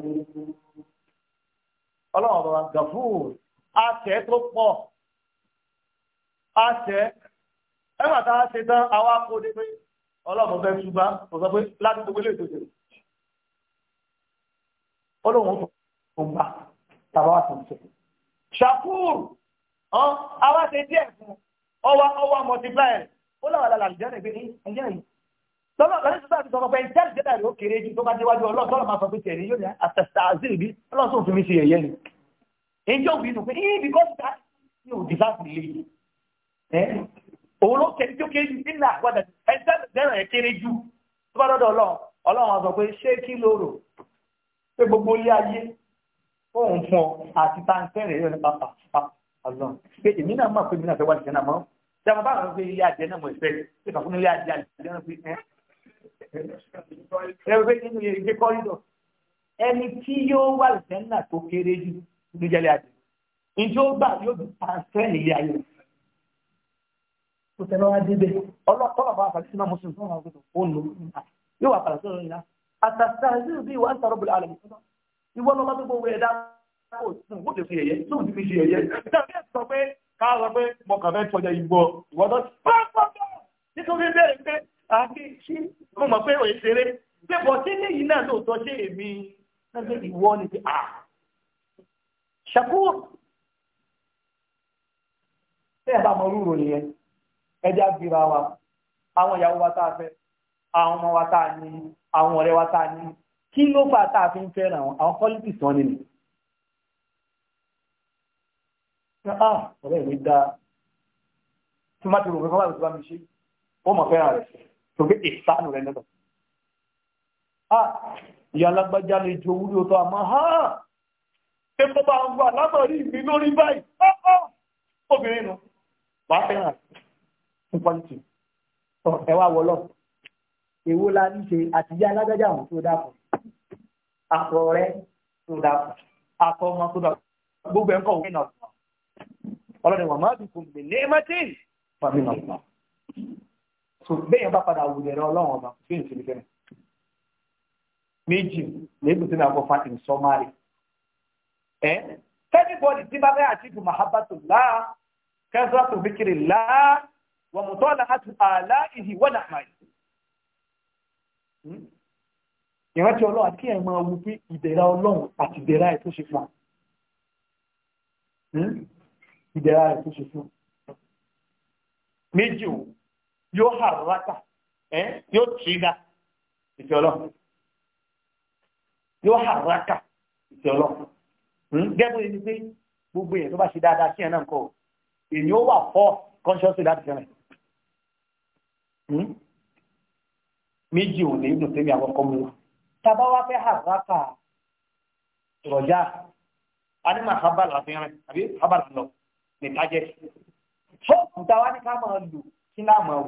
ọlọ́run bàbá gàfúr àṣẹ tó pọ̀ àṣẹ ẹgbà tá a ṣe tán àwa kó dé pé ọlọ́run fẹ́ túbá kò sọ pé láti gbogbo ilé ìtòsí ọlọ́run fò ń bá tàbá wà tó ń ṣe ṣàkúr àwa ṣe díẹ̀ fún ọwọ́ ọwọ́ mọ̀tíbáyẹ̀ ó láwọn alàlàjẹ́ rẹ̀ gbé ní ẹ̀yẹ́ yìí tọ́lọ́ lọ́dún tó ti sọ pé ìtẹ́lẹ̀ tẹ́lẹ̀ rẹ̀ ó kéré ju tó bá déwájú ọlọ́run tọ́lọ́ máa sọ pé tẹ̀lé yóò ní àtẹ̀sà àzírí because that ni ò dìsáàfù lè yí. òun ló kẹ́ni tó kéré ju nínú àgbàdà ẹ̀ńtẹ́lẹ̀ tẹ́lẹ̀ rẹ̀ kéré ju tó bá dọ́dọ̀ ọlọ́run ọlọ́run sọ pé ṣé kí ló rò pé gbogbo ilé ayé fóun fún ọ àti táǹtẹ́rẹ̀ yóò ní pápá ẹgbẹ́ nínú ìgbé kọ́rídọ̀ ẹni tí yóò wà lẹ́nà tó kéré jù níjẹ́lẹ̀ àjẹ́ ìjọ gbà yóò di pàṣẹ nílé ayé kò tẹ̀lé wá débẹ̀ ọlọ́tọ́lọ́ bá fàdí sínú mùsùlùmí fún àwọn ọ̀gbọ̀n ó lò yóò wà pàṣẹ lórí náà àtàtà ìṣirò bíi wà ń sọ̀rọ̀ bọ̀lá àlẹ́ ìwọ lọ́ba tó gbogbo ẹ̀dá kò tún kò tẹ̀ fi yẹ̀yẹ́ tó ti fi ṣe yẹ̀yẹ́ tàbí ẹ̀ sọ pé káà sọ pé mo kàn fẹ́ àbí ṣé mo mọ̀ pé òye ṣeré pé bọ̀ ṣé léyìí náà lóòótọ́ ṣé èmi náà ṣe ìwọ ni à ṣàkóso ṣé ẹ bá mọ rúurò nìyẹn ẹjá gbìra wa àwọn ìyàwó wa tá a fẹ́ àwọn ọmọ wa tá a ní àwọn ọ̀rẹ́ wa tá a ní kí ló fà tá a fi ń fẹ́ràn àwọn àwọn kọ́lítì sàn nínú. ọ̀rẹ́ mi dá tí má ti rò pé fọ́nmá mi bá mi ṣe ó mọ̀ fẹ́ràn rẹ̀ tó gbé ìsánù rẹ̀ lọ́dọ̀. a ìyá alágbájá lè ju owó lóòótọ́ àmọ́ ha ṣé mo bá ń wà lábọ̀rí mi lórí báyìí ọ́ obìnrin nu wàá fẹ́ràn fún pọ́ńtì ẹ wá wọlọ́ èwo la ní ṣe àti ìyá alágbájá àwọn tó dáàbò àpò rẹ tó dáàbò náà so bẹ́ẹ̀ bá padà wù lẹ́rọ ọlọ́run ọba kò sí ìṣẹ̀lẹ̀ fẹ́rẹ̀ méjì lẹ́gbẹ̀ẹ́ sínú àgọ́ fatin sọ́mari ẹ́ tẹ́lifọ̀dì tí bá fẹ́ àtìkù mahabbatullah kasratu zikrillah wa mutala'atu ala'ihi wa na'mai hmm? ìrántí ọlọ́run kí ẹ̀ máa wù pé ìdẹ̀ra ọlọ́run àti ìdẹ̀ra ẹ̀ tó ṣe fún hmm? ìdẹ̀ra ẹ̀ tó ṣe fún méjì òun yóò hàrúwátà yo yóò tìrìdà ìfẹ́ ọlọ́run yóò hàrúwátà ìfẹ́ ọlọ́run hmm? gẹ́gẹ́ bí si gbogbo èèyàn tó bá ṣe dáadáa sí ẹ̀ náà kọ́ èyí ó wà fọ́ consciously láti fẹ́ràn hmm? méjì ò ní ìdùnnú àwọn mu wa tábà wá fẹ́ hàrúwátà anima habal àfihàn àbí habal lọ ní ni fún tàwa ní kí náà wò á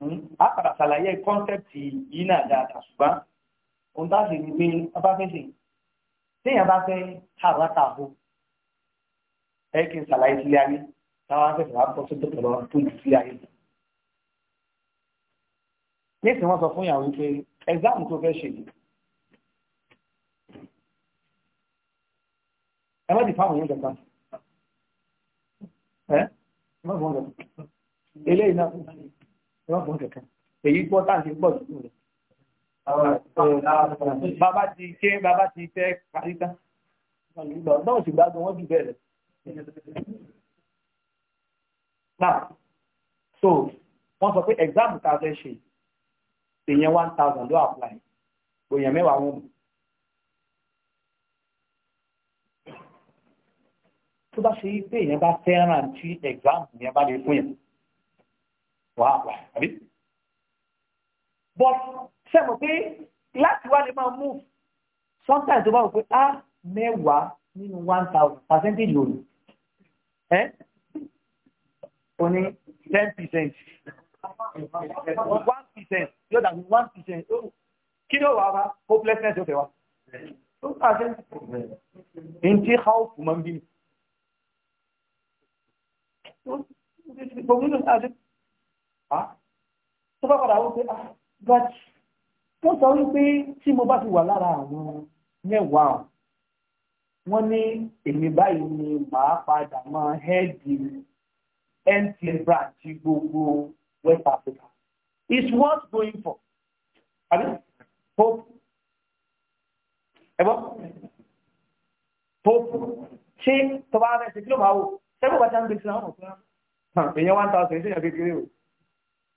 hmm? padà ṣàlàyé kọ́ńtẹ́pì yìí náà dáadáa ṣùgbọ́n ohun tá a ṣe ni pé ọba fẹ́ ṣe téèyàn bá fẹ́ kàwá tààbò ẹ kí n ṣàlàyé sílé ayé táwọn afẹ́fẹ́ wa bọ́ sódò pẹ̀lú ọ̀rọ̀ tó ń sílé ayé. nísìnyí wọ́n sọ fún ìyàwó pé ẹ̀gbáàmù tó fẹ́ ṣe yìí ẹ má di fáwọn yẹn kankan ẹ má fọwọ́n kankan eléyìí náà ẹ má fún kẹ̀kẹ́ èyí gbọ́ tá à ń ṣe pọ̀ jù lọ. bàbá ti ké bàbá ti fẹ́ parí tán náà sì gbádùn wọn jù bẹ́ẹ̀ lọ. now so wọ́n sọ pé exam tá a fẹ́ ṣe èèyàn one thousand ló apply òèyàn mẹ́wàá wọn mú. tó bá ṣe pé èèyàn bá fẹ́ràn tí exam yẹn bá lè fún yẹn wàhálà àbí. but ṣe mọ̀ pé láti wá lè máa move sometimes tó bá wò pé á mẹ́wàá nínú one thousand percentage lòlù ẹ́ o ní ten percent one percent yóò dàbí one percent kí ló wà wá hopelessness yóò fẹ́ wá tó bá ṣe ń tí káwọ́ fún mọ́ bí mi tó bá padà wọ́n pé ah, but wọ́n sọ wípé tí mo bá ti wà lára àwọn mẹ́wàá wọ́n ní èmi báyìí ni màá padà máa hẹ́ẹ̀dì mtn branch gbogbo West Africa it's worth going for àbí hope ẹ̀bọ́ hope ṣé tó bá fẹ́ ṣe kí ló máa wò ṣé kò bá ṣe ń gbèsè àwọn ọ̀sán èèyàn one thousand ṣé èèyàn kékeré o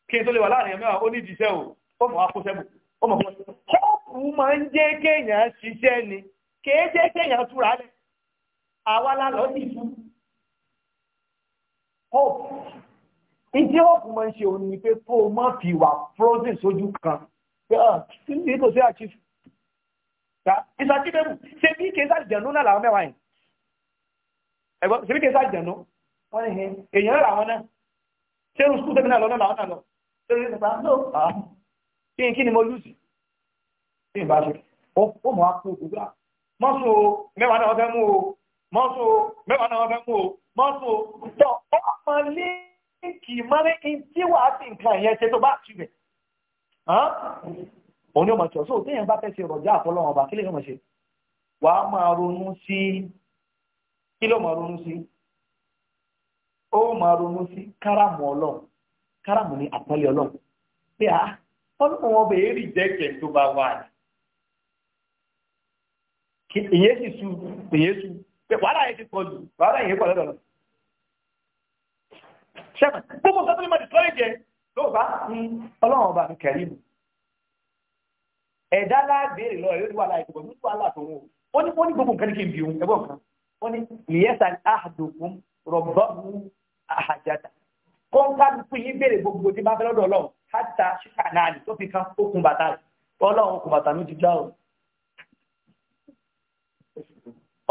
kí n tó lè wà láàrin mẹ́wàá ó ní ìdíṣẹ́ o ó mọ̀ akóṣẹ́bù ó mọ̀ kọ́ṣẹ́. kọ́ọ̀pù máa ń jẹ́ kéèyàn ṣiṣẹ́ ni kèé jẹ́ kéèyàn túra lẹ̀ àwa la lọ sí ìtú. hope ìdí hope máa ń ṣe òun ni pé kó o má fi wà frozen sójú kan pé ọ̀ ní kò sí àchífù. ìsàkídẹ́bù ṣe bí kèé sáà jẹ̀nu náà làwọn mẹ́wàá yìí ẹ̀gbọ́n ṣe bí kèé sáà jẹ̀nu wọ́n ní èèyàn làwọn náà ṣé irú skul tẹ́mi náà lọ náà làwọn náà lọ lórí ìgbà náà pa kí n kí ni mo lùsì kí mọ̀ o mẹ́wàá náà fẹ́ mú o mọ́sùn o mẹ́wàá náà fẹ́ mú o mọ́sùn o tọ́ ọmọ líǹkì mọ́rí tí wàá sì nǹkan ìyẹn ṣe tó bá ṣì bẹ̀ òun ni ó mọ̀ ṣọ́ so téèyàn bá fẹ́ ṣe rọ̀jà àfọlọ́wọn ọba kí lè yọ̀mọ̀ ṣe wàá máa ronú sí ronú sí káràmù ọlọ́run káràmù ní àpọ́lé ọlọ́run pé a ah, ọlọ́run wọn bèè rí jẹ́kẹ̀ tó bá wà ní. ìyẹn sì su ìyẹn su pé wàhálà yẹn ti pọ̀ jù wàhálà yẹn pọ̀ lọ́dọ̀ lọ. sẹ́fà gbogbo sọ́tún mọ́ ìtọ́ ẹ̀jẹ̀ ló bá ní ọlọ́run ọba mi kẹ̀rí mu. ẹ̀dá láàbẹ̀rẹ̀ lọ yóò wà láì tó bọ̀ ní wàhálà tó ó ní wọ́n ní gbogbo nǹkan ní kí n bí òun ẹ̀gbọ́n kan ó ní ìyẹ́sà kó ń ká dùkú yín béèrè gbogbo tí bá fẹ́ lọ́dọ̀ ọlọ́run káta ṣíkà náà ni tó fi kan okùn bàtà rẹ̀ ọlọ́run okùn bàtà mi ti já o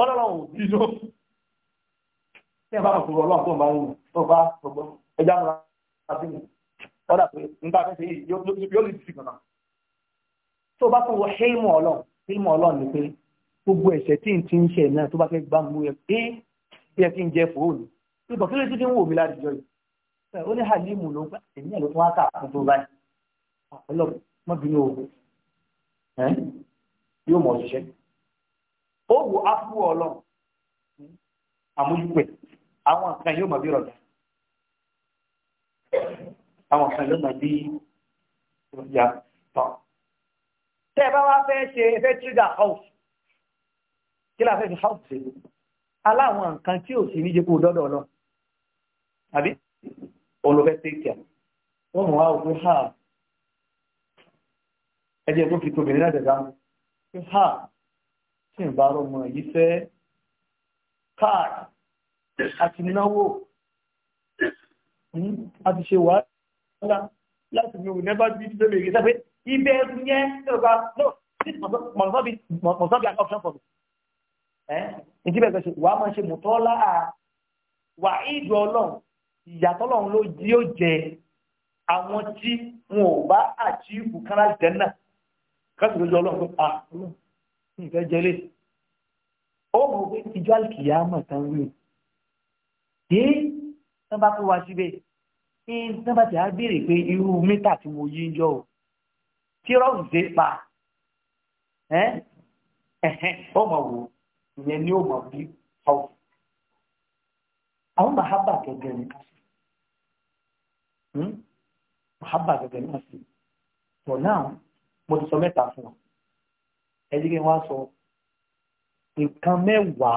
ọlọ́run ò bí lọ tí ẹ bá kúrò ọlọ́run tó ń bá wù tó bá gbogbo ẹja múra àti mi ọ̀dà pé nígbà fẹ́ ṣe yìí yóò lè ti gbọ̀nà tó bá tún wọ hémù ọlọ́run hémù ọlọ́run ni pé gbogbo ẹ̀ṣẹ̀ tí n ti ń ṣe náà tó bá fẹ́ gbá mú ẹ pé bí ẹ ti ń jẹ fòónù ìbọ̀ kí ló ti ń wò mí láti jọ yìí ó ní halimu ló gbà èmi náà ló tún wá kà fún tó báyìí ọlọ mọbìnrin o yóò mọ ṣiṣẹ́ ó wò á fún ọlọ àmójúpẹ àwọn nǹkan yóò mọ bí rọjà àwọn nǹkan yóò mọ bí rọjà tán tẹ́ bá wá fẹ́ ṣe fẹ́ tírígà house kí láfẹ́ fi house ṣe aláwọn nǹkan tí ò sí níjẹ́ kó dọ́dọ̀ lọ àbí olùfẹ́tẹ̀kìá wọ́n mọ̀ wá òkú ha ẹjẹ́ tó fi tóbi nílẹ̀ dẹ̀dá pé ha tí ń bá rọmọ yìí fẹ́ káàdì àti náwó àti hmm? ṣe wàhálà láti mi ò nẹ́bà bí ti tóbi ìgbésẹ̀ pé ibẹ̀ ẹ̀rù yẹn lọ́gbà no this must not be an ọlọ́run ìyàtọ̀ lọ́run ló yóò jẹ àwọn tí wọn ò bá àjíìbù kára jẹ́nà káàkiri lójú ọlọ́run pé à ọlọ́run ìfẹ́ jẹlé ó mọ̀ pé ìjọ àlùkìyà mọ̀ tán wí o dé tán bá kó wa síbẹ̀ ní tán bá ti á béèrè pé irú mítà tí mo yí ń jọ o kí rọ́ọ̀nù dé pa ó mọ̀ wò ìyẹn ni ó mọ̀ bí ọ̀hún àwọn màhábà gẹ́gẹ́ ni ká sọ mahabba hmm? gẹ́gẹ́ náà sí for now mo ti sọ mẹ́ta fún ọ ẹni kí n wá sọ nǹkan mẹ́wàá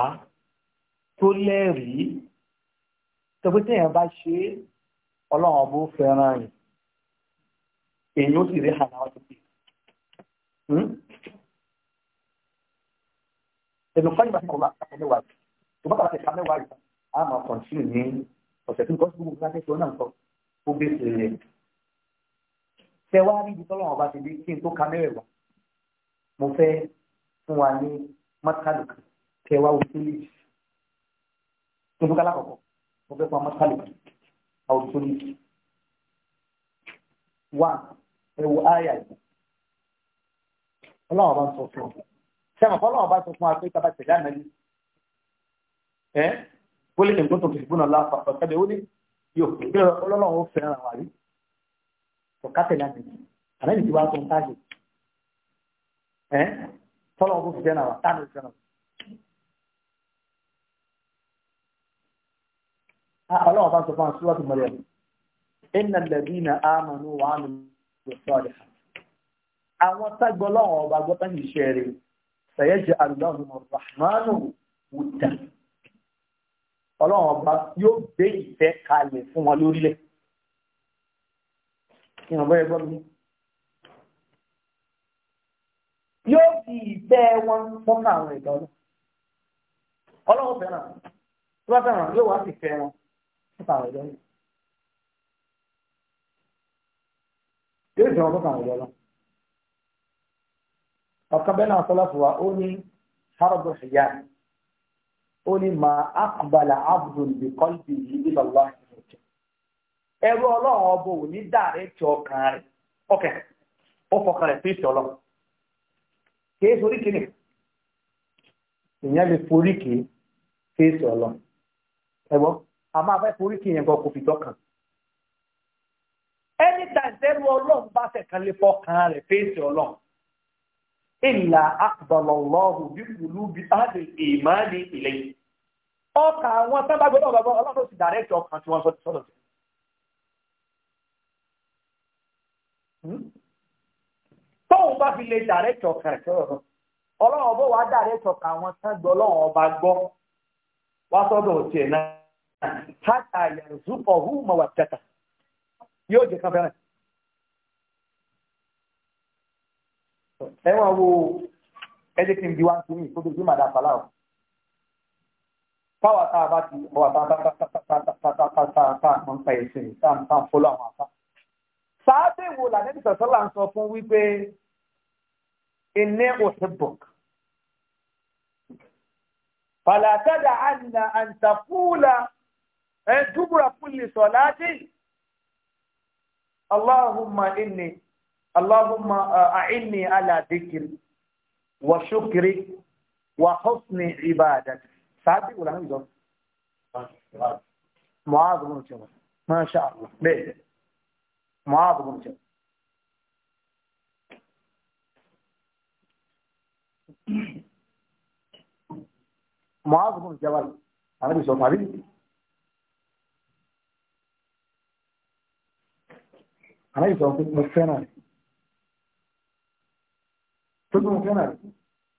tó lẹ́rìí tọ́pẹ́ tẹ̀yàn bá ṣe ọlọ́run ọbọ̀ fẹ́ràn rẹ̀ èyí ó sì rí hàn àwọn tó pè ẹnu kọ́ni bá kọ́ láti mẹ́wàá tó bá bàtẹ̀ ká mẹ́wàá yìí á máa kọ̀ǹtínú ní ọ̀sẹ̀ tó ń kọ́ sí gbogbo náà ń kọ́ ó bèsè rẹ̀ tẹ wá níbi tọ́lọ́ ọba ti di kí n tó ka mẹ́rẹ̀ẹ̀wá mo fẹ́ fún wa ní mọ́tàlù tẹ wá òtún lè jù tó fún kálá kọ̀kọ́ mo fẹ́ fún wa mọ́tàlù òtún wá ẹ àyà yìí ọlọ́run ọba ń sọ fún ọ sẹ́wọ̀n fọlọ́run ọba sọ fún wa pé tábà tẹ̀lé àná yìí ẹ wọ́n ní nǹkan tó fi gbóná láàpapọ̀ sábẹ́ ó yóò kí ọlọ́run ó fẹ́ràn wa rí ọ̀kátẹ̀ láti àlẹ́yìn tí wàá tó ń táàgì ẹ́ tọ́lọ̀ ọkọ̀ fi fẹ́ràn wa táàgì fi fẹ́ràn wa. ọlọ́run bá sọ fún wa síwájú mọ́lẹ̀ ẹ̀nà lẹ́bìnà àmàlú wà ní ìgbésọ̀rẹ̀ àwọn tágbọ́ ọba gbọ́tàn ìṣẹ́ rẹ̀ sẹ̀yẹ́jẹ̀ àlùdáwọ̀ rahmanu wùdà ọlọ́run ọba yóò gbé ìfẹ́ kalẹ̀ fún wọn lórílẹ̀ ìrànbọ́ ẹgbọ́n mi yóò fi ìfẹ́ wọn fún àwọn ẹ̀dọ́ náà ọlọ́run fẹ́ràn tó bá fẹ́ràn yóò wá sí ìfẹ́ wọn fún àwọn ẹ̀dọ́ náà yóò fẹ́ràn fún àwọn ẹ̀dọ́ ọ̀kan bẹ́ẹ̀ náà sọ́lá fún wa ó ní harabu ṣìyá ó ní ma akbala abdul bi kọ́lbì yìí nígbà wá ìrọ̀jẹ̀ ẹrú ọlọ́run ọbọ ò ní dàrẹ́ tí ọkàn rẹ̀ ọkẹ̀ ó fọkàn rẹ̀ sí ìṣẹ́ ọlọ́run kìí sórí kìíní èèyàn lè forí kìí sí ìṣẹ́ ọlọ́run ẹ̀wọ́n a máa fẹ́ forí kìí yẹn gan kò fi tọ́kàn ẹni tàìsẹ́rù ọlọ́run bá tẹ̀kan lè fọkàn rẹ̀ sí ìṣẹ́ ọlọ́run ìlà akbalọ̀lọ́hùn bí kùlú bí áàdì ìmáàdì Ọka àwọn sábàgbé náà bàbá ọlọ́run sì dàrẹ́kì tí wọ́n sọ sọ́dọ̀ sí. Hmm? tóun bá fi lè dàrẹ́kì ọkàn rẹ̀ sọ́dọ̀ bó wàá dàrẹ́kì ọkàn àwọn sáńgbọ́ ọlọ́run ọba gbọ́ wá sọ́dọ̀ tiẹ̀ náà táwa tá a bá ti wà tá tá tá tá tá tá tá tá tá tá mọ̀ ń pa ẹ̀sìn tá tá fọlọ́ àwọn afá. sáábì wo làdẹ́bí sọ̀sọ́là ń sọ fún wípé ilé òṣèbọ̀k. fàlàtàdà àná àǹtàkùlà ẹ̀ dúbúra kúlì sọ̀láàtì. اللهم إني اللهم أعني على ذكري وشكري وحسن عبادتي sáájú ìwòlá náà ìjọ Mu'adh ibn Jabal Masha Allah bẹ́ẹ̀ Mu'adh ibn Jabal. Mu'adh ibn Jabal àwọn ìṣọ̀ màrí. Àwọn ìṣọ̀ mo fẹ́ràn rẹ̀. Tó tó mo fẹ́ràn rẹ̀.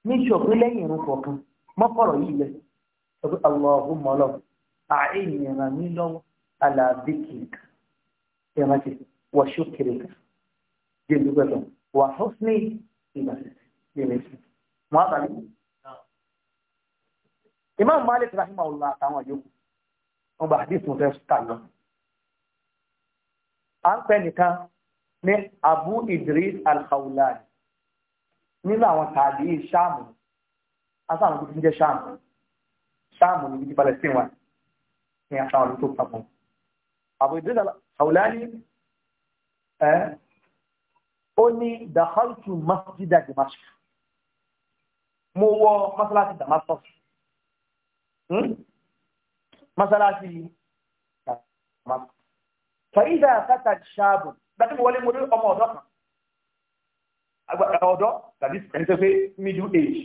Ní ìṣọ̀ pé lẹ́yìn ìrun kọ̀ọ̀kan, mọ́kọ̀rọ̀ yìí lẹ́yìn sọ pé Allahumma lọ àìní ẹ̀ràn mi lọ́wọ́ alábìkìkà ẹ̀ràn ti wọ ṣókèrèkà jẹ́lu pẹ̀lú wà husni ìgbàsẹ̀ ìrẹsì mọ́ àbálẹ̀. Imam Malik rahimahullah àtàwọn yòókù wọn bá àdìs mo fẹ́ kà lọ. À ń pẹ́ nìkan ní Abu Idris al nínú àwọn tàbí Ṣáàmù, asáwọn tó ti Ṣáàmù sáàmù níbi tí palestine wà ní àtàwọn ọdún tó papọ̀ Abu Idris Al-Hawlani ẹ ó ní dakhaltu masjida Dimashq mo wọ masalasi Damascus masalasi hmm? Damascus fàyídà kàtà ṣáàbù dájú wọlé mo rí ọmọ ọ̀dọ́ kan ọ̀dọ́ tàbí ẹni tó fẹ́ middle age.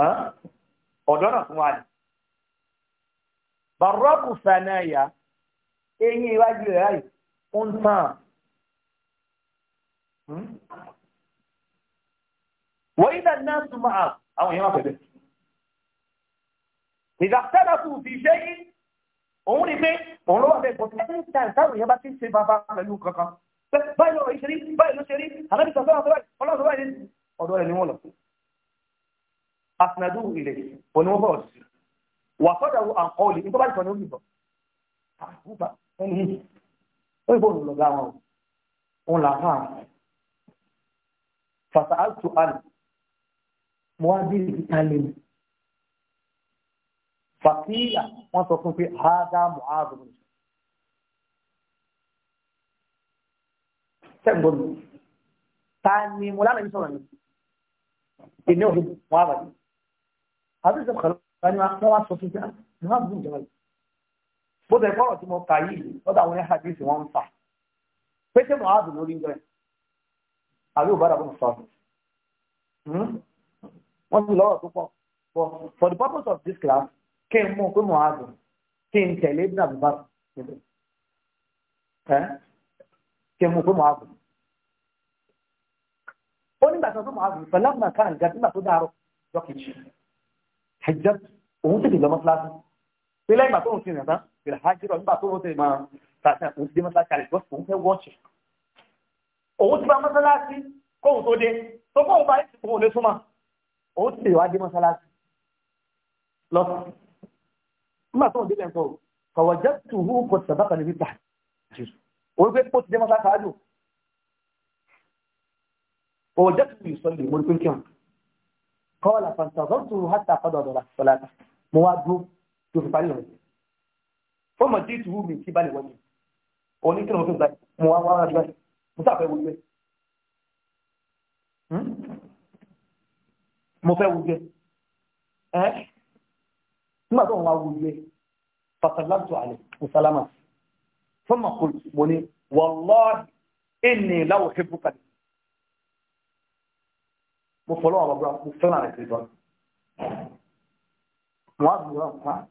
ha? ọ̀dọ́ náà tún wà ní. bàrọ́kù fanaya eyín iwájú rẹ̀ láì ń tàn. wọ́n yíta náà tún máa àwọn èèyàn pẹ̀lú. ìdàkẹ́dà tún fi ṣe yí òun ni pé òun ló wà bẹ́ẹ̀ bọ́ ẹni tí táwọn èèyàn bá ti ń ṣe bàbá pẹ̀lú kankan báyìí ìṣeré báyìí ló ṣeré àlọ́ asinadu ilẹ̀ òní wọ́n bọ̀ sí wà sọ́dọ̀ àǹkọ́ olè nígbà báyìí kan ní òyìnbó àbúbà ẹni yìí òyìnbó òun lọ̀gá wọn òun là hàn fàtà àtù àlù mo wá bí ìta lè mi fàkìyà wọn sọ fún pé hádà muhazu sẹ́gbọ́n mi ta ni mo lánàá yìí sọ̀rọ̀ yìí ìní òfin muhammadu àbíṣe kọ̀ọ̀kan ni wọ́n wá sọ fún mi ní wọ́n ah, bú ìjọba yìí. bó tẹ̀ kọ́rọ̀ tí mo kà yìí lọ́dọ̀ àwọn ẹ̀hà àdìsí wọn ń fà pété mo àdùn lórí ìjọ yẹn àbí òbára bó ń sọ wọ́n ti lọ́rọ̀ tó pọ̀ but for the purpose of this class kí n mú pé mo àdùn kí n tẹ̀lé bí àbúbá kí n mú pé mo àdùn ó nígbà hajjat òun tètè lọ mọ́sálásí pé lẹ́yìn ìgbà tó ń sin ìrìn àtàn bẹ̀rẹ̀ hajjirọ̀ nígbà tó ń tètè máa tàṣà òun ti dé mọ́sálásí àlẹ́ ìjọsìn òun fẹ́ wọ́ọ̀ṣì òun ti bá mọ́sálásí kóhun tó dé tó kóhun bá ìsìnkú òun lè súnmọ́ òun ti tètè wá dé mọ́sálásí lọ nígbà tó ń dé lẹ́ńtọ́ kọ̀wọ̀jẹ́ tuhu kò sàbákà níbi tà òun pé kó ti dé mọ́sálásí àjò kọ̀wọ̀jẹ́ tuhu ìsọ̀lẹ̀ mọ́rí pé kọ́ọ̀lá fàǹtàzọ́tù hátà fọ́dọ̀ ọ̀dọ̀lá sọ̀láta mo wá dúró tó fi parí ìrìn ó mọ̀ tí ìtùwú mi kí bá lè wọlé òní kí ni mo fi gbà mo wá wá rájú báyìí mo sáfẹ́ wo gbé mo fẹ́ wo gbé ẹ́ nígbà tó ń wá wo gbé fàtàláàtù àlè mùsàlámà fún màkùn mo ní wàlọ́ọ̀dì ìnìláwò ṣe bùkàlì mo fọlọ́ àwọn ọ̀bọ̀ra mo fẹ́ràn rẹ̀ sí ìtọ́jú.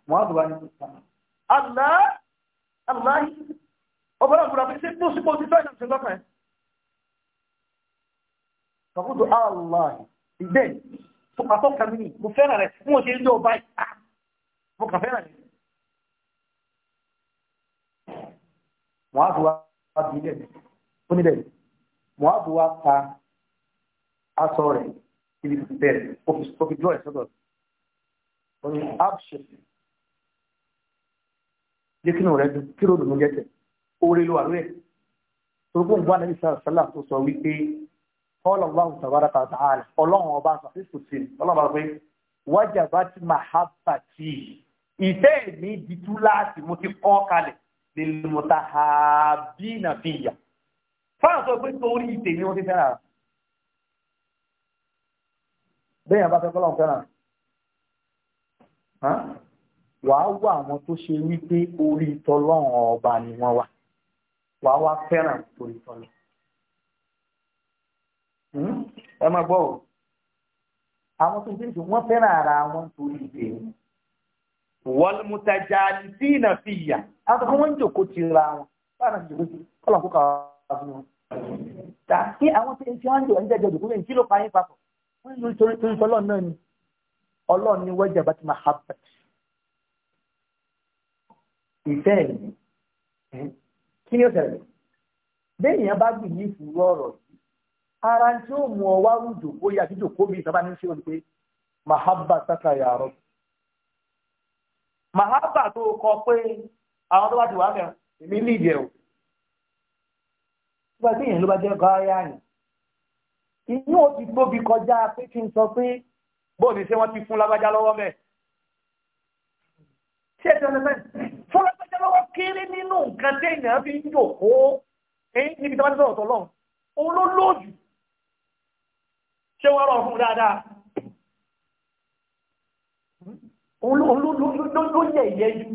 Mùhàdùrà ní kúta. Àlá àláyé ọ̀bọ̀ra ọ̀bọ̀ra fi ṣe tó sípò títọ́ ìdàgbàsókè ṣe lọ́kàn ẹ̀. Fàkúndù àláyé ìgbẹ́ tó pàtó kàmí ni mo fẹ́ràn rẹ̀ mo ṣe ń lọ báyìí. Ah, mo kà fẹ́ràn rẹ̀. Mùhàdùrà bí ilẹ̀ onílẹ̀ Mùhàdùrà pa aṣọ rẹ̀ ibi bẹ̀rẹ̀ ó fi dúró ẹ̀ sọ́dọ̀ ó ní abṣe jẹ́ kí ni ọ̀rẹ́ dùn kí ló dùn jẹ́ tẹ̀ oore ló wà lórí ẹ̀ torókó ń gbọ́ àná ìṣe àṣálà tó sọ wípé kọ́ọ̀lọ̀ wà ó sàbára ta àlẹ́ ọlọ́run ọba àṣà sí sòtì ọlọ́run ọba pé wájà bá ti máa ha bàtì ìfẹ́ mi di tú láti mo ti kọ́ kalẹ̀ lè mọ̀ta ha bí nàfìyà fáwọn sọ pé torí ìtẹ̀ ni wọ́n ti fẹ́ràn bẹ́ẹ̀ bá fẹ́ kọ́lọ̀ fẹ́ràn wàá wá àwọn tó ṣe wípé orí tọlọ́run ọba ni wọ́n wà wàá wá fẹ́ràn torí tọlọ́ ẹ máa gbọ́ o àwọn tó ń tẹ̀sí wọ́n fẹ́ràn ara wọn torí ìbéèrè wọlmùtàjà àdìsí ìnàfìyà àwọn tó wọ́n ń jòkó ti ra wọn báwọn àti jòkó ti kọ́lọ̀ kó wọn. tàbí àwọn tó ń tẹ̀sí wọn ń jòkó ń jẹ́jọ́ jòkó ń kí ló pa yín papọ̀. nítorí tó ń ọlọ́run náà ni ọlọ́run ni wẹ́jà bá ti máa ha ìfẹ́ ẹ̀ kí ni ó ṣẹlẹ̀ bá ní ọ̀rọ̀ yìí ara tí ó mú ọ wá rúdò bóyá àti jòkó mi ní pé ya tó kọ pé àwọn tó bá ti wà o. nígbà tí èèyàn ló bá inú ò ti tóbi kọjá pé kí n sọ pé bóòdì ṣé wọ́n ti fún lágbájá lọ́wọ́ mẹ́ ṣé ẹ̀jẹ̀ lẹ́fẹ̀ẹ́ fún lágbájá lọ́wọ́ kéré nínú nǹkan téèyàn fi ń jòkó níbi tí wọ́n ti sọ̀rọ̀ tọ̀ lọ́hùn òun ló lóòjù ṣé wọ́n rọ̀ fún dáadáa òun ló yẹ ìyẹ́ ju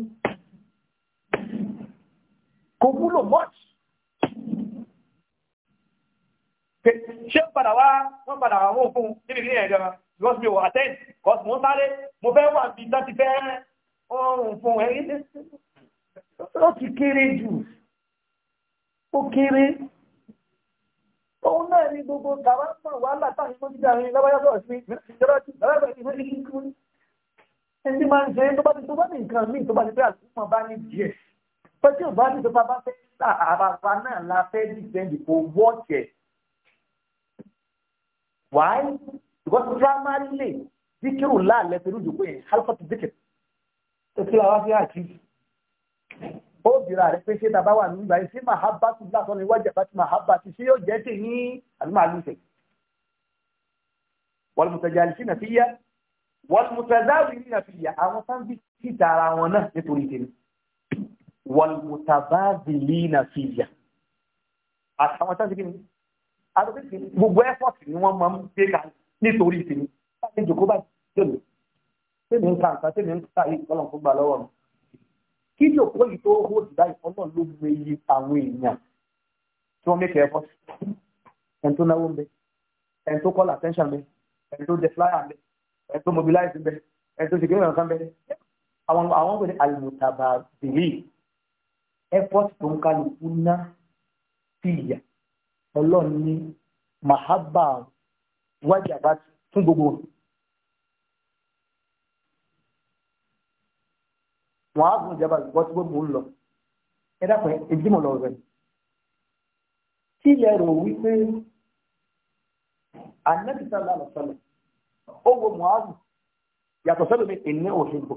kò wúlò much pé ṣé ń padà wá wọ́n padà wá wọ́n fún níbi ìrìn ẹ̀jọ̀ náà because mi ò attend because mo ń sáré mo fẹ́ wà bí tán ti fẹ́ ọrùn fún ẹ ó ti kéré jù ó kéré òun náà ni gbogbo gàwá mọ̀ wàhálà táwọn ìfọ́n ti dàrin lọ́wọ́yá sọ̀rọ̀ sí ìjọba ti lọ́wọ́ ìfọ́n ti kú ẹni máa ń ṣe tó bá ti tó bá ní nǹkan míì tó bá ti pé àtúmọ̀ bá ní díẹ̀ pé tí ò bá ti tó bá bá fẹ́ àbàbà náà la fẹ́ dìbẹ́ndì kò wọ́ọ̀kẹ̀ Why? Because primarily zikiru ńlá lẹ́fẹ̀rú jù pé halifatu zikir. Ó ti àwọn afi àti ó bìrà rẹ̀ pé ṣé tàbá wà ní ìgbà yìí sí màhábà ti gbà sọ́nà ìwádìí àbá ti màhábà ti ṣé yóò jẹ́ tè ní àdúmọ̀ àlùfẹ́. Wal mutajallisina fiyya wal mutazawirina fiyya àwọn sáńbì sì tara wọn náà nítorí tèmi. Wal mutabadilina fiyya àtàwọn sáńbì kìíní àdókòtì gbogbo ẹ́fọ̀tì ni wọ́n máa ń gbé ka nítorí tèmi láti jòkó bá tèmi tèmi ń ka nǹkan tèmi ń ka yìí kọ́lọ̀ fún gbà lọ́wọ́ mi. kí jòkó yìí tó hó ìdá ìfọ́nà ló gbé iye àwọn èèyàn tí wọ́n mẹ́kẹ́ ẹ́fọ̀tì ẹ̀ tó náwó ń bẹ ẹ̀ tó call attention bẹ ẹ̀ tó dẹ bẹ ẹ̀ tó mobilize bẹ ẹ̀ tó ṣègbè nǹkan bẹ àwọn àwọn pè ní alimutaba bèlè ẹ́fọ̀tì tó ń kálukú ná sí ọlọ́run ní mahaba wájàbá fún gbogbo wọn. wọn á gun ìjọba ìgbọ́ tí gbogbo ń lọ ẹ dákun ìjímọ̀ lọ rẹ̀. kí lẹ rò wípé anẹ́bíta lálọ́ sọlẹ̀ ó wo muhammadu yàtọ̀ sẹ́lẹ̀ mi ìní òfin bò.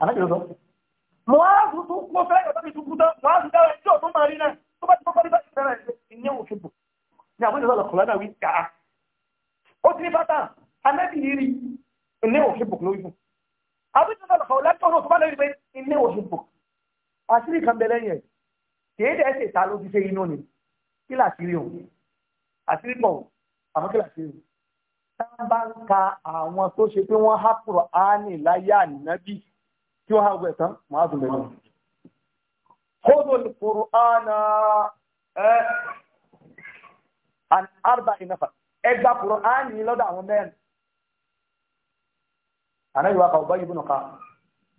anẹ́bíta sọ muhammadu tó kó fẹ́ yọ̀tọ̀ mi tó kú tán muhammadu dára ẹjọ́ tó máa rí náà bá nípa ìfẹ́ràn ẹ̀ ní òfin bò ní àwọn ìjọba ọ̀kọ̀lá náà wí kà á ó ti ní bàtà anábì yìí rí ní òfin bò lórí fún àwọn ìjọba ọ̀kọ̀lá tó ń sọ́mọ́ lórí pé ní òfin bò àṣírí kan bẹ lẹ́yìn ẹ̀ kìí dẹ́ ṣe ta ló ti ṣe inú ni kí làṣírí òun àṣírí pọ̀ àmọ́ kí làṣírí òun tá a bá ń ka àwọn tó ṣe pé wọ́n hápùrọ̀ áánì láyé ànábì tí wọ́n há gbẹ̀tán mọ́ àdùnbẹ̀ náà. kódò ní kúrò an arba inefa, ẹgbà kúrò á ní lọ́dọ̀ àwọn mẹ́rin ànáyíwá kan ọba yìí bùnà ká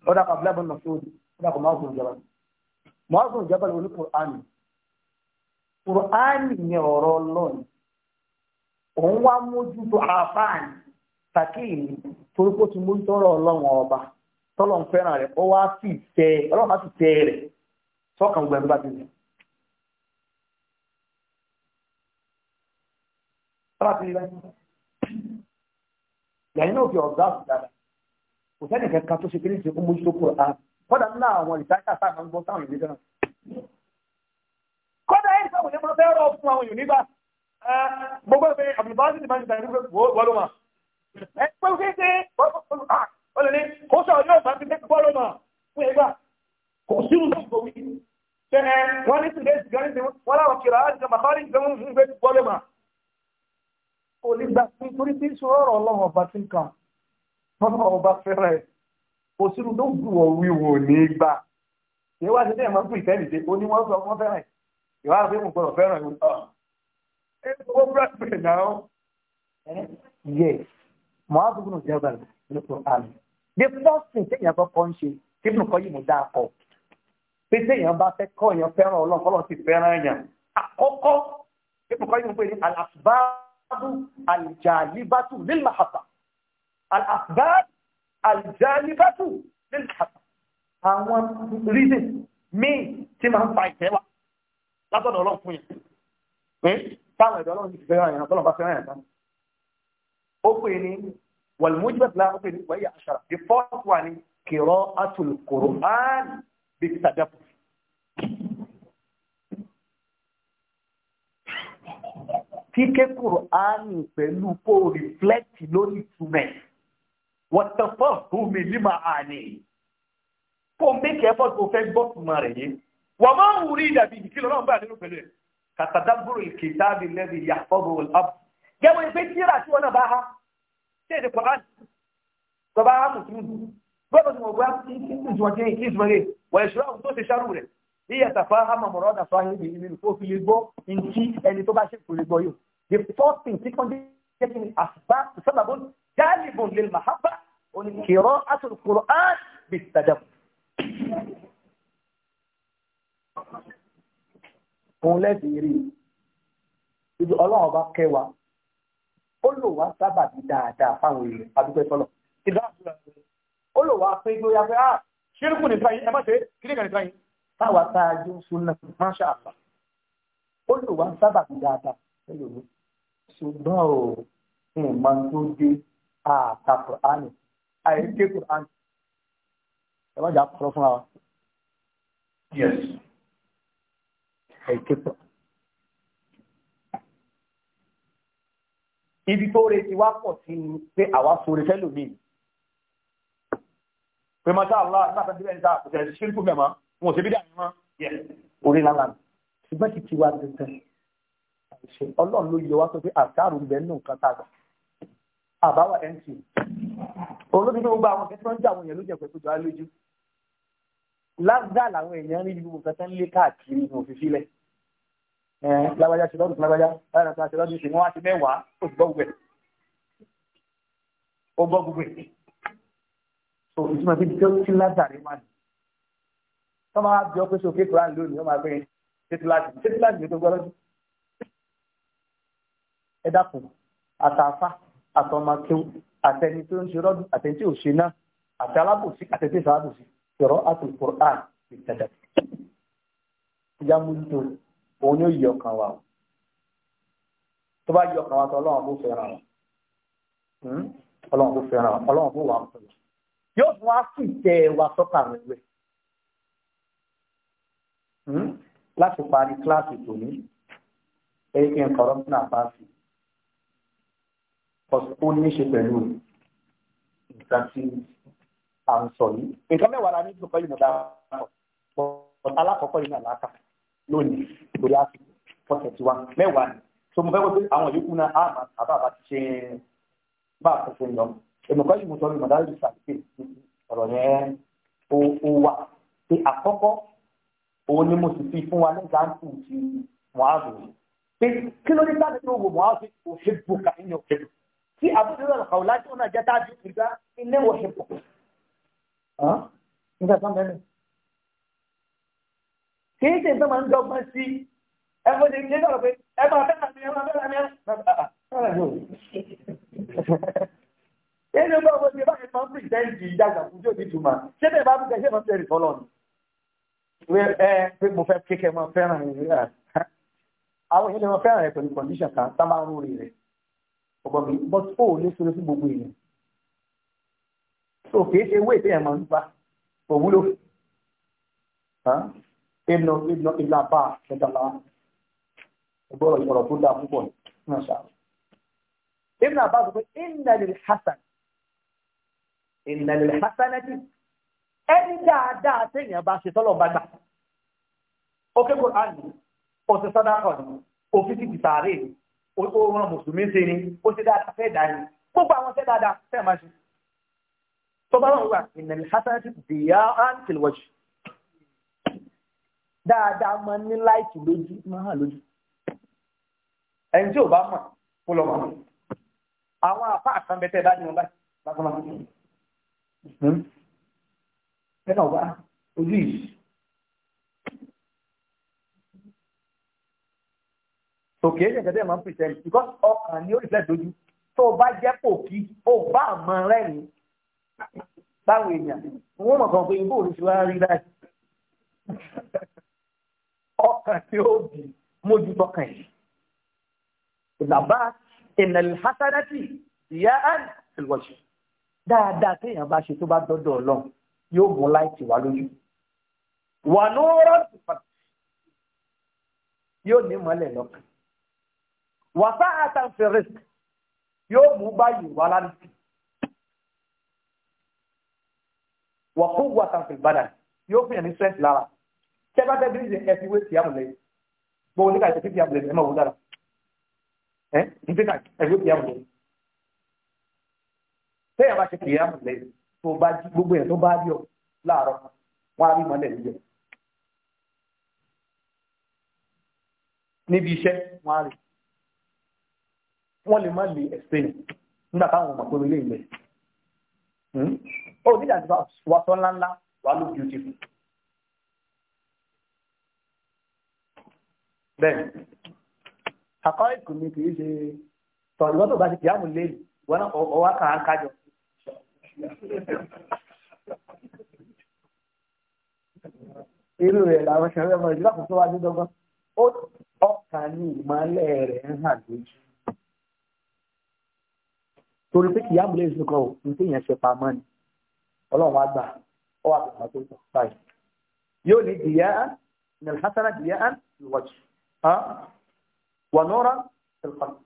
ọdọ kan abúlé bùnà sóòdì ọdọ kan máa gùn jẹba máa gùn jẹba lórí kúrò á ní kúrò á ní ní ọ̀rọ̀ lọ́nà òun ọba tọrọ sábàtì rẹ lẹ́yìn náà fi ọ̀gá àbùdàdà kò sẹ́ni kankan tó ṣe kéré ṣe kúmú tó kúrò á kọ́dà ńlá àwọn ìtajà sáà ń gbọ́ sáwọn ìwé náà kọ́dà ẹ̀ sáwọn ìwé fẹ́ rọ̀ fún àwọn èèyàn nígbà gbogbo ẹgbẹ́ àbùdàdà ti máa ń gbà ní wọ́n ló mà ẹ pé ó kéde ah, ó lè ní kó sọ ọjọ́ ìgbà ti dẹ́kun bọ́ọ̀lù mà fún ẹgbà kò sírun tó gbòwì wọ́n ní sílẹ̀ ìgbà ní kò lè gbà pé torí pé sọ̀rọ̀ ọlọ́run ọba ti ń kàn ọlọ́run ọba fẹ́ràn ẹ̀ kò sínú tó gbù ọ wíwò ní gbà ṣé wá sí bẹ́ẹ̀ máa ń pè tẹ́lẹ̀ dé ó ní wọ́n sọ wọ́n fẹ́ràn ẹ̀ ìwà àti mo gbọ́dọ̀ fẹ́ràn ẹ̀ ẹ̀ ó bẹ́ẹ̀ bẹ́ẹ̀ náà yẹ mọ́àbù gbọ́dọ̀ jẹ́ ọ̀gá ló sọ àmì the first thing téèyàn kọ́kọ́ ń ṣe kí nù kọ́ yìí mo dáa kọ́ pé téèyàn bá fẹ́ kọ́ èèyàn fẹ́ràn ọlọ́run kọ́lọ́ ti fẹ́ràn èèyàn àkọ́kọ́ kí nù kọ́ yìí mo pè ní àlàfáà aljalibatu lil mahabba al-asbab aljalibatu lil mahabba àwọn reason míì tí máa ń fa ìfẹ́ wa látọ̀dọ̀ ọlọ́run fún yẹn pé táwọn ẹ̀dọ́ ọlọ́run ti fẹ́ràn yẹn tọ́lọ́ bá fẹ́ràn yẹn tán ó pè ní wàlúmọ́júbẹ̀tìlá ó pè ní wáyé àṣàrà the fourth one ni kìrọ́ àtùlùkùrù máàlì bí tàdápù kíké kùránì pẹ̀lú kó rìflẹ́tì lórí ìtumẹ̀ wọ́tẹ̀fọ́ tó mi nímọ̀ àní kó méjì ẹ̀fọ́ tó fẹ́ gbọ́ tuma rẹ̀ yé wọ́n máa ń wúrí dàbí ìdíkí lọ́nà ọ̀gbà nínú pẹ̀lú ẹ̀ kàtàdàbúrò ìkìtàbí lẹ́bi yàtọ̀bù ọ̀làbù jẹ́wọ́ ìgbé tíra tí wọ́n náà bá ha ṣé èdè kùránì tó bá ha mùsùlùmí bọ́ọ̀lù ni wọ́n gbá kí ìsúnmọ́ bí yàtàfà hàmàmọ̀rọ̀ ọ̀dà sọ àyè ìlú tó fi lè gbọ́ ntí ẹni tó bá ṣe kò lè gbọ́ yìí the first thing tí kàn dé jẹ́kí ni àṣìbá sábàbò jálìbùn lè màhábà òní kìrọ́ àtòkùrọ̀ á bì tàjà. òun lẹ́sìn rí ibi ọlọ́run bá kẹwàá ó lò wá sábàbí dáadáa fáwọn èèyàn adúgbò ìfọlọ ìdáhùn ó lò wá pé gbóyà pé ah, ṣírùkù nìkan yìí ẹ má ṣe kíníkà nìkan yìí táwa tá a sunna masha Allah ó lò wá sábà bí dáadáa nílò mi ṣùgbọ́n o nǹkan tó dé àta Kùránì àìké Kùránì ẹ má jà kúrọ fúnra wa. Yes. Àìké ibi tó retí wá pọ̀ sí ni pé àwa sóre fẹ́lòmíì pé masha Allah nígbà tó ń bẹ̀rẹ̀ níta kò tẹ̀lé ṣírkù wọn ò ṣe bí dà mọ́ yẹ orí lálá ṣùgbọ́n ti tiwa dandan àìṣe ọlọ́run ló yọ wá sọ pé àṣàrò ń bẹ nínú nǹkan tá a gbà àbáwà mt olóbi tó gba àwọn kẹsàn-án jà àwọn èèyàn ló jẹ pẹ̀lú ìjọba lójú lágbà làwọn èèyàn rí gbogbo nǹkan tán lé káàkiri ní òfin sílẹ̀ lágbájá ṣe lọ́dún lágbájá láyé náà ṣe lọ́dún ṣe wọ́n á ti mẹ́wàá ó ti gbọ́ gbogbo ẹ̀ ó gbọ́ gbogbo ẹ̀ so ìtumọ̀ pé tí ó ti lágbà máa dì tó máa bí ọ pé ṣe òkè koran lónìí wọ́n máa gbé títúláàtì títúláàtì ló tó gbọ́ lọ́dún. ẹ dákun àtàfà àtọmọkéw àtẹni tó ń ṣe rọ́dún àtẹni tí ò ṣe náà àti alábòsí àtẹni tí ò sábòsí yọ̀rọ̀ àti koran ìtẹ̀tẹ̀. ìyá múlùtò òun yóò yọ ọkàn wa o tó bá yọ ọkàn wa tó ọlọ́run kò fẹ́ràn wa hmm? ọlọ́run kò fẹ́ràn wa ọlọ́run kò wà á fún yóò fún wa fún ìtẹ́ wa sọ́kà rẹ̀ Hmm? láti parí kíláàsì tòní ẹ̀yìn kọ̀rọ́pínà pàṣẹ ó ní ṣe pẹ̀lú nǹkan tí a ń sọ yìí nǹkan mẹ́wàá la ní ìgbòkọ́ yìí mo dá pọ̀ alákọ̀ọ́kọ́ yìí náà láta lónìí lórí àsìkò fọ́tẹ̀ tiwa mẹ́wàá ni so mo fẹ́ wọ́n pé àwọn yòókù náà á máa sábà bá ti ṣe bá a tuntun lọ ìmọ̀kọ́ yìí mo sọ ní mọ̀dálì sàlùkè ọ̀rọ̀ yẹn ó wà pé àkọ́kọ́ òun ni mo sì fi fún wa ní gáàpù ti muhazu pé kí ló dé tábìlì tó wò muhazu òṣèbù kàní òṣèbù tí àbúrò rẹ̀ kàwé láti ọ̀nà jẹ́ táàbì ìgbà ilé òṣèbù. nígbà tó ń bẹ̀rẹ̀ kì í ṣe nǹkan máa ń dọ́gbọ́n sí ẹgbẹ́ ní ilé sọ̀rọ̀ pé ẹ máa bẹ́ẹ̀ mi ẹ máa bẹ́ẹ̀ mi ẹ máa bẹ́ẹ̀ mi ẹni ọgbà ọgbà ti bá ẹ máa ń pèsè ẹ̀jì ìjàgbà fún jòdì tuma ṣé bẹ́ẹ̀ bá bùkẹ́ ṣé máa ń tẹ̀rì fọlọ́ ni ẹ pé mo fẹ́ kékeré mọ fẹ́ràn nàìjíríà àwọn èèyàn lè mọ fẹ́ràn rẹ pẹ̀lú condition kan tá máa ń rú rẹ ọgbọ́n mi but ó lè sọ sí gbogbo èèyàn so kì í ṣe wéètì ẹ̀ máa ń gbà kò wúlò ìlọ ìlọ ìlà bá ìdàlá ìgbọ́rọ̀ ìgbọ́rọ̀ tó dáa púpọ̀ náà ṣá. ìlà bá sọ pé ìnàlè hasan ìnàlè hasanati ẹni dáadáa téèyàn bá ṣe tọ́lọ̀ bá gbà ókè kò láàánú ọ̀sẹ̀ sọ́dákọ̀ ni òfin ti tààrí òun mùsùlùmí ṣe ni ó ṣe dáadáa fẹ́ dá ni gbogbo àwọn ṣe dáadáa fẹ́ máa ṣe tọ́ba náà wà ìnàlẹ̀ hasanati dìyà áńtìlwọ̀jù dáadáa máa ní láìtì lójú máa hàn lójú ẹni tí ò bá mọ̀ kó lọ mọ̀ àwọn àpá àkànbẹ́tẹ̀ bá ní wọn báyìí lásán máa ẹ̀ka ọ̀gá ojú yìí. òkè èyí ẹ̀gẹ́dẹ́ máa ń pèsè ẹ̀rí because ọkàn ni ó lè fẹ́ dojú tó o bá jẹ́ pòkí o bá àmọ́ rẹ́rìn báwo èèyàn wọ́n mọ̀ kàn pé ibò ní ṣùgbọ́n rí báyìí ọkàn tí ó bì mójú tọkàn yìí ìlàbá ìnàlẹ̀ hasanati ìyá àdìsíwọ̀ṣù dáadáa téèyàn bá ṣe tó bá dọ́dọ̀ ọlọ́run yóò gun láìsí wa lójú wà ní rọ́ọ̀tì pàtàkì yóò ní mọ́lẹ̀ lọ́kàn wà sá àtàǹfẹ̀ rìsk yóò mú báyìí wà lálùsí wà kó wà àtàǹfẹ̀ gbàdà yóò fi hàn ní stress lára tí ẹ bá fẹ́ bíríìsì ẹ fi wé tìyà mọ̀lẹ́ gbogbo nígbà tí ẹ fi tìyà mọ̀lẹ́ ẹ máa wò dára ẹ nígbà ẹ fi tìyà mọ̀lẹ́ tẹ́yà bá ṣe tìyà mọ̀lẹ́ tó bá gbogbo ẹ̀ tó bá ọ láàárọ̀ wọn á rí mọ́lẹ̀ níbẹ̀. níbi iṣẹ́ wọn á rí wọn lè má lè explain nígbà táwọn ọmọ hmm? tó lè lè ó nígbà tí wàá sọ ńláńlá wàá ló bẹ́ẹ̀ àkọ́rẹ́ ìkùnmí kì í ṣe bá ti irú rẹ̀ làwọn ṣẹ̀rí ọmọ ìlú àkókò wa dídọ́gbọ́n ó ọkàn ní ìmọ̀lẹ́ rẹ̀ ń hàn lójú torí pé kìí àmúlẹ̀ ìṣúná kan ò ní tí èèyàn ṣe pamọ́ ni ọlọ́run wá gbà ọ wà pẹ̀lú àti ìṣọ̀ báyìí yóò ní dìyà án nílùú hasana dìyà án ìwọ̀jù wà nọ́ra tìlùkọ́ni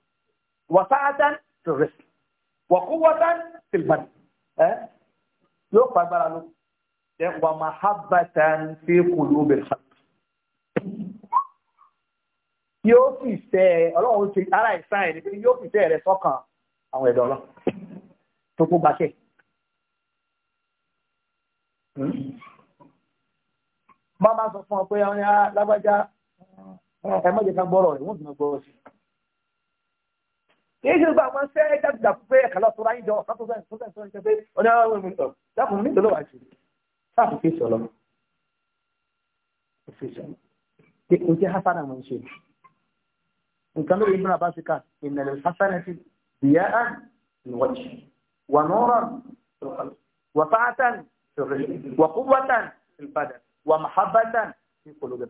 wà sáátán tìlùrẹ́sì wà kúwọ́tán tìlùmọ́ni. ẹ yóò pa agbára lọ ẹ wà má hábàtà ń fi kùlù bẹ̀rẹ̀ fà. yóò fi fẹ́ ọlọ́run ti ara ìsá ẹ̀ ní pé yóò fi fẹ́ rẹ sọ́kàn àwọn ẹ̀dọ́ lọ tó kó gbàṣẹ́. bá a máa sọ fún ọ pé àwọn lágbájá ẹ má gbọ́rọ̀ rẹ̀ wọ́n ti máa gbọ́rọ̀ sí i kì í ṣe gbogbo àwọn ṣẹ́ jáde pé ẹ̀ka lọ sọ́ra yín jọ ọ̀sán tó sẹ́yìn tó sẹ́yìn tó sẹ́yìn pé ọ̀nà àwọn èmi ọ̀ dákun ní ìdọ́lọ́wà ṣe sáàpù fi sọ̀rọ̀ fi sọ̀rọ̀ pé o jẹ́ hasana mọ̀ ṣe nǹkan lórí ibùdó abáṣíkà ìnàlẹ̀ hasana ti bìyà á nìwọ̀jì wà nùrọ̀ wà fàátàn wà kúwàtàn ìbàdàn wà mahabbatan ìpolówó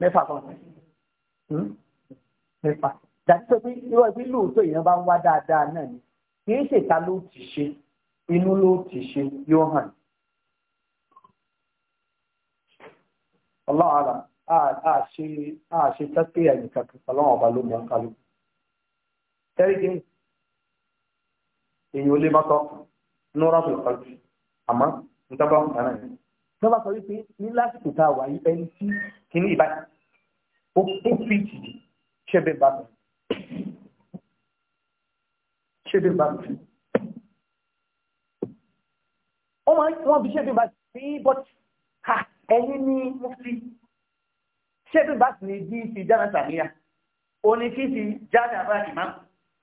mẹ́fà kan mẹ́fà dàtí pé irú ẹbí lóòótọ́ èèyàn bá ń wá dáadáa náà ni kì í ṣèta ló ti ṣe inú ló ti ṣe yóò hàn. ọlọ́run àrà a ṣe tẹ́tí ẹ̀yìn kankan ọlọ́run ọba ló mọ kálù. tẹ́rígé èèyàn ò lè mọ́tọ́ nọ́ọ́rọ́ tó kọjú àmọ́ nítorí wọn kàn náà tí wọ́n bá sọ wípé ní lásìkò tá a wà yí ẹni tí kìíní ìbáyìí ó fi jìdí ṣẹ́bẹ̀ bá mi ṣédé bá ti. Wọ́n máa wọ́n bí ṣédé bá ti ní bọ́t ha ẹ̀yìn ní mufti. Ṣédé bá ti ní bí ti jáde sàmíyà. O ní kí ti jáde àbára ìmá.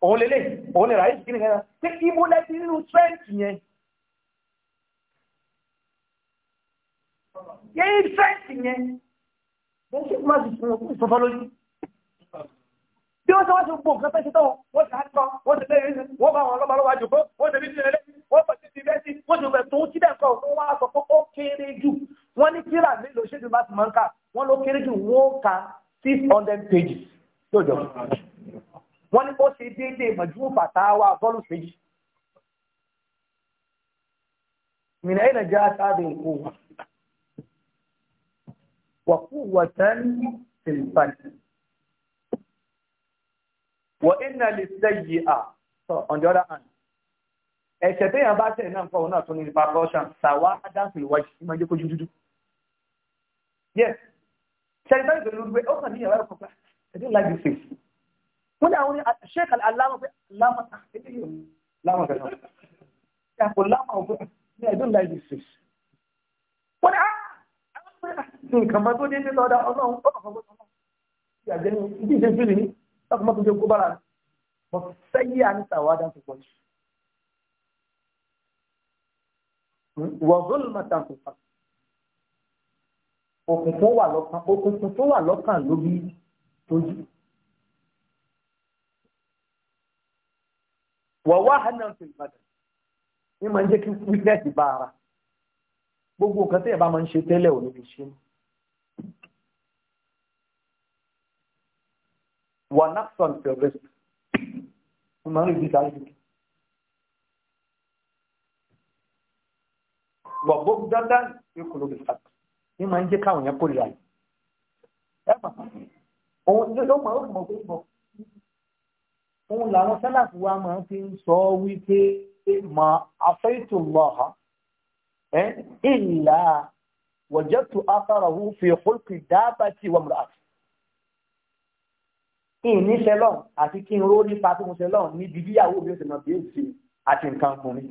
Òun lélẹ̀, òun lè ráyè kíni kẹ́kẹ́. Ṣé ibo lẹ́tí nínú strength yẹn? Yẹ́n strength yẹn. Yẹ́n ṣé kí máa ti fún ọkùnrin fọfọ́ lójú? bí wọ́n ṣe wá ṣe gbogbo nǹkan fẹ́ ṣe tán wọ́n ṣe àtọ́ wọ́n ṣe léèrè e, wọ́n bá wọn lọ́ba lọ́wọ́ àjòkó wọ́n ṣe bíbí ẹlẹ́ wọ́n pẹ̀ sí ti bẹ́ẹ̀ sí wọ́n ṣe gbẹ̀tún tí dẹ̀kọ́ wọ́n wá sọ pé ó kéré jù wọ́n ní kíra mélòó ṣé ti bá ti máa ń kà wọ́n ló kéré jù wọ́n ka six hundred pages lójọ. wọ́n ní kó ṣe déédéé mọ̀jú fàtàwà bọ́ọ̀lù péjì. من أين جاءت wọ́n lè ṣe yìí à on the other hand ẹ̀ṣẹ̀ téèyàn bá tẹ̀ náà ń fọwọ́ náà tún ní nípa russian sàwa adáǹsì ìwájú ní máa jẹ́ kójú dúdú. yes ṣẹlẹ báyìí pẹ̀lú gbé ó kàn ní ìyàwó ẹ̀kọ́ pé I don't like this face. wọ́n ní àwọn sheik aláwọ̀ pé láwọn àkẹ́lẹ́ yóò láwọn bẹ̀rẹ̀ náà. ìyàpò láwọn òkú I don't like this face. wọ́n ní ah, àwọn nǹkan máa tó dé ní lọ́dọ̀ ọlọ́run tó kàn fọwọ́ sọ́nà lọ́kùnrin mọ́tò jẹ́ kó bára mọ́ sẹ́yìn àníta wà dáńtò pọ̀ jù. wọ́n zọ́lù máa dáńtò pa. òkùnkùn wà lọ́kàn òkùnkùn tó wà lọ́kàn ló bí tójú. wọ́n wá hànà fún ìbàdàn ní máa ń jẹ́ kí wíkẹ́ẹ̀tì bá ara gbogbo nǹkan tẹ́yẹ̀ bá máa ń ṣe tẹ́lẹ̀ ò fi ṣe mọ́. wà náfsàn fẹ̀rẹ̀ wọ́n máa ń rí ìdíkà yìí. wọ́n bó dáadáa yóò kó lóbi fàtí ní máa ń jẹ́ káwọn yẹn kó lè àyè. ẹ mà òun ló mọ̀ ó mọ̀ pé mọ̀ òun làwọn sálàfù wa máa fi ń sọ wípé mà àfẹ́tò lọ́ha ẹ̀ ìlà wọ̀jẹ̀tù afárahù fi xulqi dábàtì wàmùrà àti ìníṣẹ́ lọ́hùn àti kí n ró nípa tó ń ṣe lọ́hùn níbi bíyàwó mi ó sì mọ bí èsì àti nǹkan ọkùnrin.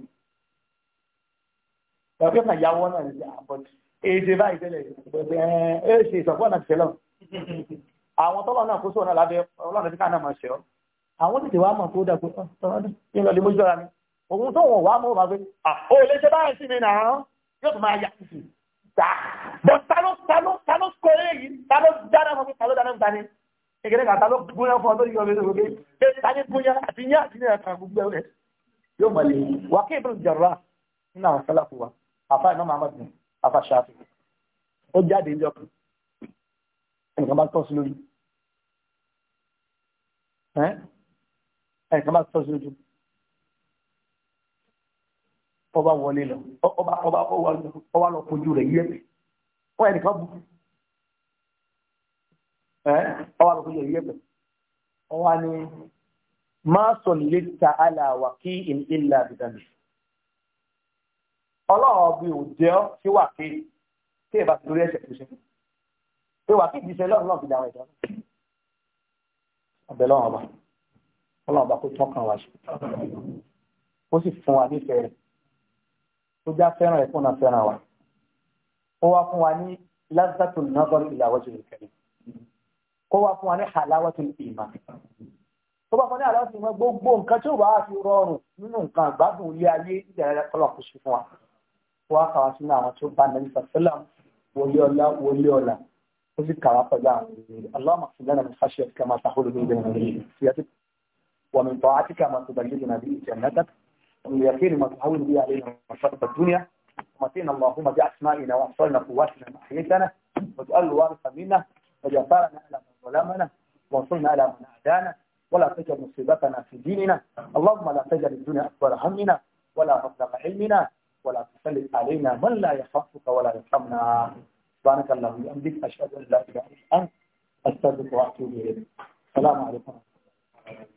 ẹ̀rọ kan yà wọ́n náà ní àbọ̀tì èdè báyìí tẹ́lẹ̀ ẹ̀ ṣe ìsọ̀fọ́ náà ti ṣe lọ́hùn. àwọn tọ́lọ̀ náà kó sóòrùn náà lábẹ́ ọlọ́run ti ká náà máa ṣe ọ́. àwọn tètè wàá mọ̀ tó dà pé ah, ọ̀rọ̀ ìlọ́ọ̀ òun tó wọ̀n wá mọ́ wà pé ó ah, lè ṣe báyìí sí mi náà yóò tó máa yà sí ta bọ̀ ta ló ta ló ta ló kọ́ ta ló dáná fún mi ta ló dáná fún mi kékeré kàtà ló gúnyán fún ọdún yọ̀ọ́ lórí òkè ṣé tani gúnyán àti yán àti yán kan gbogbo ẹ̀ yóò mọ̀ lè wà kí ibùdó jọ̀rọ̀ nínú àwọn sọ́lá fún wa àfa ìmọ̀ màmá dùn àfa ṣáfi ó jáde ń jọkùn ẹnìkan bá tọ́ sí lójú ẹnìkan bá tọ́ sí lójú ọba wọlé lọ ọba lọ kojú rẹ̀ yẹ́ wọ́n ẹnìkan bú ọwọ́ àbùkù yẹ yẹpẹ ọwọ́ ni máa sọ lè ta aláwa kí ìlà àbìdàmì ọlọ́run ọbí ò jẹ́ ọ́ sí wà kí tí ìbá ti lórí ẹ̀ṣẹ̀ tó ṣe pé wà kí ìdíṣẹ́ lọ́run náà fi dàwọn ìdáná ọbẹ̀ lọ́run ọba ọlọ́run ọba kó tán kan wá ṣe ó sì fún wa nífẹ̀ẹ́ rẹ̀ tó já fẹ́ràn ẹ̀ náà fẹ́ràn wa ó wá fún wa ní lásìkò náà bọ́ọ̀lù ìlà wọ́jú kó wá fún wa ní halawatul bá fi rọrùn tó bá fún wa ní halawatul iman gbogbo nǹkan tí ó bá fi rọrùn nínú nǹkan àgbádùn ilé ayé ìdẹ̀rẹ̀ kọ́lọ̀ kó ṣe fún wa wá kàwá sínú àwọn tí ó bá nàbí sàfẹ́lá wọlé ọlá wọlé ọlá ó sì kàwá pẹ̀lú àwọn ìrírí aláàmà sí lẹ́nà ìfàṣẹ kama tahulu ní ìdẹ̀rẹ̀ rẹ̀ ومن طاعتك ما تبلغنا به جنتك ومن اليقين ما تحول به علينا مصائب الدنيا ومتينا اللهم بأسمائنا وأحصائنا قواتنا ما واجعل الوارث منا وجعل ثارنا ظلمنا وانصرنا على من أعدانا ولا تجعل مصيبتنا في ديننا اللهم لا تجعل الدنيا أكبر همنا ولا مبلغ علمنا ولا تسلط علينا من لا يخافك ولا يرحمنا سبحانك اللهم وبحمدك أشهد أن لا إله إلا أنت أستغفرك وأتوب إليك السلام عليكم ورحمة الله وبركاته